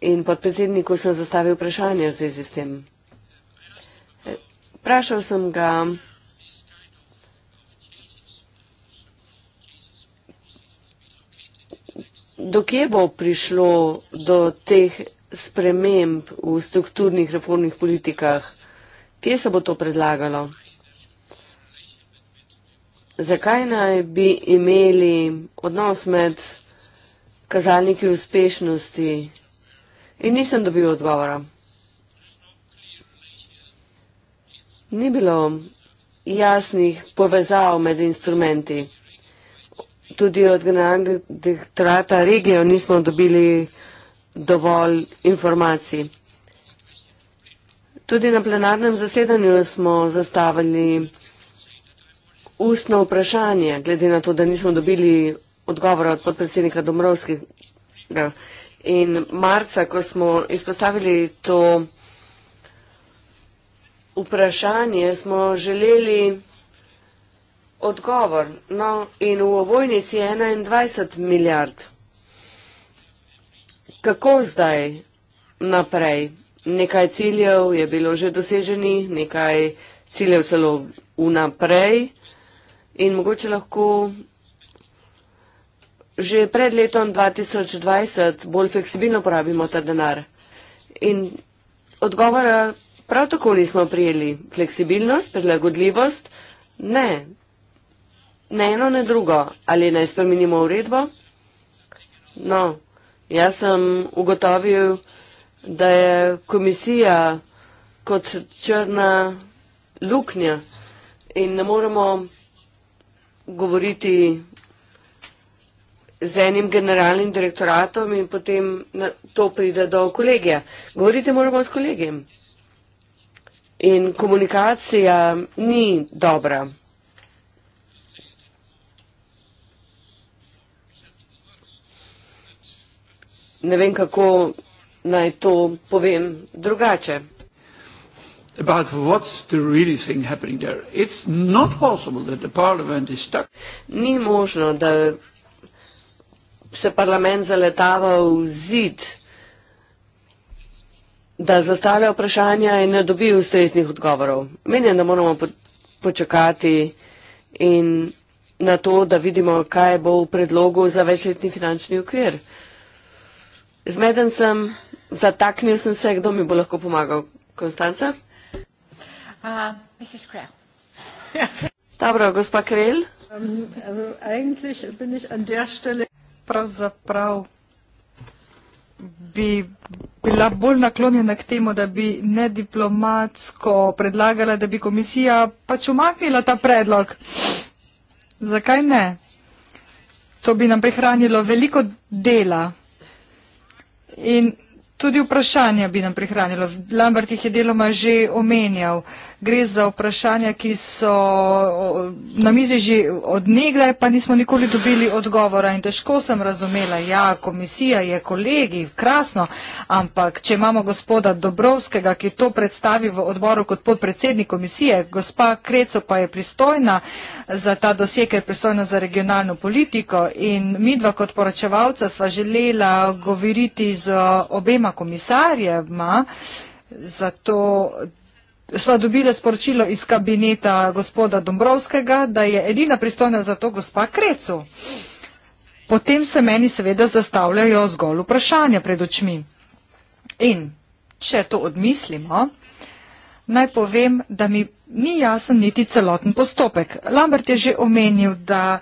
in podpredsedniku sem zastavil vprašanje v zvezi s tem. Prašal sem ga, do kje bo prišlo do teh sprememb v strukturnih reformnih politikah? Kje se bo to predlagalo? Zakaj naj bi imeli odnos med kazalniki uspešnosti? In nisem dobil odgovora. Ni bilo jasnih povezav med instrumenti tudi od generalnega direktorata regijo nismo dobili dovolj informacij. Tudi na plenarnem zasedanju smo zastavili ustno vprašanje, glede na to, da nismo dobili odgovora od podpredsednika Domrovskega. In marca, ko smo izpostavili to vprašanje, smo želeli odgovor. No, in v ovojnici je 21 milijard. Kako zdaj naprej? Nekaj ciljev je bilo že doseženi, nekaj ciljev celo vnaprej in mogoče lahko že pred letom 2020 bolj fleksibilno porabimo ta denar. In odgovora prav tako nismo prijeli. Fleksibilnost, prilagodljivost, ne, Ne eno, ne drugo. Ali naj spremenimo uredbo? No, jaz sem ugotovil, da je komisija kot črna luknja in ne moremo govoriti z enim generalnim direktoratom in potem to pride do kolegija. Govoriti moramo s kolegijem. In komunikacija ni dobra. ne vem, kako naj to povem drugače.
Ni možno, da
se parlament zaletava v zid, da zastavlja vprašanja in ne dobi ustreznih odgovorov. Menim, da moramo počakati in na to, da vidimo, kaj bo v predlogu za večletni finančni okvir. Zmeden sem, zataknil sem se, kdo mi bo lahko pomagal? Konstanca?
Uh, Mrs. Krell.
Dobro, gospa Krell.
Um, also, eigentlich bin ich an der Stelle. Pravzaprav bi bila bolj naklonjena k temu, da bi nediplomatsko predlagala, da bi komisija pač umaknila ta predlog. Zakaj ne? To bi nam prihranilo veliko dela in Tudi vprašanja bi nam prihranilo. Lambert jih je deloma že omenjal. Gre za vprašanja, ki so na mizi že od nekdaj, pa nismo nikoli dobili odgovora. In težko sem razumela, ja, komisija je kolegi, krasno, ampak če imamo gospoda Dobrovskega, ki to predstavi v odboru kot podpredsednik komisije, gospa Kreco pa je pristojna za ta dosje, ker je pristojna za regionalno politiko in midva kot poročevalca sva želela govoriti z obema dvema komisarjema, zato sva dobila sporočilo iz kabineta gospoda Dombrovskega, da je edina pristojna za to gospa Krecu. Potem se meni seveda zastavljajo zgolj vprašanja pred očmi. In če to odmislimo, naj povem, da mi ni jasen niti celoten postopek. Lambert je že omenil, da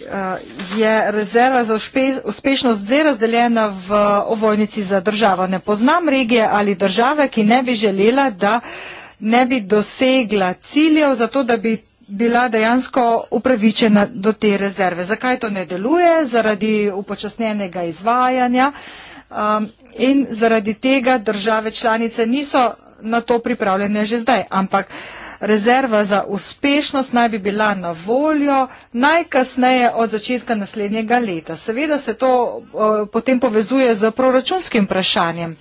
Eh, je rezerva za uspešnost zdaj razdeljena v ovojnici za državo. Ne poznam regije ali države, ki ne bi želela, da ne bi dosegla ciljev za to, da bi bila dejansko upravičena do te rezerve. Zakaj to ne deluje? Zaradi upočasnjenega izvajanja um, in zaradi tega države članice niso na to pripravljene že zdaj. Ampak uh, rezerva za uspešnost naj bi bila na voljo najkasneje od začetka naslednjega leta. Seveda se to eh, potem povezuje z proračunskim vprašanjem.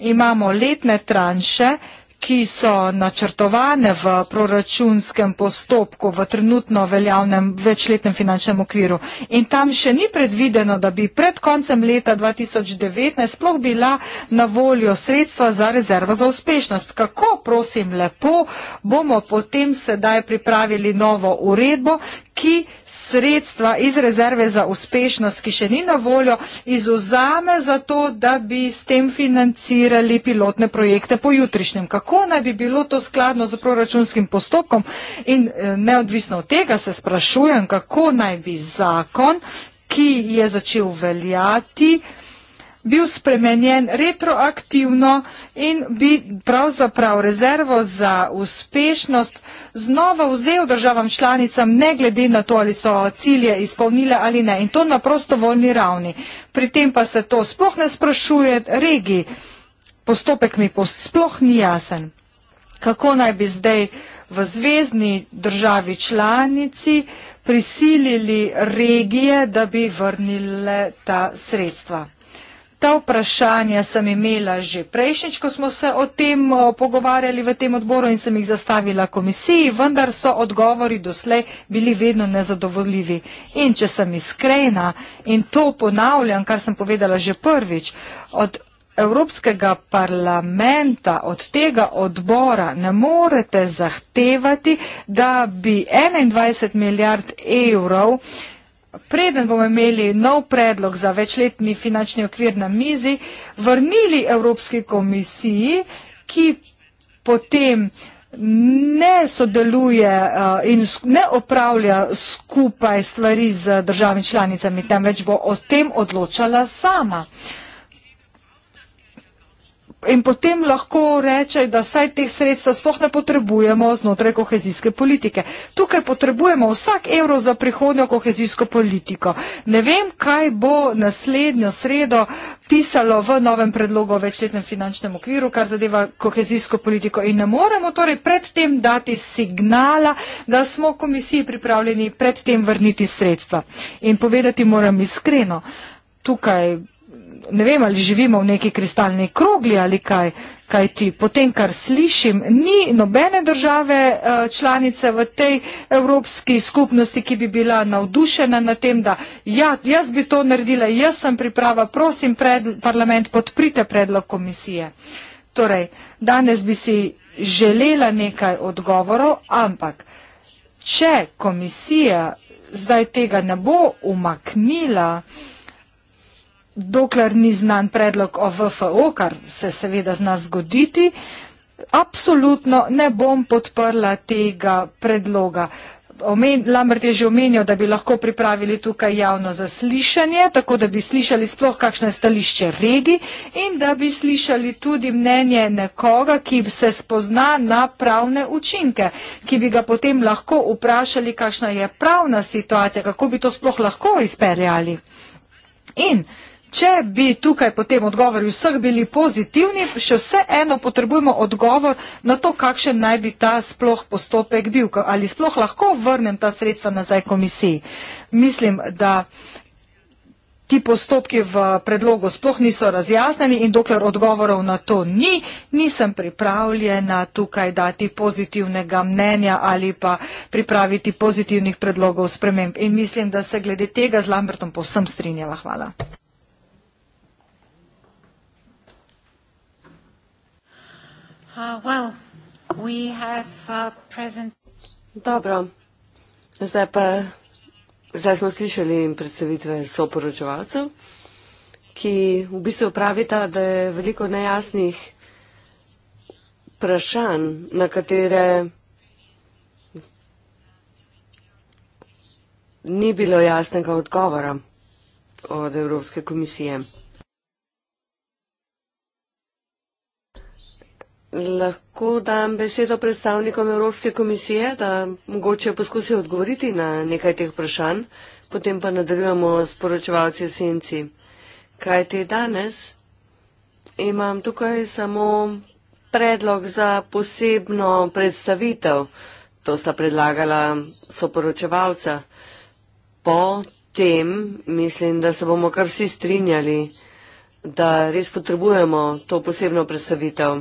Imamo letne tranše, ki so načrtovane v proračunskem postopku v trenutno veljavnem večletnem finančnem okviru. In tam še ni predvideno, da bi pred koncem leta 2019 sploh bila na voljo sredstva za rezervo za uspešnost. Kako, prosim, lepo bomo potem sedaj pripravili novo uredbo, ki sredstva iz rezerve za uspešnost, ki še ni na voljo, izuzame za to, da bi s tem financirali pilotne projekte po jutrišnjem. Kako naj bi bilo to skladno z proračunskim postopkom in eh, neodvisno od tega se sprašujem, kako naj bi zakon, ki je začel veljati, bil spremenjen retroaktivno in bi pravzaprav rezervo za uspešnost znova vzel državam članicam, ne glede na to, ali so cilje izpolnile ali ne. In to na prostovoljni ravni. Pri tem pa se to sploh ne sprašuje regiji. Postopek mi sploh ni jasen. Kako naj bi zdaj v zvezdni državi članici prisilili regije, da bi vrnile ta sredstva. Ta vprašanja sem imela že prejšnjič, ko smo se o tem eh, pogovarjali v tem odboru in sem jih zastavila komisiji, vendar so odgovori doslej bili vedno nezadovoljivi. In če sem iskrena in to ponavljam, kar sem povedala že prvič, od Evropskega parlamenta, od tega odbora ne morete zahtevati, da bi 21 milijard evrov preden bomo imeli nov predlog za večletni finančni okvir na mizi, vrnili Evropski komisiji, ki potem ne sodeluje eh, in ne opravlja skupaj stvari z državami članicami, temveč bo o tem odločala sama in potem lahko reče, da saj teh sredstev sploh ne potrebujemo znotraj kohezijske politike. Tukaj potrebujemo vsak evro za prihodnjo kohezijsko politiko. Ne vem, kaj bo naslednjo sredo pisalo v novem predlogu o večletnem finančnem okviru, kar zadeva kohezijsko politiko. In ne moremo torej predtem dati signala, da smo komisiji pripravljeni predtem vrniti sredstva. In povedati moram iskreno, tukaj ne vem, ali živimo v neki kristalni krogli ali kaj, kaj ti po tem, kar slišim, ni nobene države eh, članice v tej evropski skupnosti, ki bi bila navdušena na tem, da ja, jaz bi to naredila, jaz sem priprava, prosim, pred, parlament, podprite predlog komisije. Torej, danes bi si želela nekaj odgovorov, ampak če komisija zdaj tega ne bo umaknila, uh, dokler ni znan predlog o VFO, kar se seveda zna zgoditi, absolutno ne bom podprla tega predloga. Omen, Lambert je že omenil, da bi lahko pripravili tukaj javno zaslišanje, tako da bi slišali sploh kakšno je stališče regi in da bi slišali tudi mnenje nekoga, ki se spozna na pravne učinke, ki bi ga potem lahko vprašali, kakšna je pravna situacija, kako bi to sploh lahko izperjali. In Če bi tukaj potem odgovori vseh bili pozitivni, še vseeno potrebujemo odgovor na to, kakšen naj bi ta sploh postopek bil, ali sploh lahko vrnem ta sredstva nazaj komisiji. Mislim, da ti postopki v predlogu sploh niso razjasneni in dokler odgovorov na to ni, nisem pripravljena tukaj dati pozitivnega mnenja ali pa pripraviti pozitivnih predlogov sprememb. In mislim, da se glede tega z Lambertom povsem strinjala. Hvala.
Uh, uh,
Dobro, zdaj pa, zdaj smo slišali predstavitve soporočevalcev, ki v bistvu pravita, da je veliko nejasnih vprašanj, na katere ni bilo jasnega odgovora od Evropske komisije. Lahko dam besedo predstavnikom Evropske komisije, da mogoče poskusijo odgovoriti na nekaj teh vprašanj, potem pa nadaljujemo s poročevalci v senci. Kaj te danes? Imam tukaj samo predlog za posebno predstavitev. To sta predlagala soporočevalca. Po tem mislim, da se bomo kar vsi strinjali, da res potrebujemo to posebno predstavitev.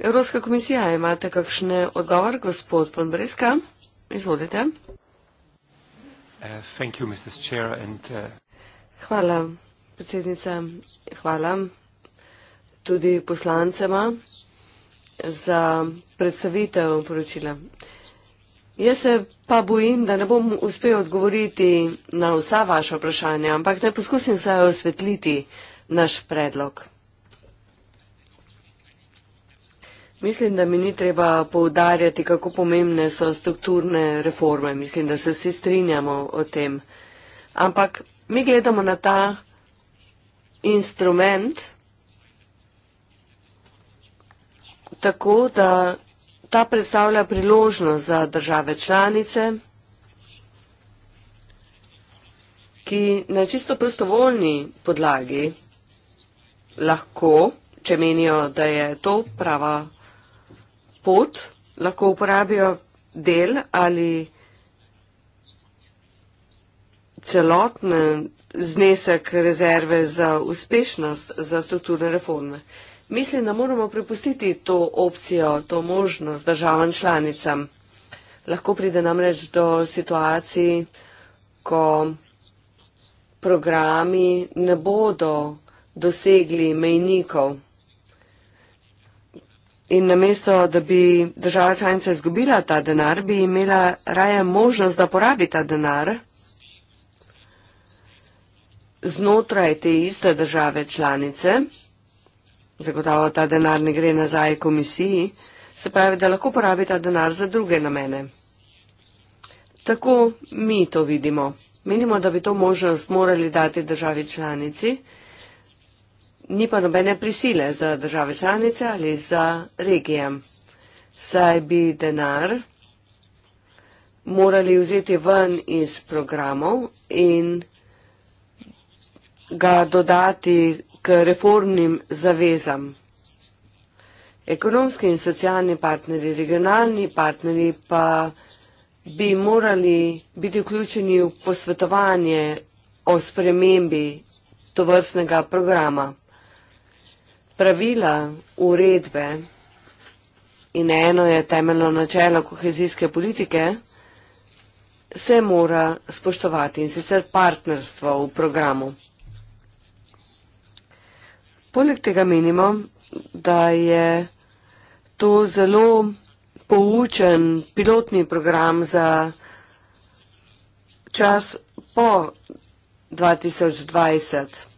Evropska komisija, imate kakšne odgovor, gospod von Breska? Izvolite.
Uh, uh,
Hvala, predsednica. Hvala tudi poslancema za predstavitev poročila. Jaz se pa bojim, da ne bom uspel odgovoriti na vsa vaša vprašanja, ampak naj poskusim vsaj osvetliti naš predlog. Mislim, da mi ni treba poudarjati, kako pomembne so strukturne reforme. Mislim, da se vsi strinjamo o tem. Ampak mi gledamo na ta instrument tako, da ta predstavlja priložnost za države članice, ki na čisto prostovoljni podlagi lahko, če menijo, da je to prava pot, lahko uporabijo del ali celotne znesek rezerve za uspešnost za strukturne reforme. Mislim, da moramo prepustiti to opcijo, to možnost državam članicam. Lahko pride namreč do situacij, ko programi ne bodo dosegli mejnikov. In namesto, da bi država članica izgubila ta denar, bi imela raje možnost, da porabi ta denar znotraj te iste države članice. Zagotovo ta denar ne gre nazaj komisiji, se pravi, da lahko porabi ta denar za druge namene. Tako mi to vidimo. Menimo, da bi to možnost morali dati državi članici ni pa nobene prisile za države članice ali za regije. Saj bi denar morali vzeti ven iz programov in ga dodati k reformnim zavezam. Ekonomski in socialni partneri, regionalni partneri pa bi morali biti vključeni v posvetovanje o spremembi tovrstnega programa pravila, uredbe in eno je temeljno načelo kohezijske politike, se mora spoštovati in sicer partnerstvo v programu. Poleg tega menimo, da je to zelo poučen pilotni program za čas po 2020.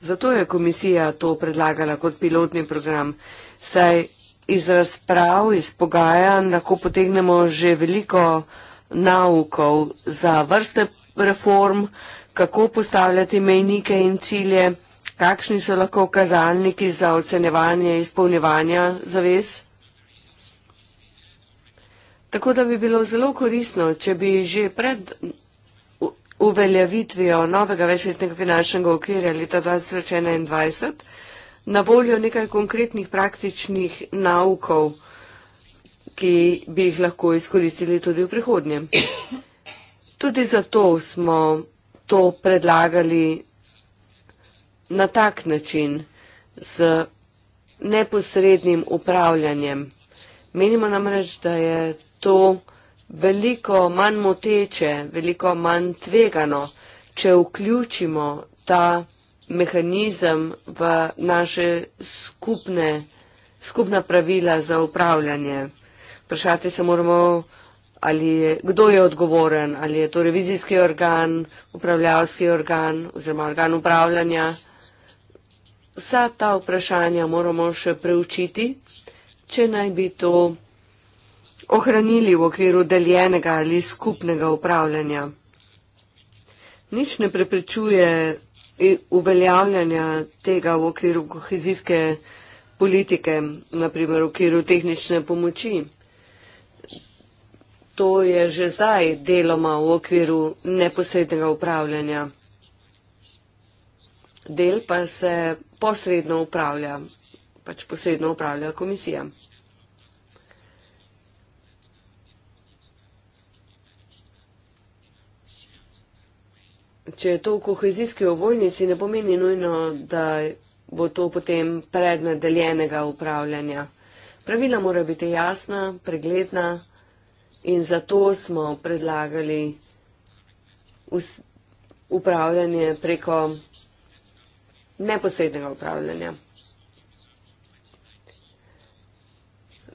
Zato je komisija to predlagala kot pilotni program, saj iz razprav, iz pogajanj lahko potegnemo že veliko naukov za vrste reform, kako postavljati mejnike in cilje, kakšni so lahko kazalniki za ocenevanje izpolnjevanja zavez. Tako da bi bilo zelo korisno, če bi že pred uveljavitvijo novega večletnega finančnega okvirja leta 2021 na voljo nekaj konkretnih praktičnih naukov, ki bi jih lahko izkoristili tudi v prihodnje. Tudi zato smo to predlagali na tak način z neposrednim upravljanjem. Menimo namreč, da je to veliko manj moteče, veliko manj tvegano, če vključimo ta mehanizem v naše skupne, skupna pravila za upravljanje. Vprašati se moramo, ali je, kdo je odgovoren, ali je to revizijski organ, upravljavski organ oziroma organ upravljanja. Vsa ta vprašanja moramo še preučiti, če naj bi to ohranili v okviru deljenega ali skupnega upravljanja. Nič ne preprečuje uveljavljanja tega v okviru kohezijske politike, naprimer v okviru tehnične pomoči. To je že zdaj deloma v okviru neposrednega upravljanja. Del pa se posredno upravlja, pač posredno upravlja komisija. če je to v kohezijski ovojnici, ne pomeni nujno, da bo to potem predmet deljenega upravljanja. Pravila mora biti jasna, pregledna in zato smo predlagali upravljanje preko neposrednega upravljanja.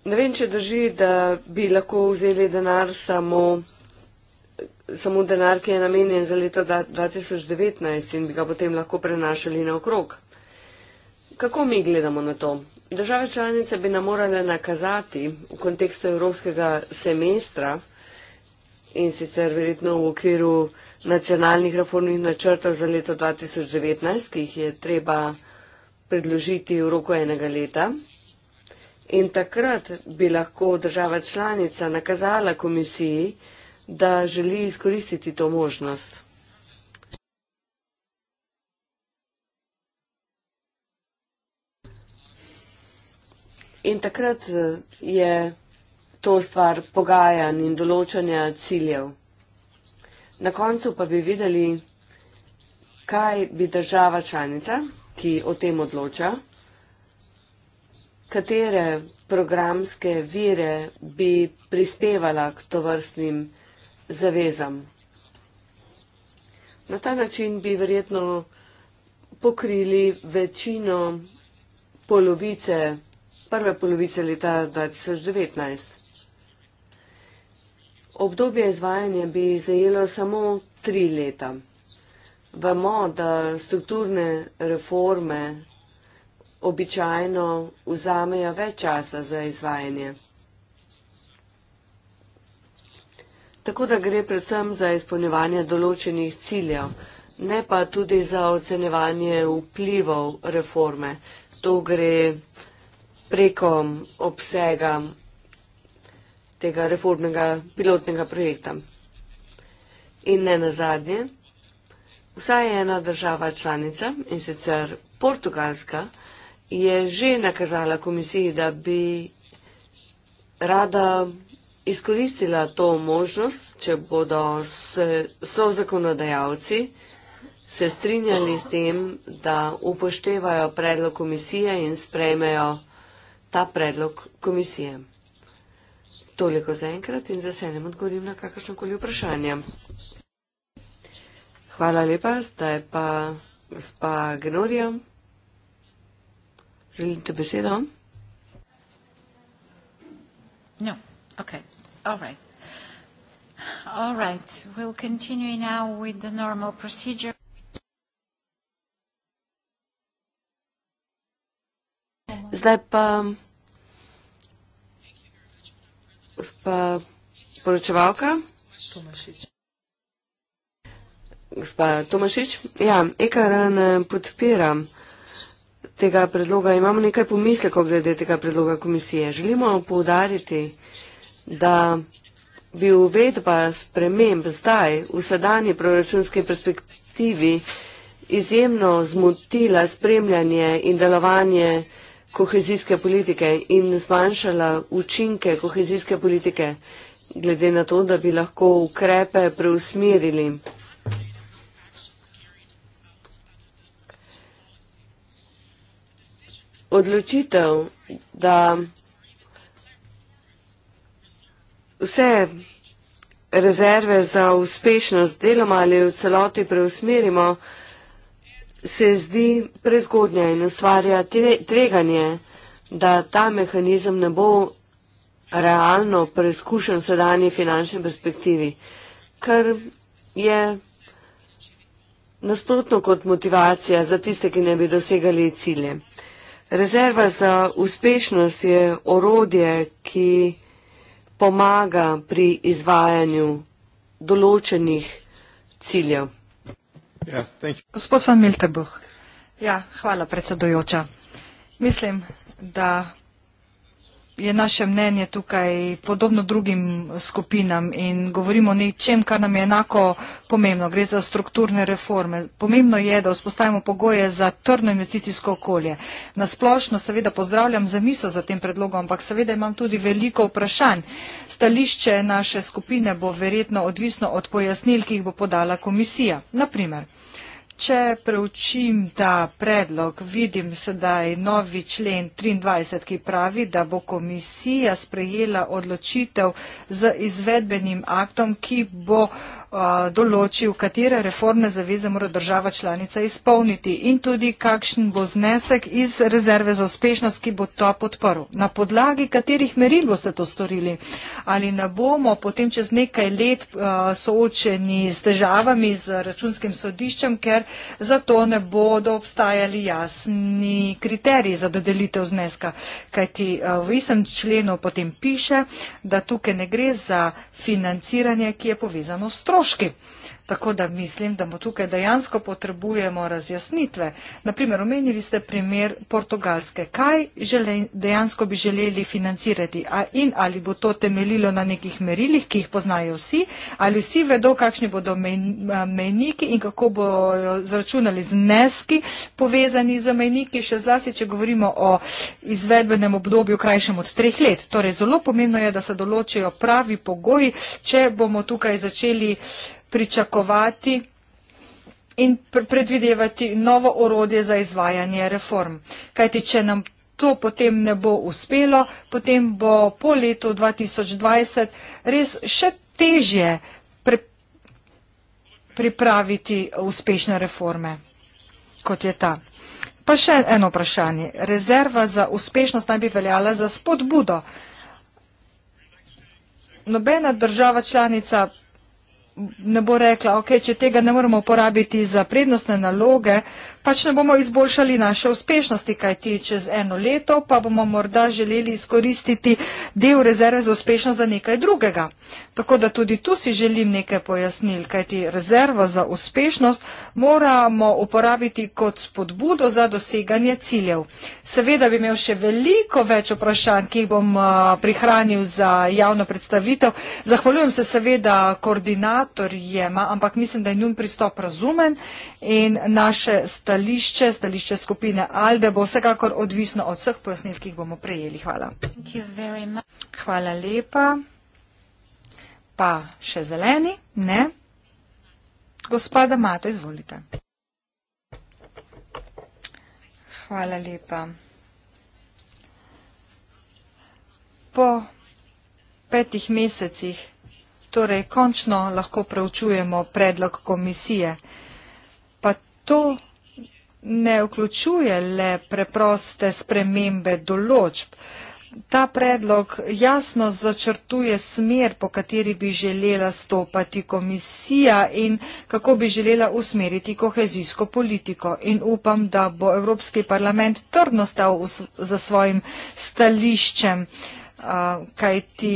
Ne vem, če drži, da bi lahko vzeli denar samo samo denar, ki je namenjen za leto 2019 in bi ga potem lahko prenašali na okrog. Kako mi gledamo na to? Države članice bi nam morale nakazati v kontekstu evropskega semestra in sicer verjetno v okviru nacionalnih reformnih načrtov za leto 2019, ki jih je treba predložiti v roku enega leta. In takrat bi lahko država članica nakazala komisiji, da želi izkoristiti to možnost. In takrat eh, je to stvar pogajanj in določanja ciljev. Na koncu pa bi videli, kaj bi država članica, ki o tem odloča, katere programske vire bi prispevala k tovrstnim programom zavezam. Na ta način bi verjetno pokrili večino polovice, prve polovice leta 2019. Obdobje izvajanja bi zajelo samo tri leta. Vemo, da strukturne reforme običajno vzamejo več časa za izvajanje. Tako da gre predvsem za izpolnjevanje določenih ciljev, ne pa tudi za ocenevanje vplivov reforme. To gre preko obsega tega reformnega pilotnega projekta. In ne nazadnje, vsaj ena država članica, in sicer Portugalska, je že nakazala komisiji, da bi rada izkoristila to možnost, če bodo se, so zakonodajalci se strinjali s tem, da upoštevajo predlog komisije in sprejmejo ta predlog komisije. Toliko za enkrat in za se ne odgovorim na kakršnokoli vprašanje. Hvala lepa, zdaj pa gospa Genorija. Želite besedo?
No, okay. All right. All right, we'll continue now with the normal procedure.
Zdaj pa poročevalka. Tomašič. Gospa Tomašič? Ja, EKRN eh, podpira tega predloga. Imamo nekaj pomislekov glede tega predloga komisije. Želimo poudariti, da bi uvedba sprememb zdaj v sedanji proračunski perspektivi izjemno zmotila spremljanje in delovanje kohezijske politike in zmanjšala učinke kohezijske politike, glede na to, da bi lahko ukrepe preusmerili. Odločitev, da vse rezerve za uspešnost deloma ali v celoti preusmerimo, se zdi prezgodnja in ustvarja tveganje, da ta mehanizem ne bo realno preizkušen v sedanji finančni perspektivi, kar je nasprotno kot motivacija za tiste, ki ne bi dosegali cilje. Rezerva za uspešnost je orodje, ki pomaga pri izvajanju določenih ciljev. Ja, yeah, Gospod van Miltebuh.
Ja, hvala predsedujoča. Mislim, da je naše mnenje tukaj podobno drugim skupinam in govorimo o nečem, kar nam je enako pomembno. Gre za strukturne reforme. Pomembno je, da vzpostavimo pogoje za trdno investicijsko okolje. Na splošno seveda pozdravljam za miso za tem predlogom, ampak seveda imam tudi veliko vprašanj. Stališče naše skupine bo verjetno odvisno od pojasnil, ki jih bo podala komisija. Naprimer, Če preučim ta predlog, vidim sedaj novi člen 23, ki pravi, da bo komisija sprejela odločitev z izvedbenim aktom, ki bo uh, določil, katere reformne zaveze mora država članica izpolniti in tudi kakšen bo znesek iz rezerve za uspešnost, ki bo to podporil. Na podlagi katerih meril boste to storili? Ali ne bomo potem čez nekaj let soočeni z državami, z računskim sodiščem, ker za to ne bodo obstajali jasni kriteriji za dodelitev zneska? Kajti v istem členu potem piše, da tukaj ne gre za financiranje, ki je povezano s strošnjami stroški. Tako da mislim, da mu tukaj dejansko potrebujemo razjasnitve. Naprimer, omenili ste primer Portugalske. Kaj žele, dejansko bi želeli financirati? A in ali bo to temeljilo na nekih merilih, ki jih poznajo vsi? Ali vsi vedo, kakšni bodo eh, mejniki in kako bojo zračunali zneski povezani z mejniki, še zlasti, če govorimo o izvedbenem obdobju krajšem od treh let? Torej, zelo pomembno je, da se določijo pravi pogoji, če bomo tukaj začeli uh, pričakovati in pr predvidevati novo orodje za izvajanje reform. Kajti, če nam to potem ne bo uspelo, potem bo po letu 2020 res še težje pri pripraviti uspešne reforme, kot je ta. Pa še eno vprašanje. Rezerva za uspešnost naj bi veljala za spodbudo. Nobena država članica ne bo rekla, ok, če tega ne moremo uporabiti za prednostne naloge, pač ne bomo izboljšali naše uspešnosti, kajti čez eno leto pa bomo morda želeli izkoristiti del rezerve za uspešnost za nekaj drugega. Tako da tudi tu si želim nekaj pojasnil, kajti rezervo za uspešnost moramo uporabiti kot spodbudo za doseganje ciljev. Seveda bi imel še veliko več vprašanj, ki jih bom eh, prihranil za javno predstavitev. Zahvaljujem se seveda koordinatorjema, ampak mislim, da je njun pristop razumen in naše stanje stališče, stališče skupine ALDE bo vsekakor odvisno od vseh pojasnil, ki jih bomo prejeli. Hvala. Hvala lepa. Pa še zeleni? Ne. Gospoda Mato, izvolite. Hvala lepa. Po petih mesecih torej končno lahko preučujemo predlog komisije. Pa to ne vključuje le preproste spremembe določb. Ta predlog jasno začrtuje smer, po kateri bi želela stopati komisija in kako bi želela usmeriti kohezijsko politiko. In upam, da bo Evropski parlament trdno stal za svojim stališčem, kaj ti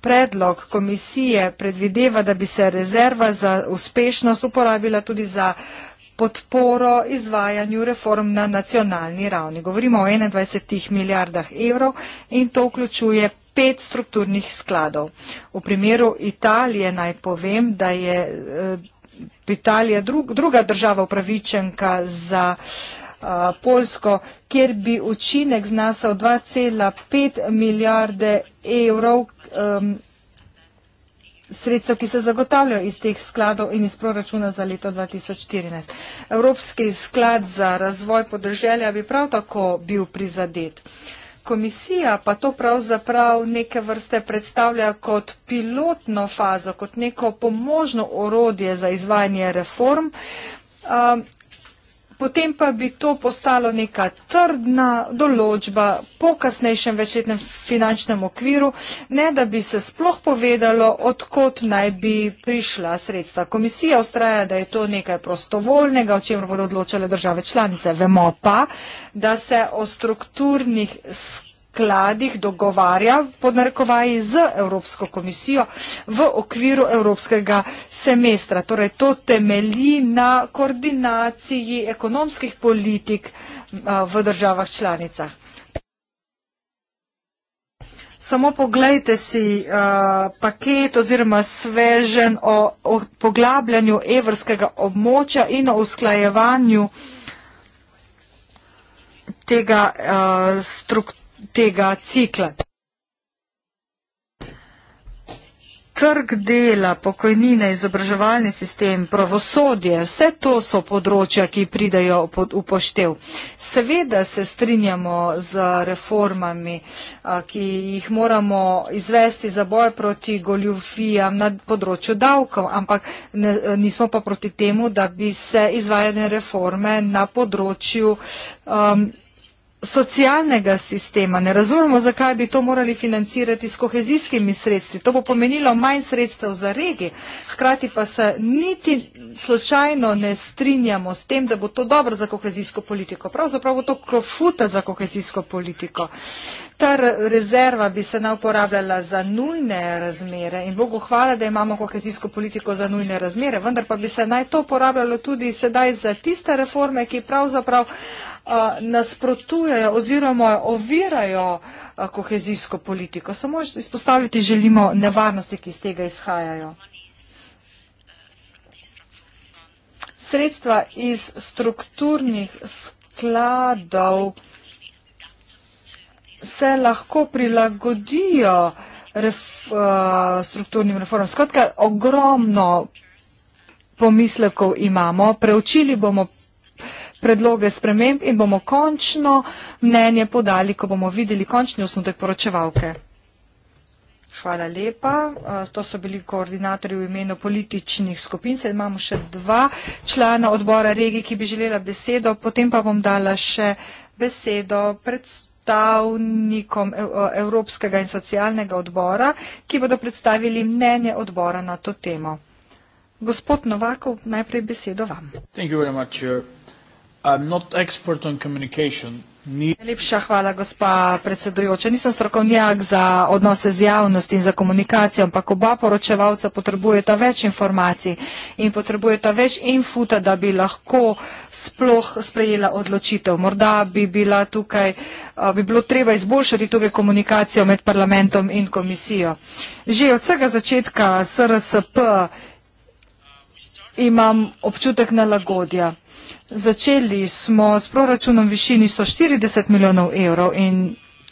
predlog komisije predvideva, da bi se rezerva za uspešnost uporabila tudi za podporo izvajanju reform na nacionalni ravni. Govorimo o 21 milijardah evrov in to vključuje pet strukturnih skladov. V primeru Italije naj povem, da je eh, Italija druga država upravičenka za eh, Polsko, kjer bi učinek znasel 2,5 milijarde evrov sredstev, ki se zagotavljajo iz teh skladov in iz proračuna za leto 2014. Evropski sklad za razvoj podrželja bi prav tako bil prizadet. Komisija pa to pravzaprav neke vrste predstavlja kot pilotno fazo, kot neko pomožno orodje za izvajanje reform. Um, potem pa bi to postalo neka trdna določba po kasnejšem večletnem finančnem okviru, ne da bi se sploh povedalo, odkot naj bi prišla sredstva. Komisija ustraja, da je to nekaj prostovoljnega, o čemer bodo odločale države članice. Vemo pa, da se o strukturnih skladih skladih dogovarja pod narekovaji z Evropsko komisijo v okviru Evropskega semestra. Torej to temelji na koordinaciji ekonomskih politik v državah članicah. Samo pogledajte si uh, paket oziroma svežen o, o poglabljanju evrskega območja in o usklajevanju tega uh, struktura tega cikla. Trg dela, pokojnine, izobraževalni sistem, pravosodje, vse to so področja, ki pridajo pod upoštev. Seveda se strinjamo z reformami, ki jih moramo izvesti za boj proti goljufijam na področju davkov, ampak ne, nismo pa proti temu, da bi se izvajane reforme na področju. Um, socialnega sistema. Ne razumemo, zakaj bi to morali financirati s kohezijskimi sredstvi. To bo pomenilo manj sredstev za regi. Hkrati pa se niti slučajno ne strinjamo s tem, da bo to dobro za kohezijsko politiko. Pravzaprav bo to krofuta za kohezijsko politiko ta rezerva bi se ne uporabljala za nujne razmere in Bogu hvala, da imamo kohezijsko politiko za nujne razmere, vendar pa bi se naj to uporabljalo tudi sedaj za tiste reforme, ki pravzaprav nasprotujejo oziroma ovirajo kohezijsko politiko. Samo izpostaviti želimo nevarnosti, ki iz tega izhajajo. Sredstva iz strukturnih skladov, se lahko prilagodijo ref, uh, strukturnim reformam. Skratka, ogromno pomislekov imamo, preučili bomo predloge sprememb in bomo končno mnenje podali, ko bomo videli končni osnutek poročevalke. Hvala lepa. Eh, to so bili koordinatorji v imenu političnih skupin. Sedaj imamo še dva člana odbora regij, ki bi želela besedo, potem pa bom dala še besedo predstavljati predstavnikom e- Evropskega in socialnega odbora, ki bodo predstavili mnenje odbora na to temo. Gospod Novakov, najprej besedo vam. Hvala. I'm not expert on communication, Najlepša hvala, gospa predsedujoča. Nisem strokovnjak za odnose z javnosti in za komunikacijo, ampak oba poročevalca potrebujeta več informacij in potrebujeta več infuta, da bi lahko sploh sprejela odločitev. Morda bi, bila tukaj, bi bilo treba izboljšati tukaj komunikacijo med parlamentom in komisijo. Že od vsega začetka SRSP imam občutek nalagodja. Začeli smo s proračunom višini 140 milijonov evrov in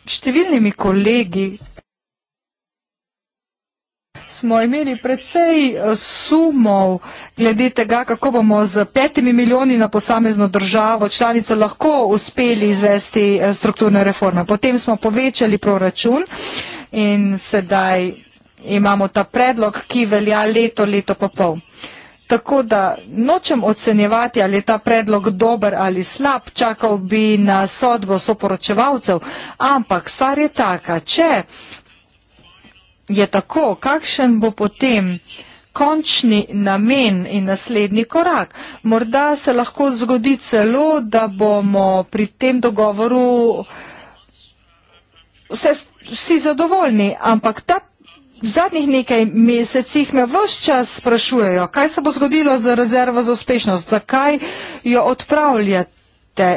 številnimi kolegi smo imeli precej eh, sumov glede tega, kako bomo z petimi milijoni na posamezno državo članico lahko uspeli izvesti eh, strukturne reforme. Potem smo povečali proračun in sedaj imamo ta predlog, ki velja leto, leto popol. pol. Tako da nočem ocenjevati, ali je ta predlog dober ali slab, čakal bi na sodbo soporočevalcev, ampak stvar je taka, če je tako, kakšen bo potem končni namen in naslednji korak. Morda se lahko zgodi celo, da bomo pri tem dogovoru vse, vsi zadovoljni, ampak ta V zadnjih nekaj mesecih me vse čas sprašujejo, kaj se bo zgodilo z rezervo za uspešnost, zakaj jo odpravljate.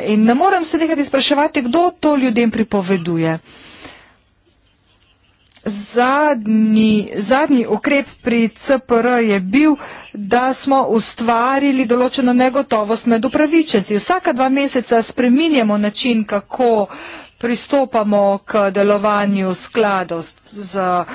In ne morem se nekaj izpraševati, kdo to ljudem pripoveduje. Zadnji, zadnji ukrep pri CPR je bil, da smo ustvarili določeno negotovost med upravičenci. Vsaka dva meseca spreminjamo način, kako pristopamo k delovanju skladov z eh,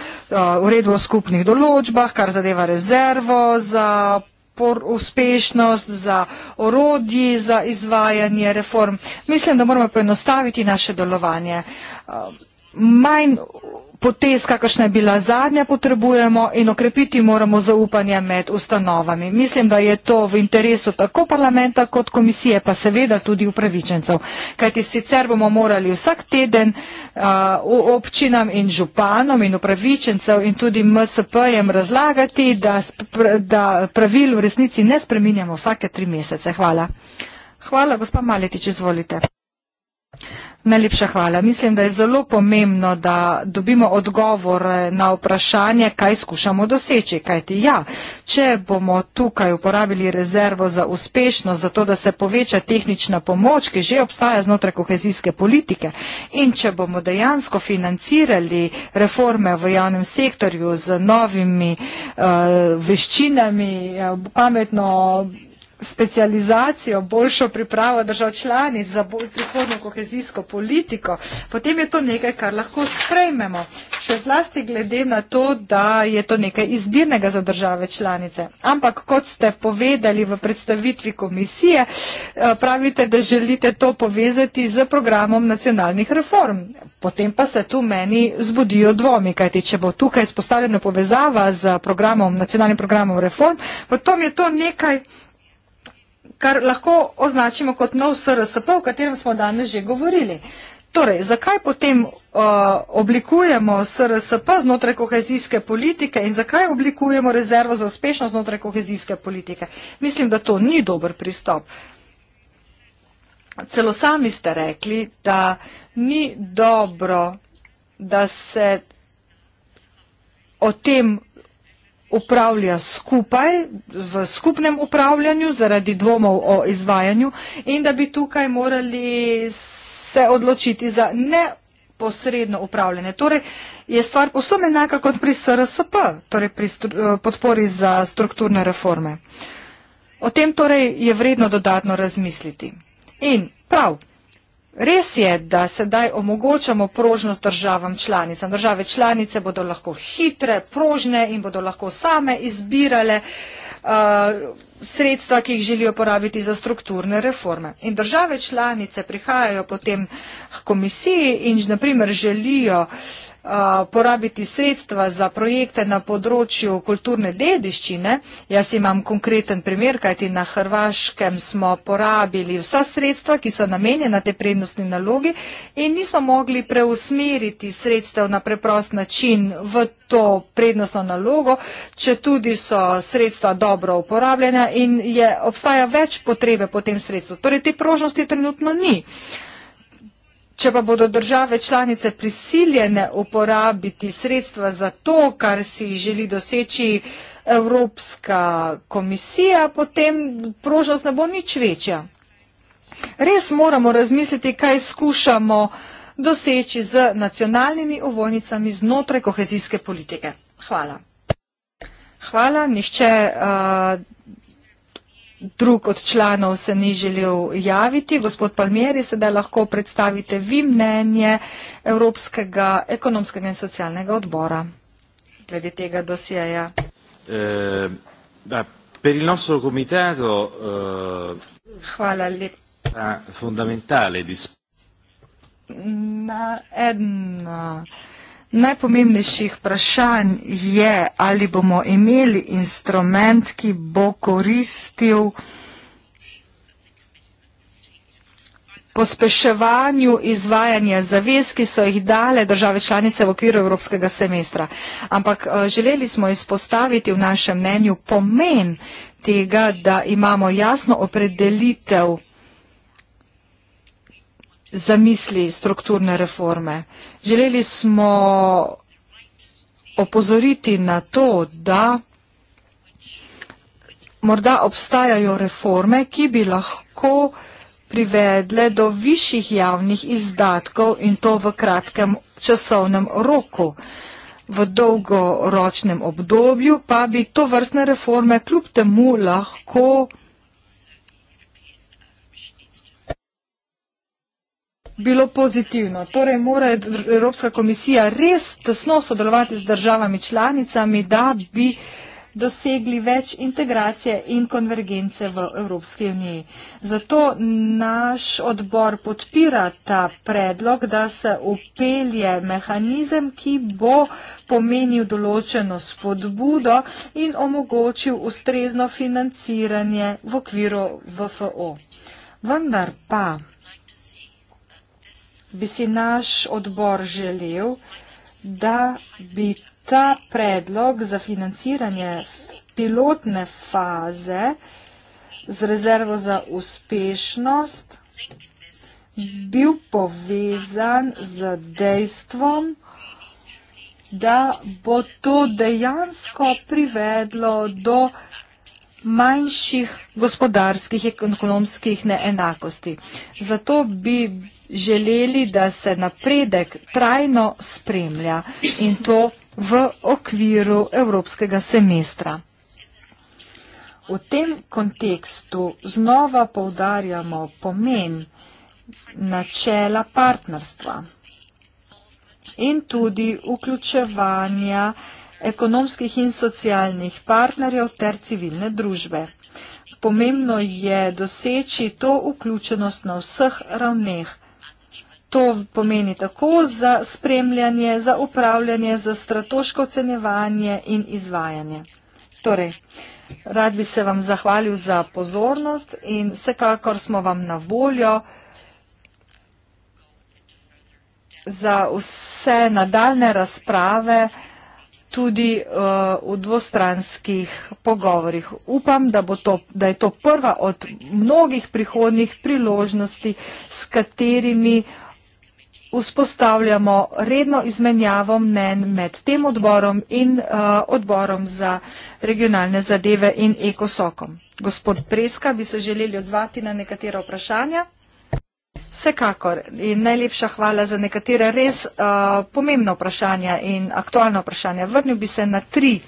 uredbo o skupnih določbah, kar zadeva rezervo za uspešnost, za orodji, za izvajanje reform. Mislim, da moramo poenostaviti naše delovanje. Eh, manj potez, kakršna je bila zadnja, potrebujemo in okrepiti moramo zaupanje med ustanovami. Mislim, da je to v interesu tako parlamenta kot komisije, pa seveda tudi upravičencev. Kajti sicer bomo morali vsak teden uh, občinam in županom in upravičencev in tudi MSP-jem razlagati, da, da pravil v resnici ne spreminjamo vsake tri mesece. Hvala. Hvala, gospa Maletič, izvolite. Najlepša hvala. Mislim, da je zelo pomembno, da dobimo odgovor na vprašanje, kaj skušamo doseči. Kajti ja, če bomo tukaj uporabili rezervo za uspešnost, zato da se poveča tehnična pomoč, ki že obstaja znotraj kohezijske politike, in če bomo dejansko financirali reforme v javnem sektorju z novimi uh, veščinami, eh, pametno specializacijo, boljšo pripravo držav članic za bolj prihodno kohezijsko politiko, potem je to nekaj, kar lahko sprejmemo. Še zlasti glede na to, da je to nekaj izbirnega za države članice. Ampak, kot ste povedali v predstavitvi komisije, eh, pravite, da želite to povezati z programom nacionalnih reform. Potem pa se tu meni zbudijo dvomi, kajti če bo tukaj spostavljena povezava z programom, nacionalnim programom reform, potem je to nekaj, kar lahko označimo kot nov SRSP, o katerem smo danes že govorili. Torej, zakaj potem uh, oblikujemo SRSP znotraj kohezijske politike in zakaj oblikujemo rezervo za uspešnost znotraj kohezijske politike? Mislim, da to ni dober pristop. Celo sami ste rekli, da ni dobro, da se o tem upravlja skupaj, v skupnem upravljanju zaradi dvomov o izvajanju in da bi tukaj morali se odločiti za neposredno upravljanje. Torej je stvar povsem enaka kot pri SRSP, torej pri eh, podpori za strukturne reforme. O tem torej je vredno dodatno razmisliti. In prav, Res je, da sedaj omogočamo prožnost državam članicam. Države članice bodo lahko hitre, prožne in bodo lahko same izbirale uh, sredstva, ki jih želijo porabiti za strukturne reforme. In države članice prihajajo potem k komisiji in naprimer želijo uh, porabiti sredstva za projekte na področju kulturne dediščine. Jaz imam konkreten primer, kajti na Hrvaškem smo porabili vsa sredstva, ki so namenjena te prednostni nalogi in nismo mogli preusmeriti sredstev na preprost način v to prednostno nalogo, če tudi so sredstva dobro uporabljena in je, obstaja več potrebe po tem sredstvu. Torej, te prožnosti trenutno ni. Uh, Če pa bodo države članice prisiljene uporabiti sredstva za to, kar si želi doseči Evropska komisija, potem prožnost ne bo nič večja. Res moramo razmisliti, kaj skušamo doseči z nacionalnimi ovojnicami znotraj kohezijske politike. Hvala. Hvala, nihče uh, drug od članov se ni želel javiti. Gospod Palmieri, sedaj lahko predstavite vi mnenje Evropskega ekonomskega in socialnega odbora glede tega dosjeja.
Eh, eh, Hvala lepa.
Na eno. Najpomembnejših vprašanj je, ali bomo imeli instrument, ki bo koristil pospeševanju izvajanja zavez, ki so jih dale države članice v okviru evropskega semestra. Ampak eh, želeli smo izpostaviti v našem mnenju pomen tega, da imamo jasno opredelitev zamisli strukturne reforme. Želeli smo opozoriti na to, da morda obstajajo reforme, ki bi lahko privedle do višjih javnih izdatkov in to v kratkem časovnem roku. V dolgoročnem obdobju pa bi to vrstne reforme kljub temu lahko bilo pozitivno. Torej mora Evropska komisija res tesno sodelovati z državami članicami, da bi dosegli več integracije in konvergence v Evropski uniji. Zato naš odbor podpira ta predlog, da se upelje mehanizem, ki bo pomenil določeno spodbudo in omogočil ustrezno financiranje v okviru VFO. Vendar pa bi si naš odbor želel, da bi ta predlog za financiranje pilotne faze z rezervo za uspešnost bil povezan z dejstvom, da bo to dejansko privedlo do manjših gospodarskih in ekonomskih neenakosti. Zato bi želeli, da se napredek trajno spremlja in to v okviru evropskega semestra. V tem kontekstu znova poudarjamo pomen načela partnerstva in tudi vključevanja uh, ekonomskih in socialnih partnerjev ter civilne družbe. Pomembno je doseči to vključenost na vseh ravneh. To pomeni tako za spremljanje, za upravljanje, za stratoško ocenjevanje in izvajanje. Torej, rad bi se vam zahvalil za pozornost in vsekakor smo vam na voljo za vse nadaljne razprave tudi uh, v dvostranskih pogovorjih. Upam, da, bo to, da je to prva od mnogih prihodnjih priložnosti, s katerimi vzpostavljamo redno izmenjavo mnen med tem odborom in uh, odborom za regionalne zadeve in ekosokom. Gospod Preska, bi se želeli odzvati na nekatera vprašanja? Vsekakor in najlepša hvala za nekatera res uh, pomembna vprašanja in aktualna vprašanja. Vrnil bi se na tri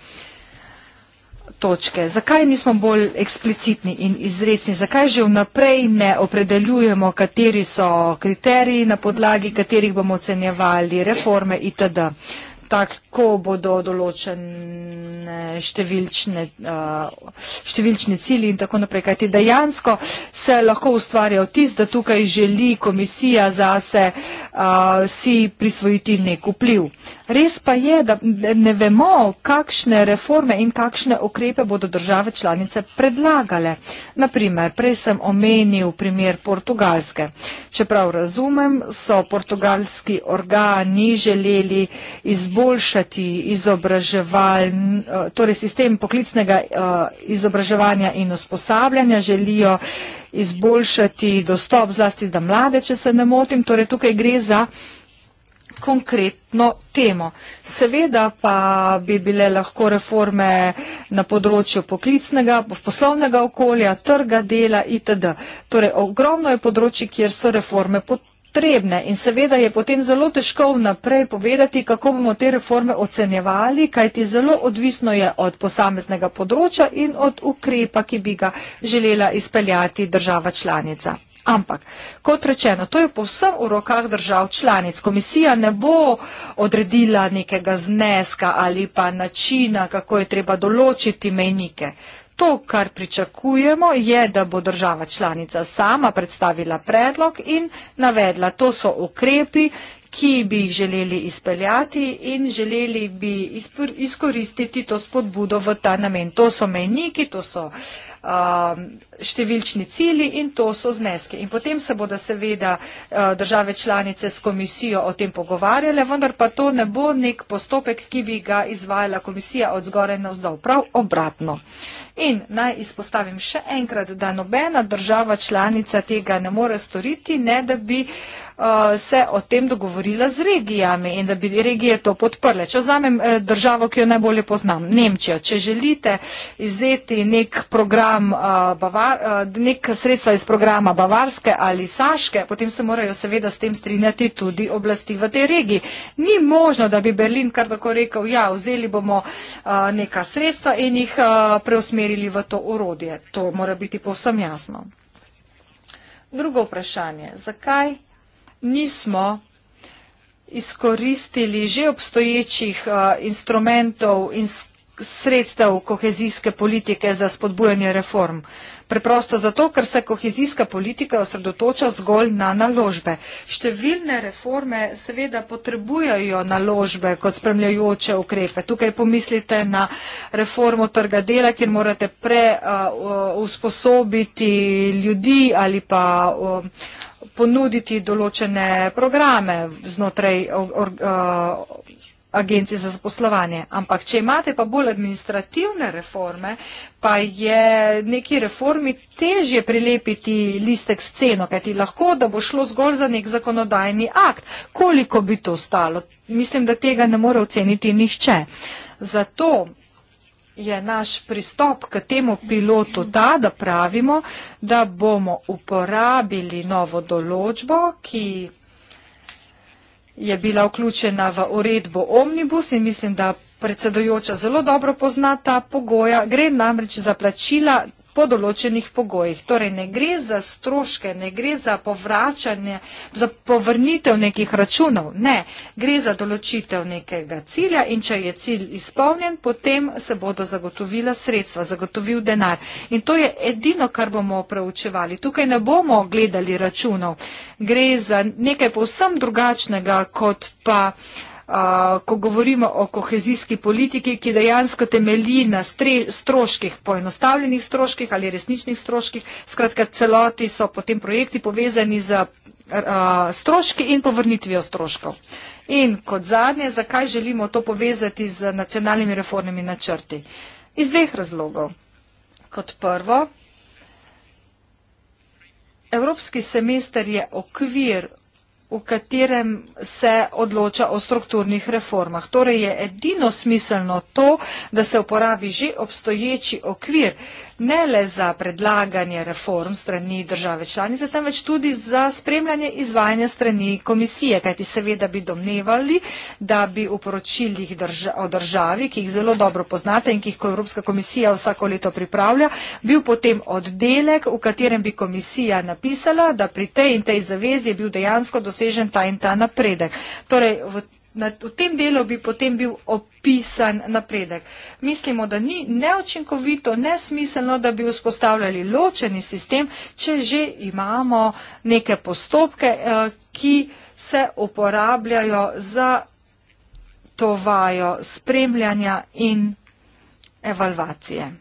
točke. Zakaj nismo bolj eksplicitni in izrecni? Zakaj že vnaprej ne opredeljujemo, kateri so kriteriji, na podlagi katerih bomo ocenjevali reforme itd.? Uh, tako bodo določene številčne, uh, številčne cilji in tako naprej. Kajti dejansko se lahko ustvarja vtis, da tukaj želi komisija za se uh, si prisvojiti nek vpliv. Res pa je, da ne vemo, kakšne reforme in kakšne ukrepe bodo države članice predlagale. Naprimer, prej sem omenil primer Portugalske. Čeprav razumem, so portugalski organi želeli izboljšati izboljšati torej sistem poklicnega eh, izobraževanja in usposabljanja, želijo izboljšati dostop zlasti za mlade, če se ne motim, torej tukaj gre za konkretno temo. Seveda pa bi bile lahko reforme na področju poklicnega, poslovnega okolja, trga dela itd. Torej ogromno je področji, kjer so reforme potrebne potrebne in seveda je potem zelo težko vnaprej povedati, kako bomo te reforme ocenjevali, kajti zelo odvisno je od posameznega področja in od ukrepa, ki bi ga želela izpeljati država članica. Ampak, kot rečeno, to je povsem v rokah držav članic. Komisija ne bo odredila nekega zneska ali pa načina, kako je treba določiti menike. To, kar pričakujemo, je, da bo država članica sama predstavila predlog in navedla, to so ukrepi, ki bi jih želeli izpeljati in želeli bi izkoristiti to spodbudo v ta namen. To so mejniki, to so um, številčni cili in to so zneske. In potem se bodo seveda uh, države članice s komisijo o tem pogovarjale, vendar pa to ne bo nek postopek, ki bi ga izvajala komisija od zgore na vzdolj. Prav obratno. In naj izpostavim še enkrat, da nobena država članica tega ne more storiti, ne da bi uh, se o tem dogovorila z regijami in da bi regije to podprle. Če vzamem uh, državo, ki jo najbolje poznam, Nemčijo, če želite izzeti nek program, uh, nek sredstva iz programa Bavarske ali Saške, potem se morajo seveda s tem strinjati tudi oblasti v tej regiji. Ni možno, da bi Berlin kar tako rekel, ja, vzeli bomo neka sredstva in jih preusmerili merili v to orodje. To mora biti povsem jasno. Drugo vprašanje. Zakaj nismo izkoristili že obstoječih uh, instrumentov in sredstev kohezijske politike za spodbujanje reform? Uh, Preprosto zato, ker se kohezijska politika osredotoča zgolj na naložbe. Številne reforme seveda potrebujajo naložbe kot spremljajoče ukrepe. Tukaj pomislite na reformo trga dela, kjer morate preusposobiti uh, ljudi ali pa. Uh, ponuditi določene programe znotraj agencije za zaposlovanje. Ampak, če imate pa bolj administrativne reforme, pa je neki reformi težje prilepiti listek s ceno, kajti lahko, da bo šlo zgolj za nek zakonodajni akt. Koliko bi to stalo? Mislim, da tega ne more oceniti nihče. Zato je naš pristop k temu pilotu ta, da pravimo, da bomo uporabili novo določbo, ki je bila vključena v uredbo omnibus in mislim, da predsedujoča zelo dobro pozna ta pogoja, gre namreč za plačila po določenih pogojih. Torej ne gre za stroške, ne gre za povračanje, za povrnitev nekih računov, ne, gre za določitev nekega cilja in če je cilj izpolnjen, potem se bodo zagotovila sredstva, zagotovil denar. In to je edino, kar bomo preučevali. Tukaj ne bomo gledali računov. Gre za nekaj povsem drugačnega kot pa uh, ko govorimo o kohezijski politiki, ki dejansko temelji na stroških, poenostavljenih stroških ali resničnih stroških, skratka celoti so potem projekti povezani z stroški in povrnitvijo stroškov. In kot zadnje, zakaj želimo to povezati z nacionalnimi reformnimi načrti? Iz dveh razlogov. Kot prvo, evropski semester je okvir v katerem se odloča o strukturnih reformah. Torej je edino smiselno to, da se uporabi že obstoječi okvir, ne le za predlaganje reform strani države članice, temveč tudi za spremljanje izvajanja strani komisije, kajti seveda bi domnevali, da bi v poročilih o državi, ki jih zelo dobro poznate in ki jih Evropska komisija vsako leto pripravlja, bil potem oddelek, v katerem bi komisija napisala, da pri tej in tej zavezi je bil dejansko dosežen ta in ta napredek. Torej, v tem delu bi potem bil opisan napredek. Mislimo, da ni neočinkovito, nesmiselno, da bi vzpostavljali ločeni sistem, če že imamo neke postopke, eh, ki se uporabljajo za tovajo spremljanja in evalvacije.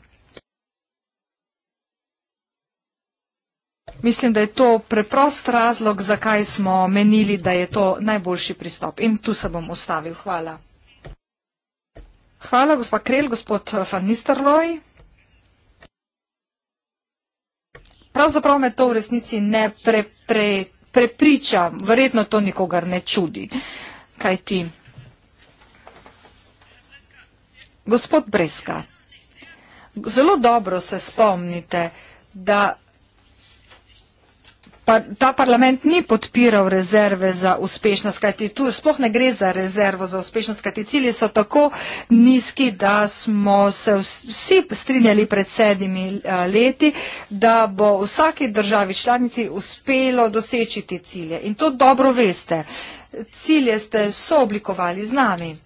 Mislim, da je to preprost razlog, zakaj smo menili, da je to najboljši pristop. In tu se bom ustavil. Hvala. Hvala, gospod Krel, gospod eh, Van Nistelrooy. Pravzaprav me to v resnici ne pre, pre, prepriča, verjetno to nikogar ne čudi. Kaj ti? Gospod Breska, zelo dobro se spomnite, da par, ta parlament ni podpiral rezerve za uspešnost, kajti tu sploh ne gre za rezervo za uspešnost, kajti cilji so tako nizki, da smo se vsi strinjali pred sedmimi leti, da bo vsaki državi članici uspelo doseči te cilje. In to dobro veste. Cilje ste sooblikovali z nami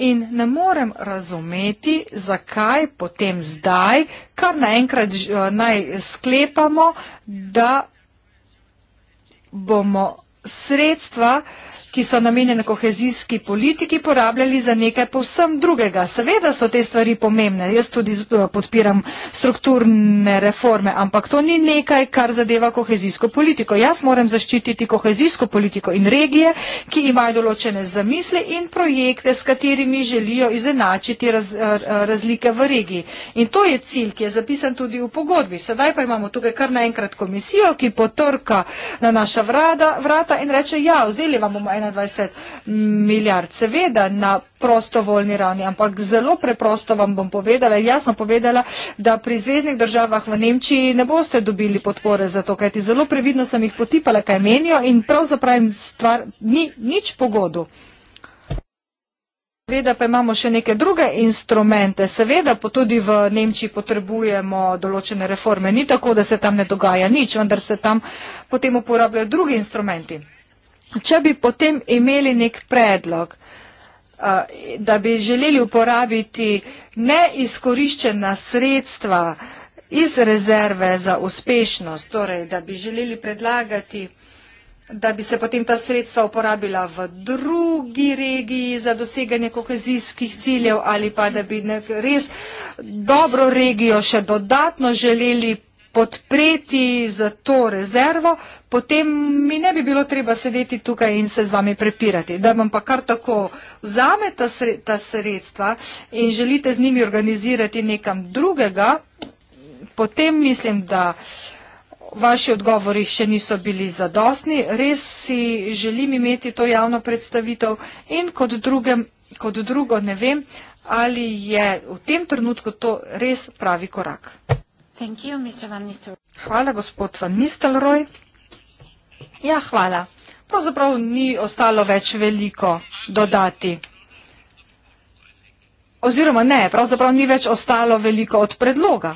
in ne morem razumeti, zakaj potem zdaj, kar naenkrat eh, naj sklepamo, da bomo sredstva uh, ki so namenjene kohezijski politiki, porabljali za nekaj povsem drugega. Seveda so te stvari pomembne. Jaz tudi eh, podpiram strukturne reforme, ampak to ni nekaj, kar zadeva kohezijsko politiko. Jaz moram zaščititi kohezijsko politiko in regije, ki imajo določene zamisle in projekte, s katerimi želijo izenačiti raz, eh, eh, razlike v regiji. In to je cilj, ki je zapisan tudi v pogodbi. Sedaj pa imamo tukaj kar naenkrat komisijo, ki potrka na naša vrata, vrata in reče, ja, vzeli vam bomo 21 milijard. Seveda na prostovoljni ravni, ampak zelo preprosto vam bom povedala, jasno povedala, da pri zvezdnih državah v Nemčiji ne boste dobili podpore za to, kajti zelo previdno sem jih potipala, kaj menijo in pravzaprav jim stvar ni nič pogodu. Seveda pa imamo še neke druge instrumente. Seveda pa tudi v Nemčiji potrebujemo določene reforme. Ni tako, da se tam ne dogaja nič, vendar se tam potem uporabljajo drugi instrumenti. Če bi potem imeli nek predlog, da bi želeli uporabiti neizkoriščena sredstva iz rezerve za uspešnost, torej da bi želeli predlagati, da bi se potem ta sredstva uporabila v drugi regiji za doseganje kohezijskih ciljev ali pa da bi res dobro regijo še dodatno želeli predlagati, podpreti z to rezervo, potem mi ne bi bilo treba sedeti tukaj in se z vami prepirati. Da vam pa kar tako vzame ta, sre, ta sredstva in želite z njimi organizirati nekam drugega, potem mislim, da vaši odgovori še niso bili zadostni. Res si želim imeti to javno predstavitev in kot, drugem, kot drugo ne vem, ali je v tem trenutku to res pravi korak. Hvala, gospod Van Nistelrooy. Ja, hvala. Pravzaprav ni ostalo več veliko dodati. Oziroma ne, pravzaprav ni več ostalo veliko od predloga.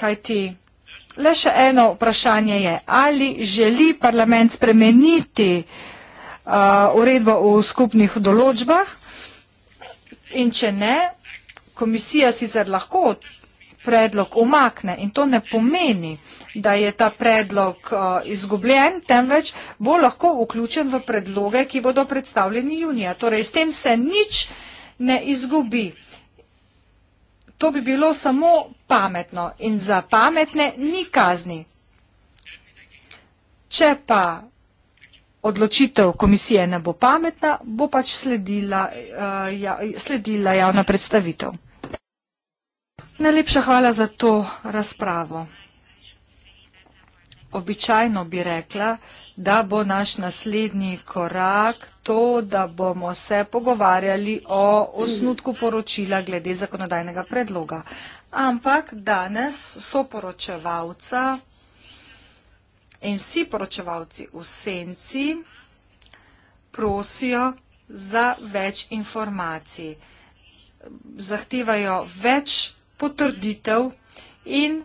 Kaj ti? Le še eno vprašanje je, ali želi parlament spremeniti uh, uredbo v skupnih določbah in če ne, komisija sicer lahko odpravlja, predlog umakne. In to ne pomeni, da je ta predlog eh, izgubljen, temveč bo lahko vključen v predloge, ki bodo predstavljeni junija. Torej, s tem se nič ne izgubi. To bi bilo samo pametno in za pametne ni kazni. Če pa odločitev komisije ne bo pametna, bo pač sledila, uh, ja, sledila javna predstavitev. Najlepša hvala za to razpravo. Običajno bi rekla, da bo naš naslednji korak to, da bomo se pogovarjali o osnutku poročila glede zakonodajnega predloga. Ampak danes so poročevalca in vsi poročevalci v senci prosijo za več informacij. Zahtevajo več informacij potrditev in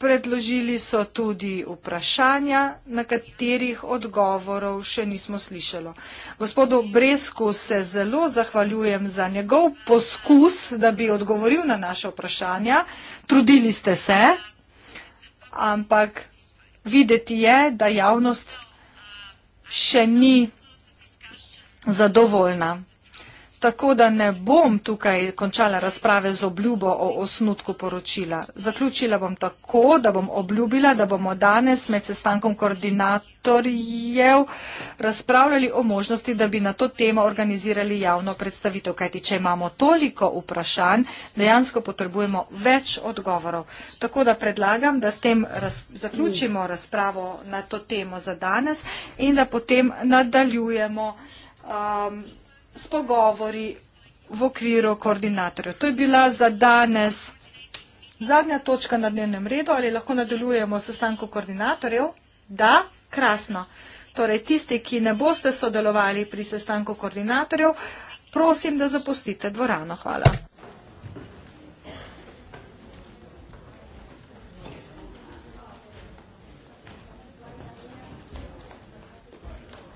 predložili so tudi vprašanja, na katerih odgovorov še nismo slišali. Gospodu Bresku se zelo zahvaljujem za njegov poskus, da bi odgovoril na naše vprašanja. Trudili ste se, ampak videti je, da javnost še ni zadovoljna tako da ne bom tukaj končala razprave z obljubo o osnutku poročila. Zaključila bom tako, da bom obljubila, da bomo danes med sestankom koordinatorjev razpravljali o možnosti, da bi na to temo organizirali javno predstavitev. Kajti, če imamo toliko vprašanj, dejansko potrebujemo več odgovorov. Tako da predlagam, da s tem raz zaključimo razpravo na to temo za danes in da potem nadaljujemo. Um, s pogovori v okviru koordinatorjev. To je bila za danes zadnja točka na dnevnem redu. Ali lahko nadaljujemo sestanku koordinatorjev? Da, krasno. Torej, tisti, ki ne boste sodelovali pri sestanku koordinatorjev, prosim, da zapustite dvorano. Hvala.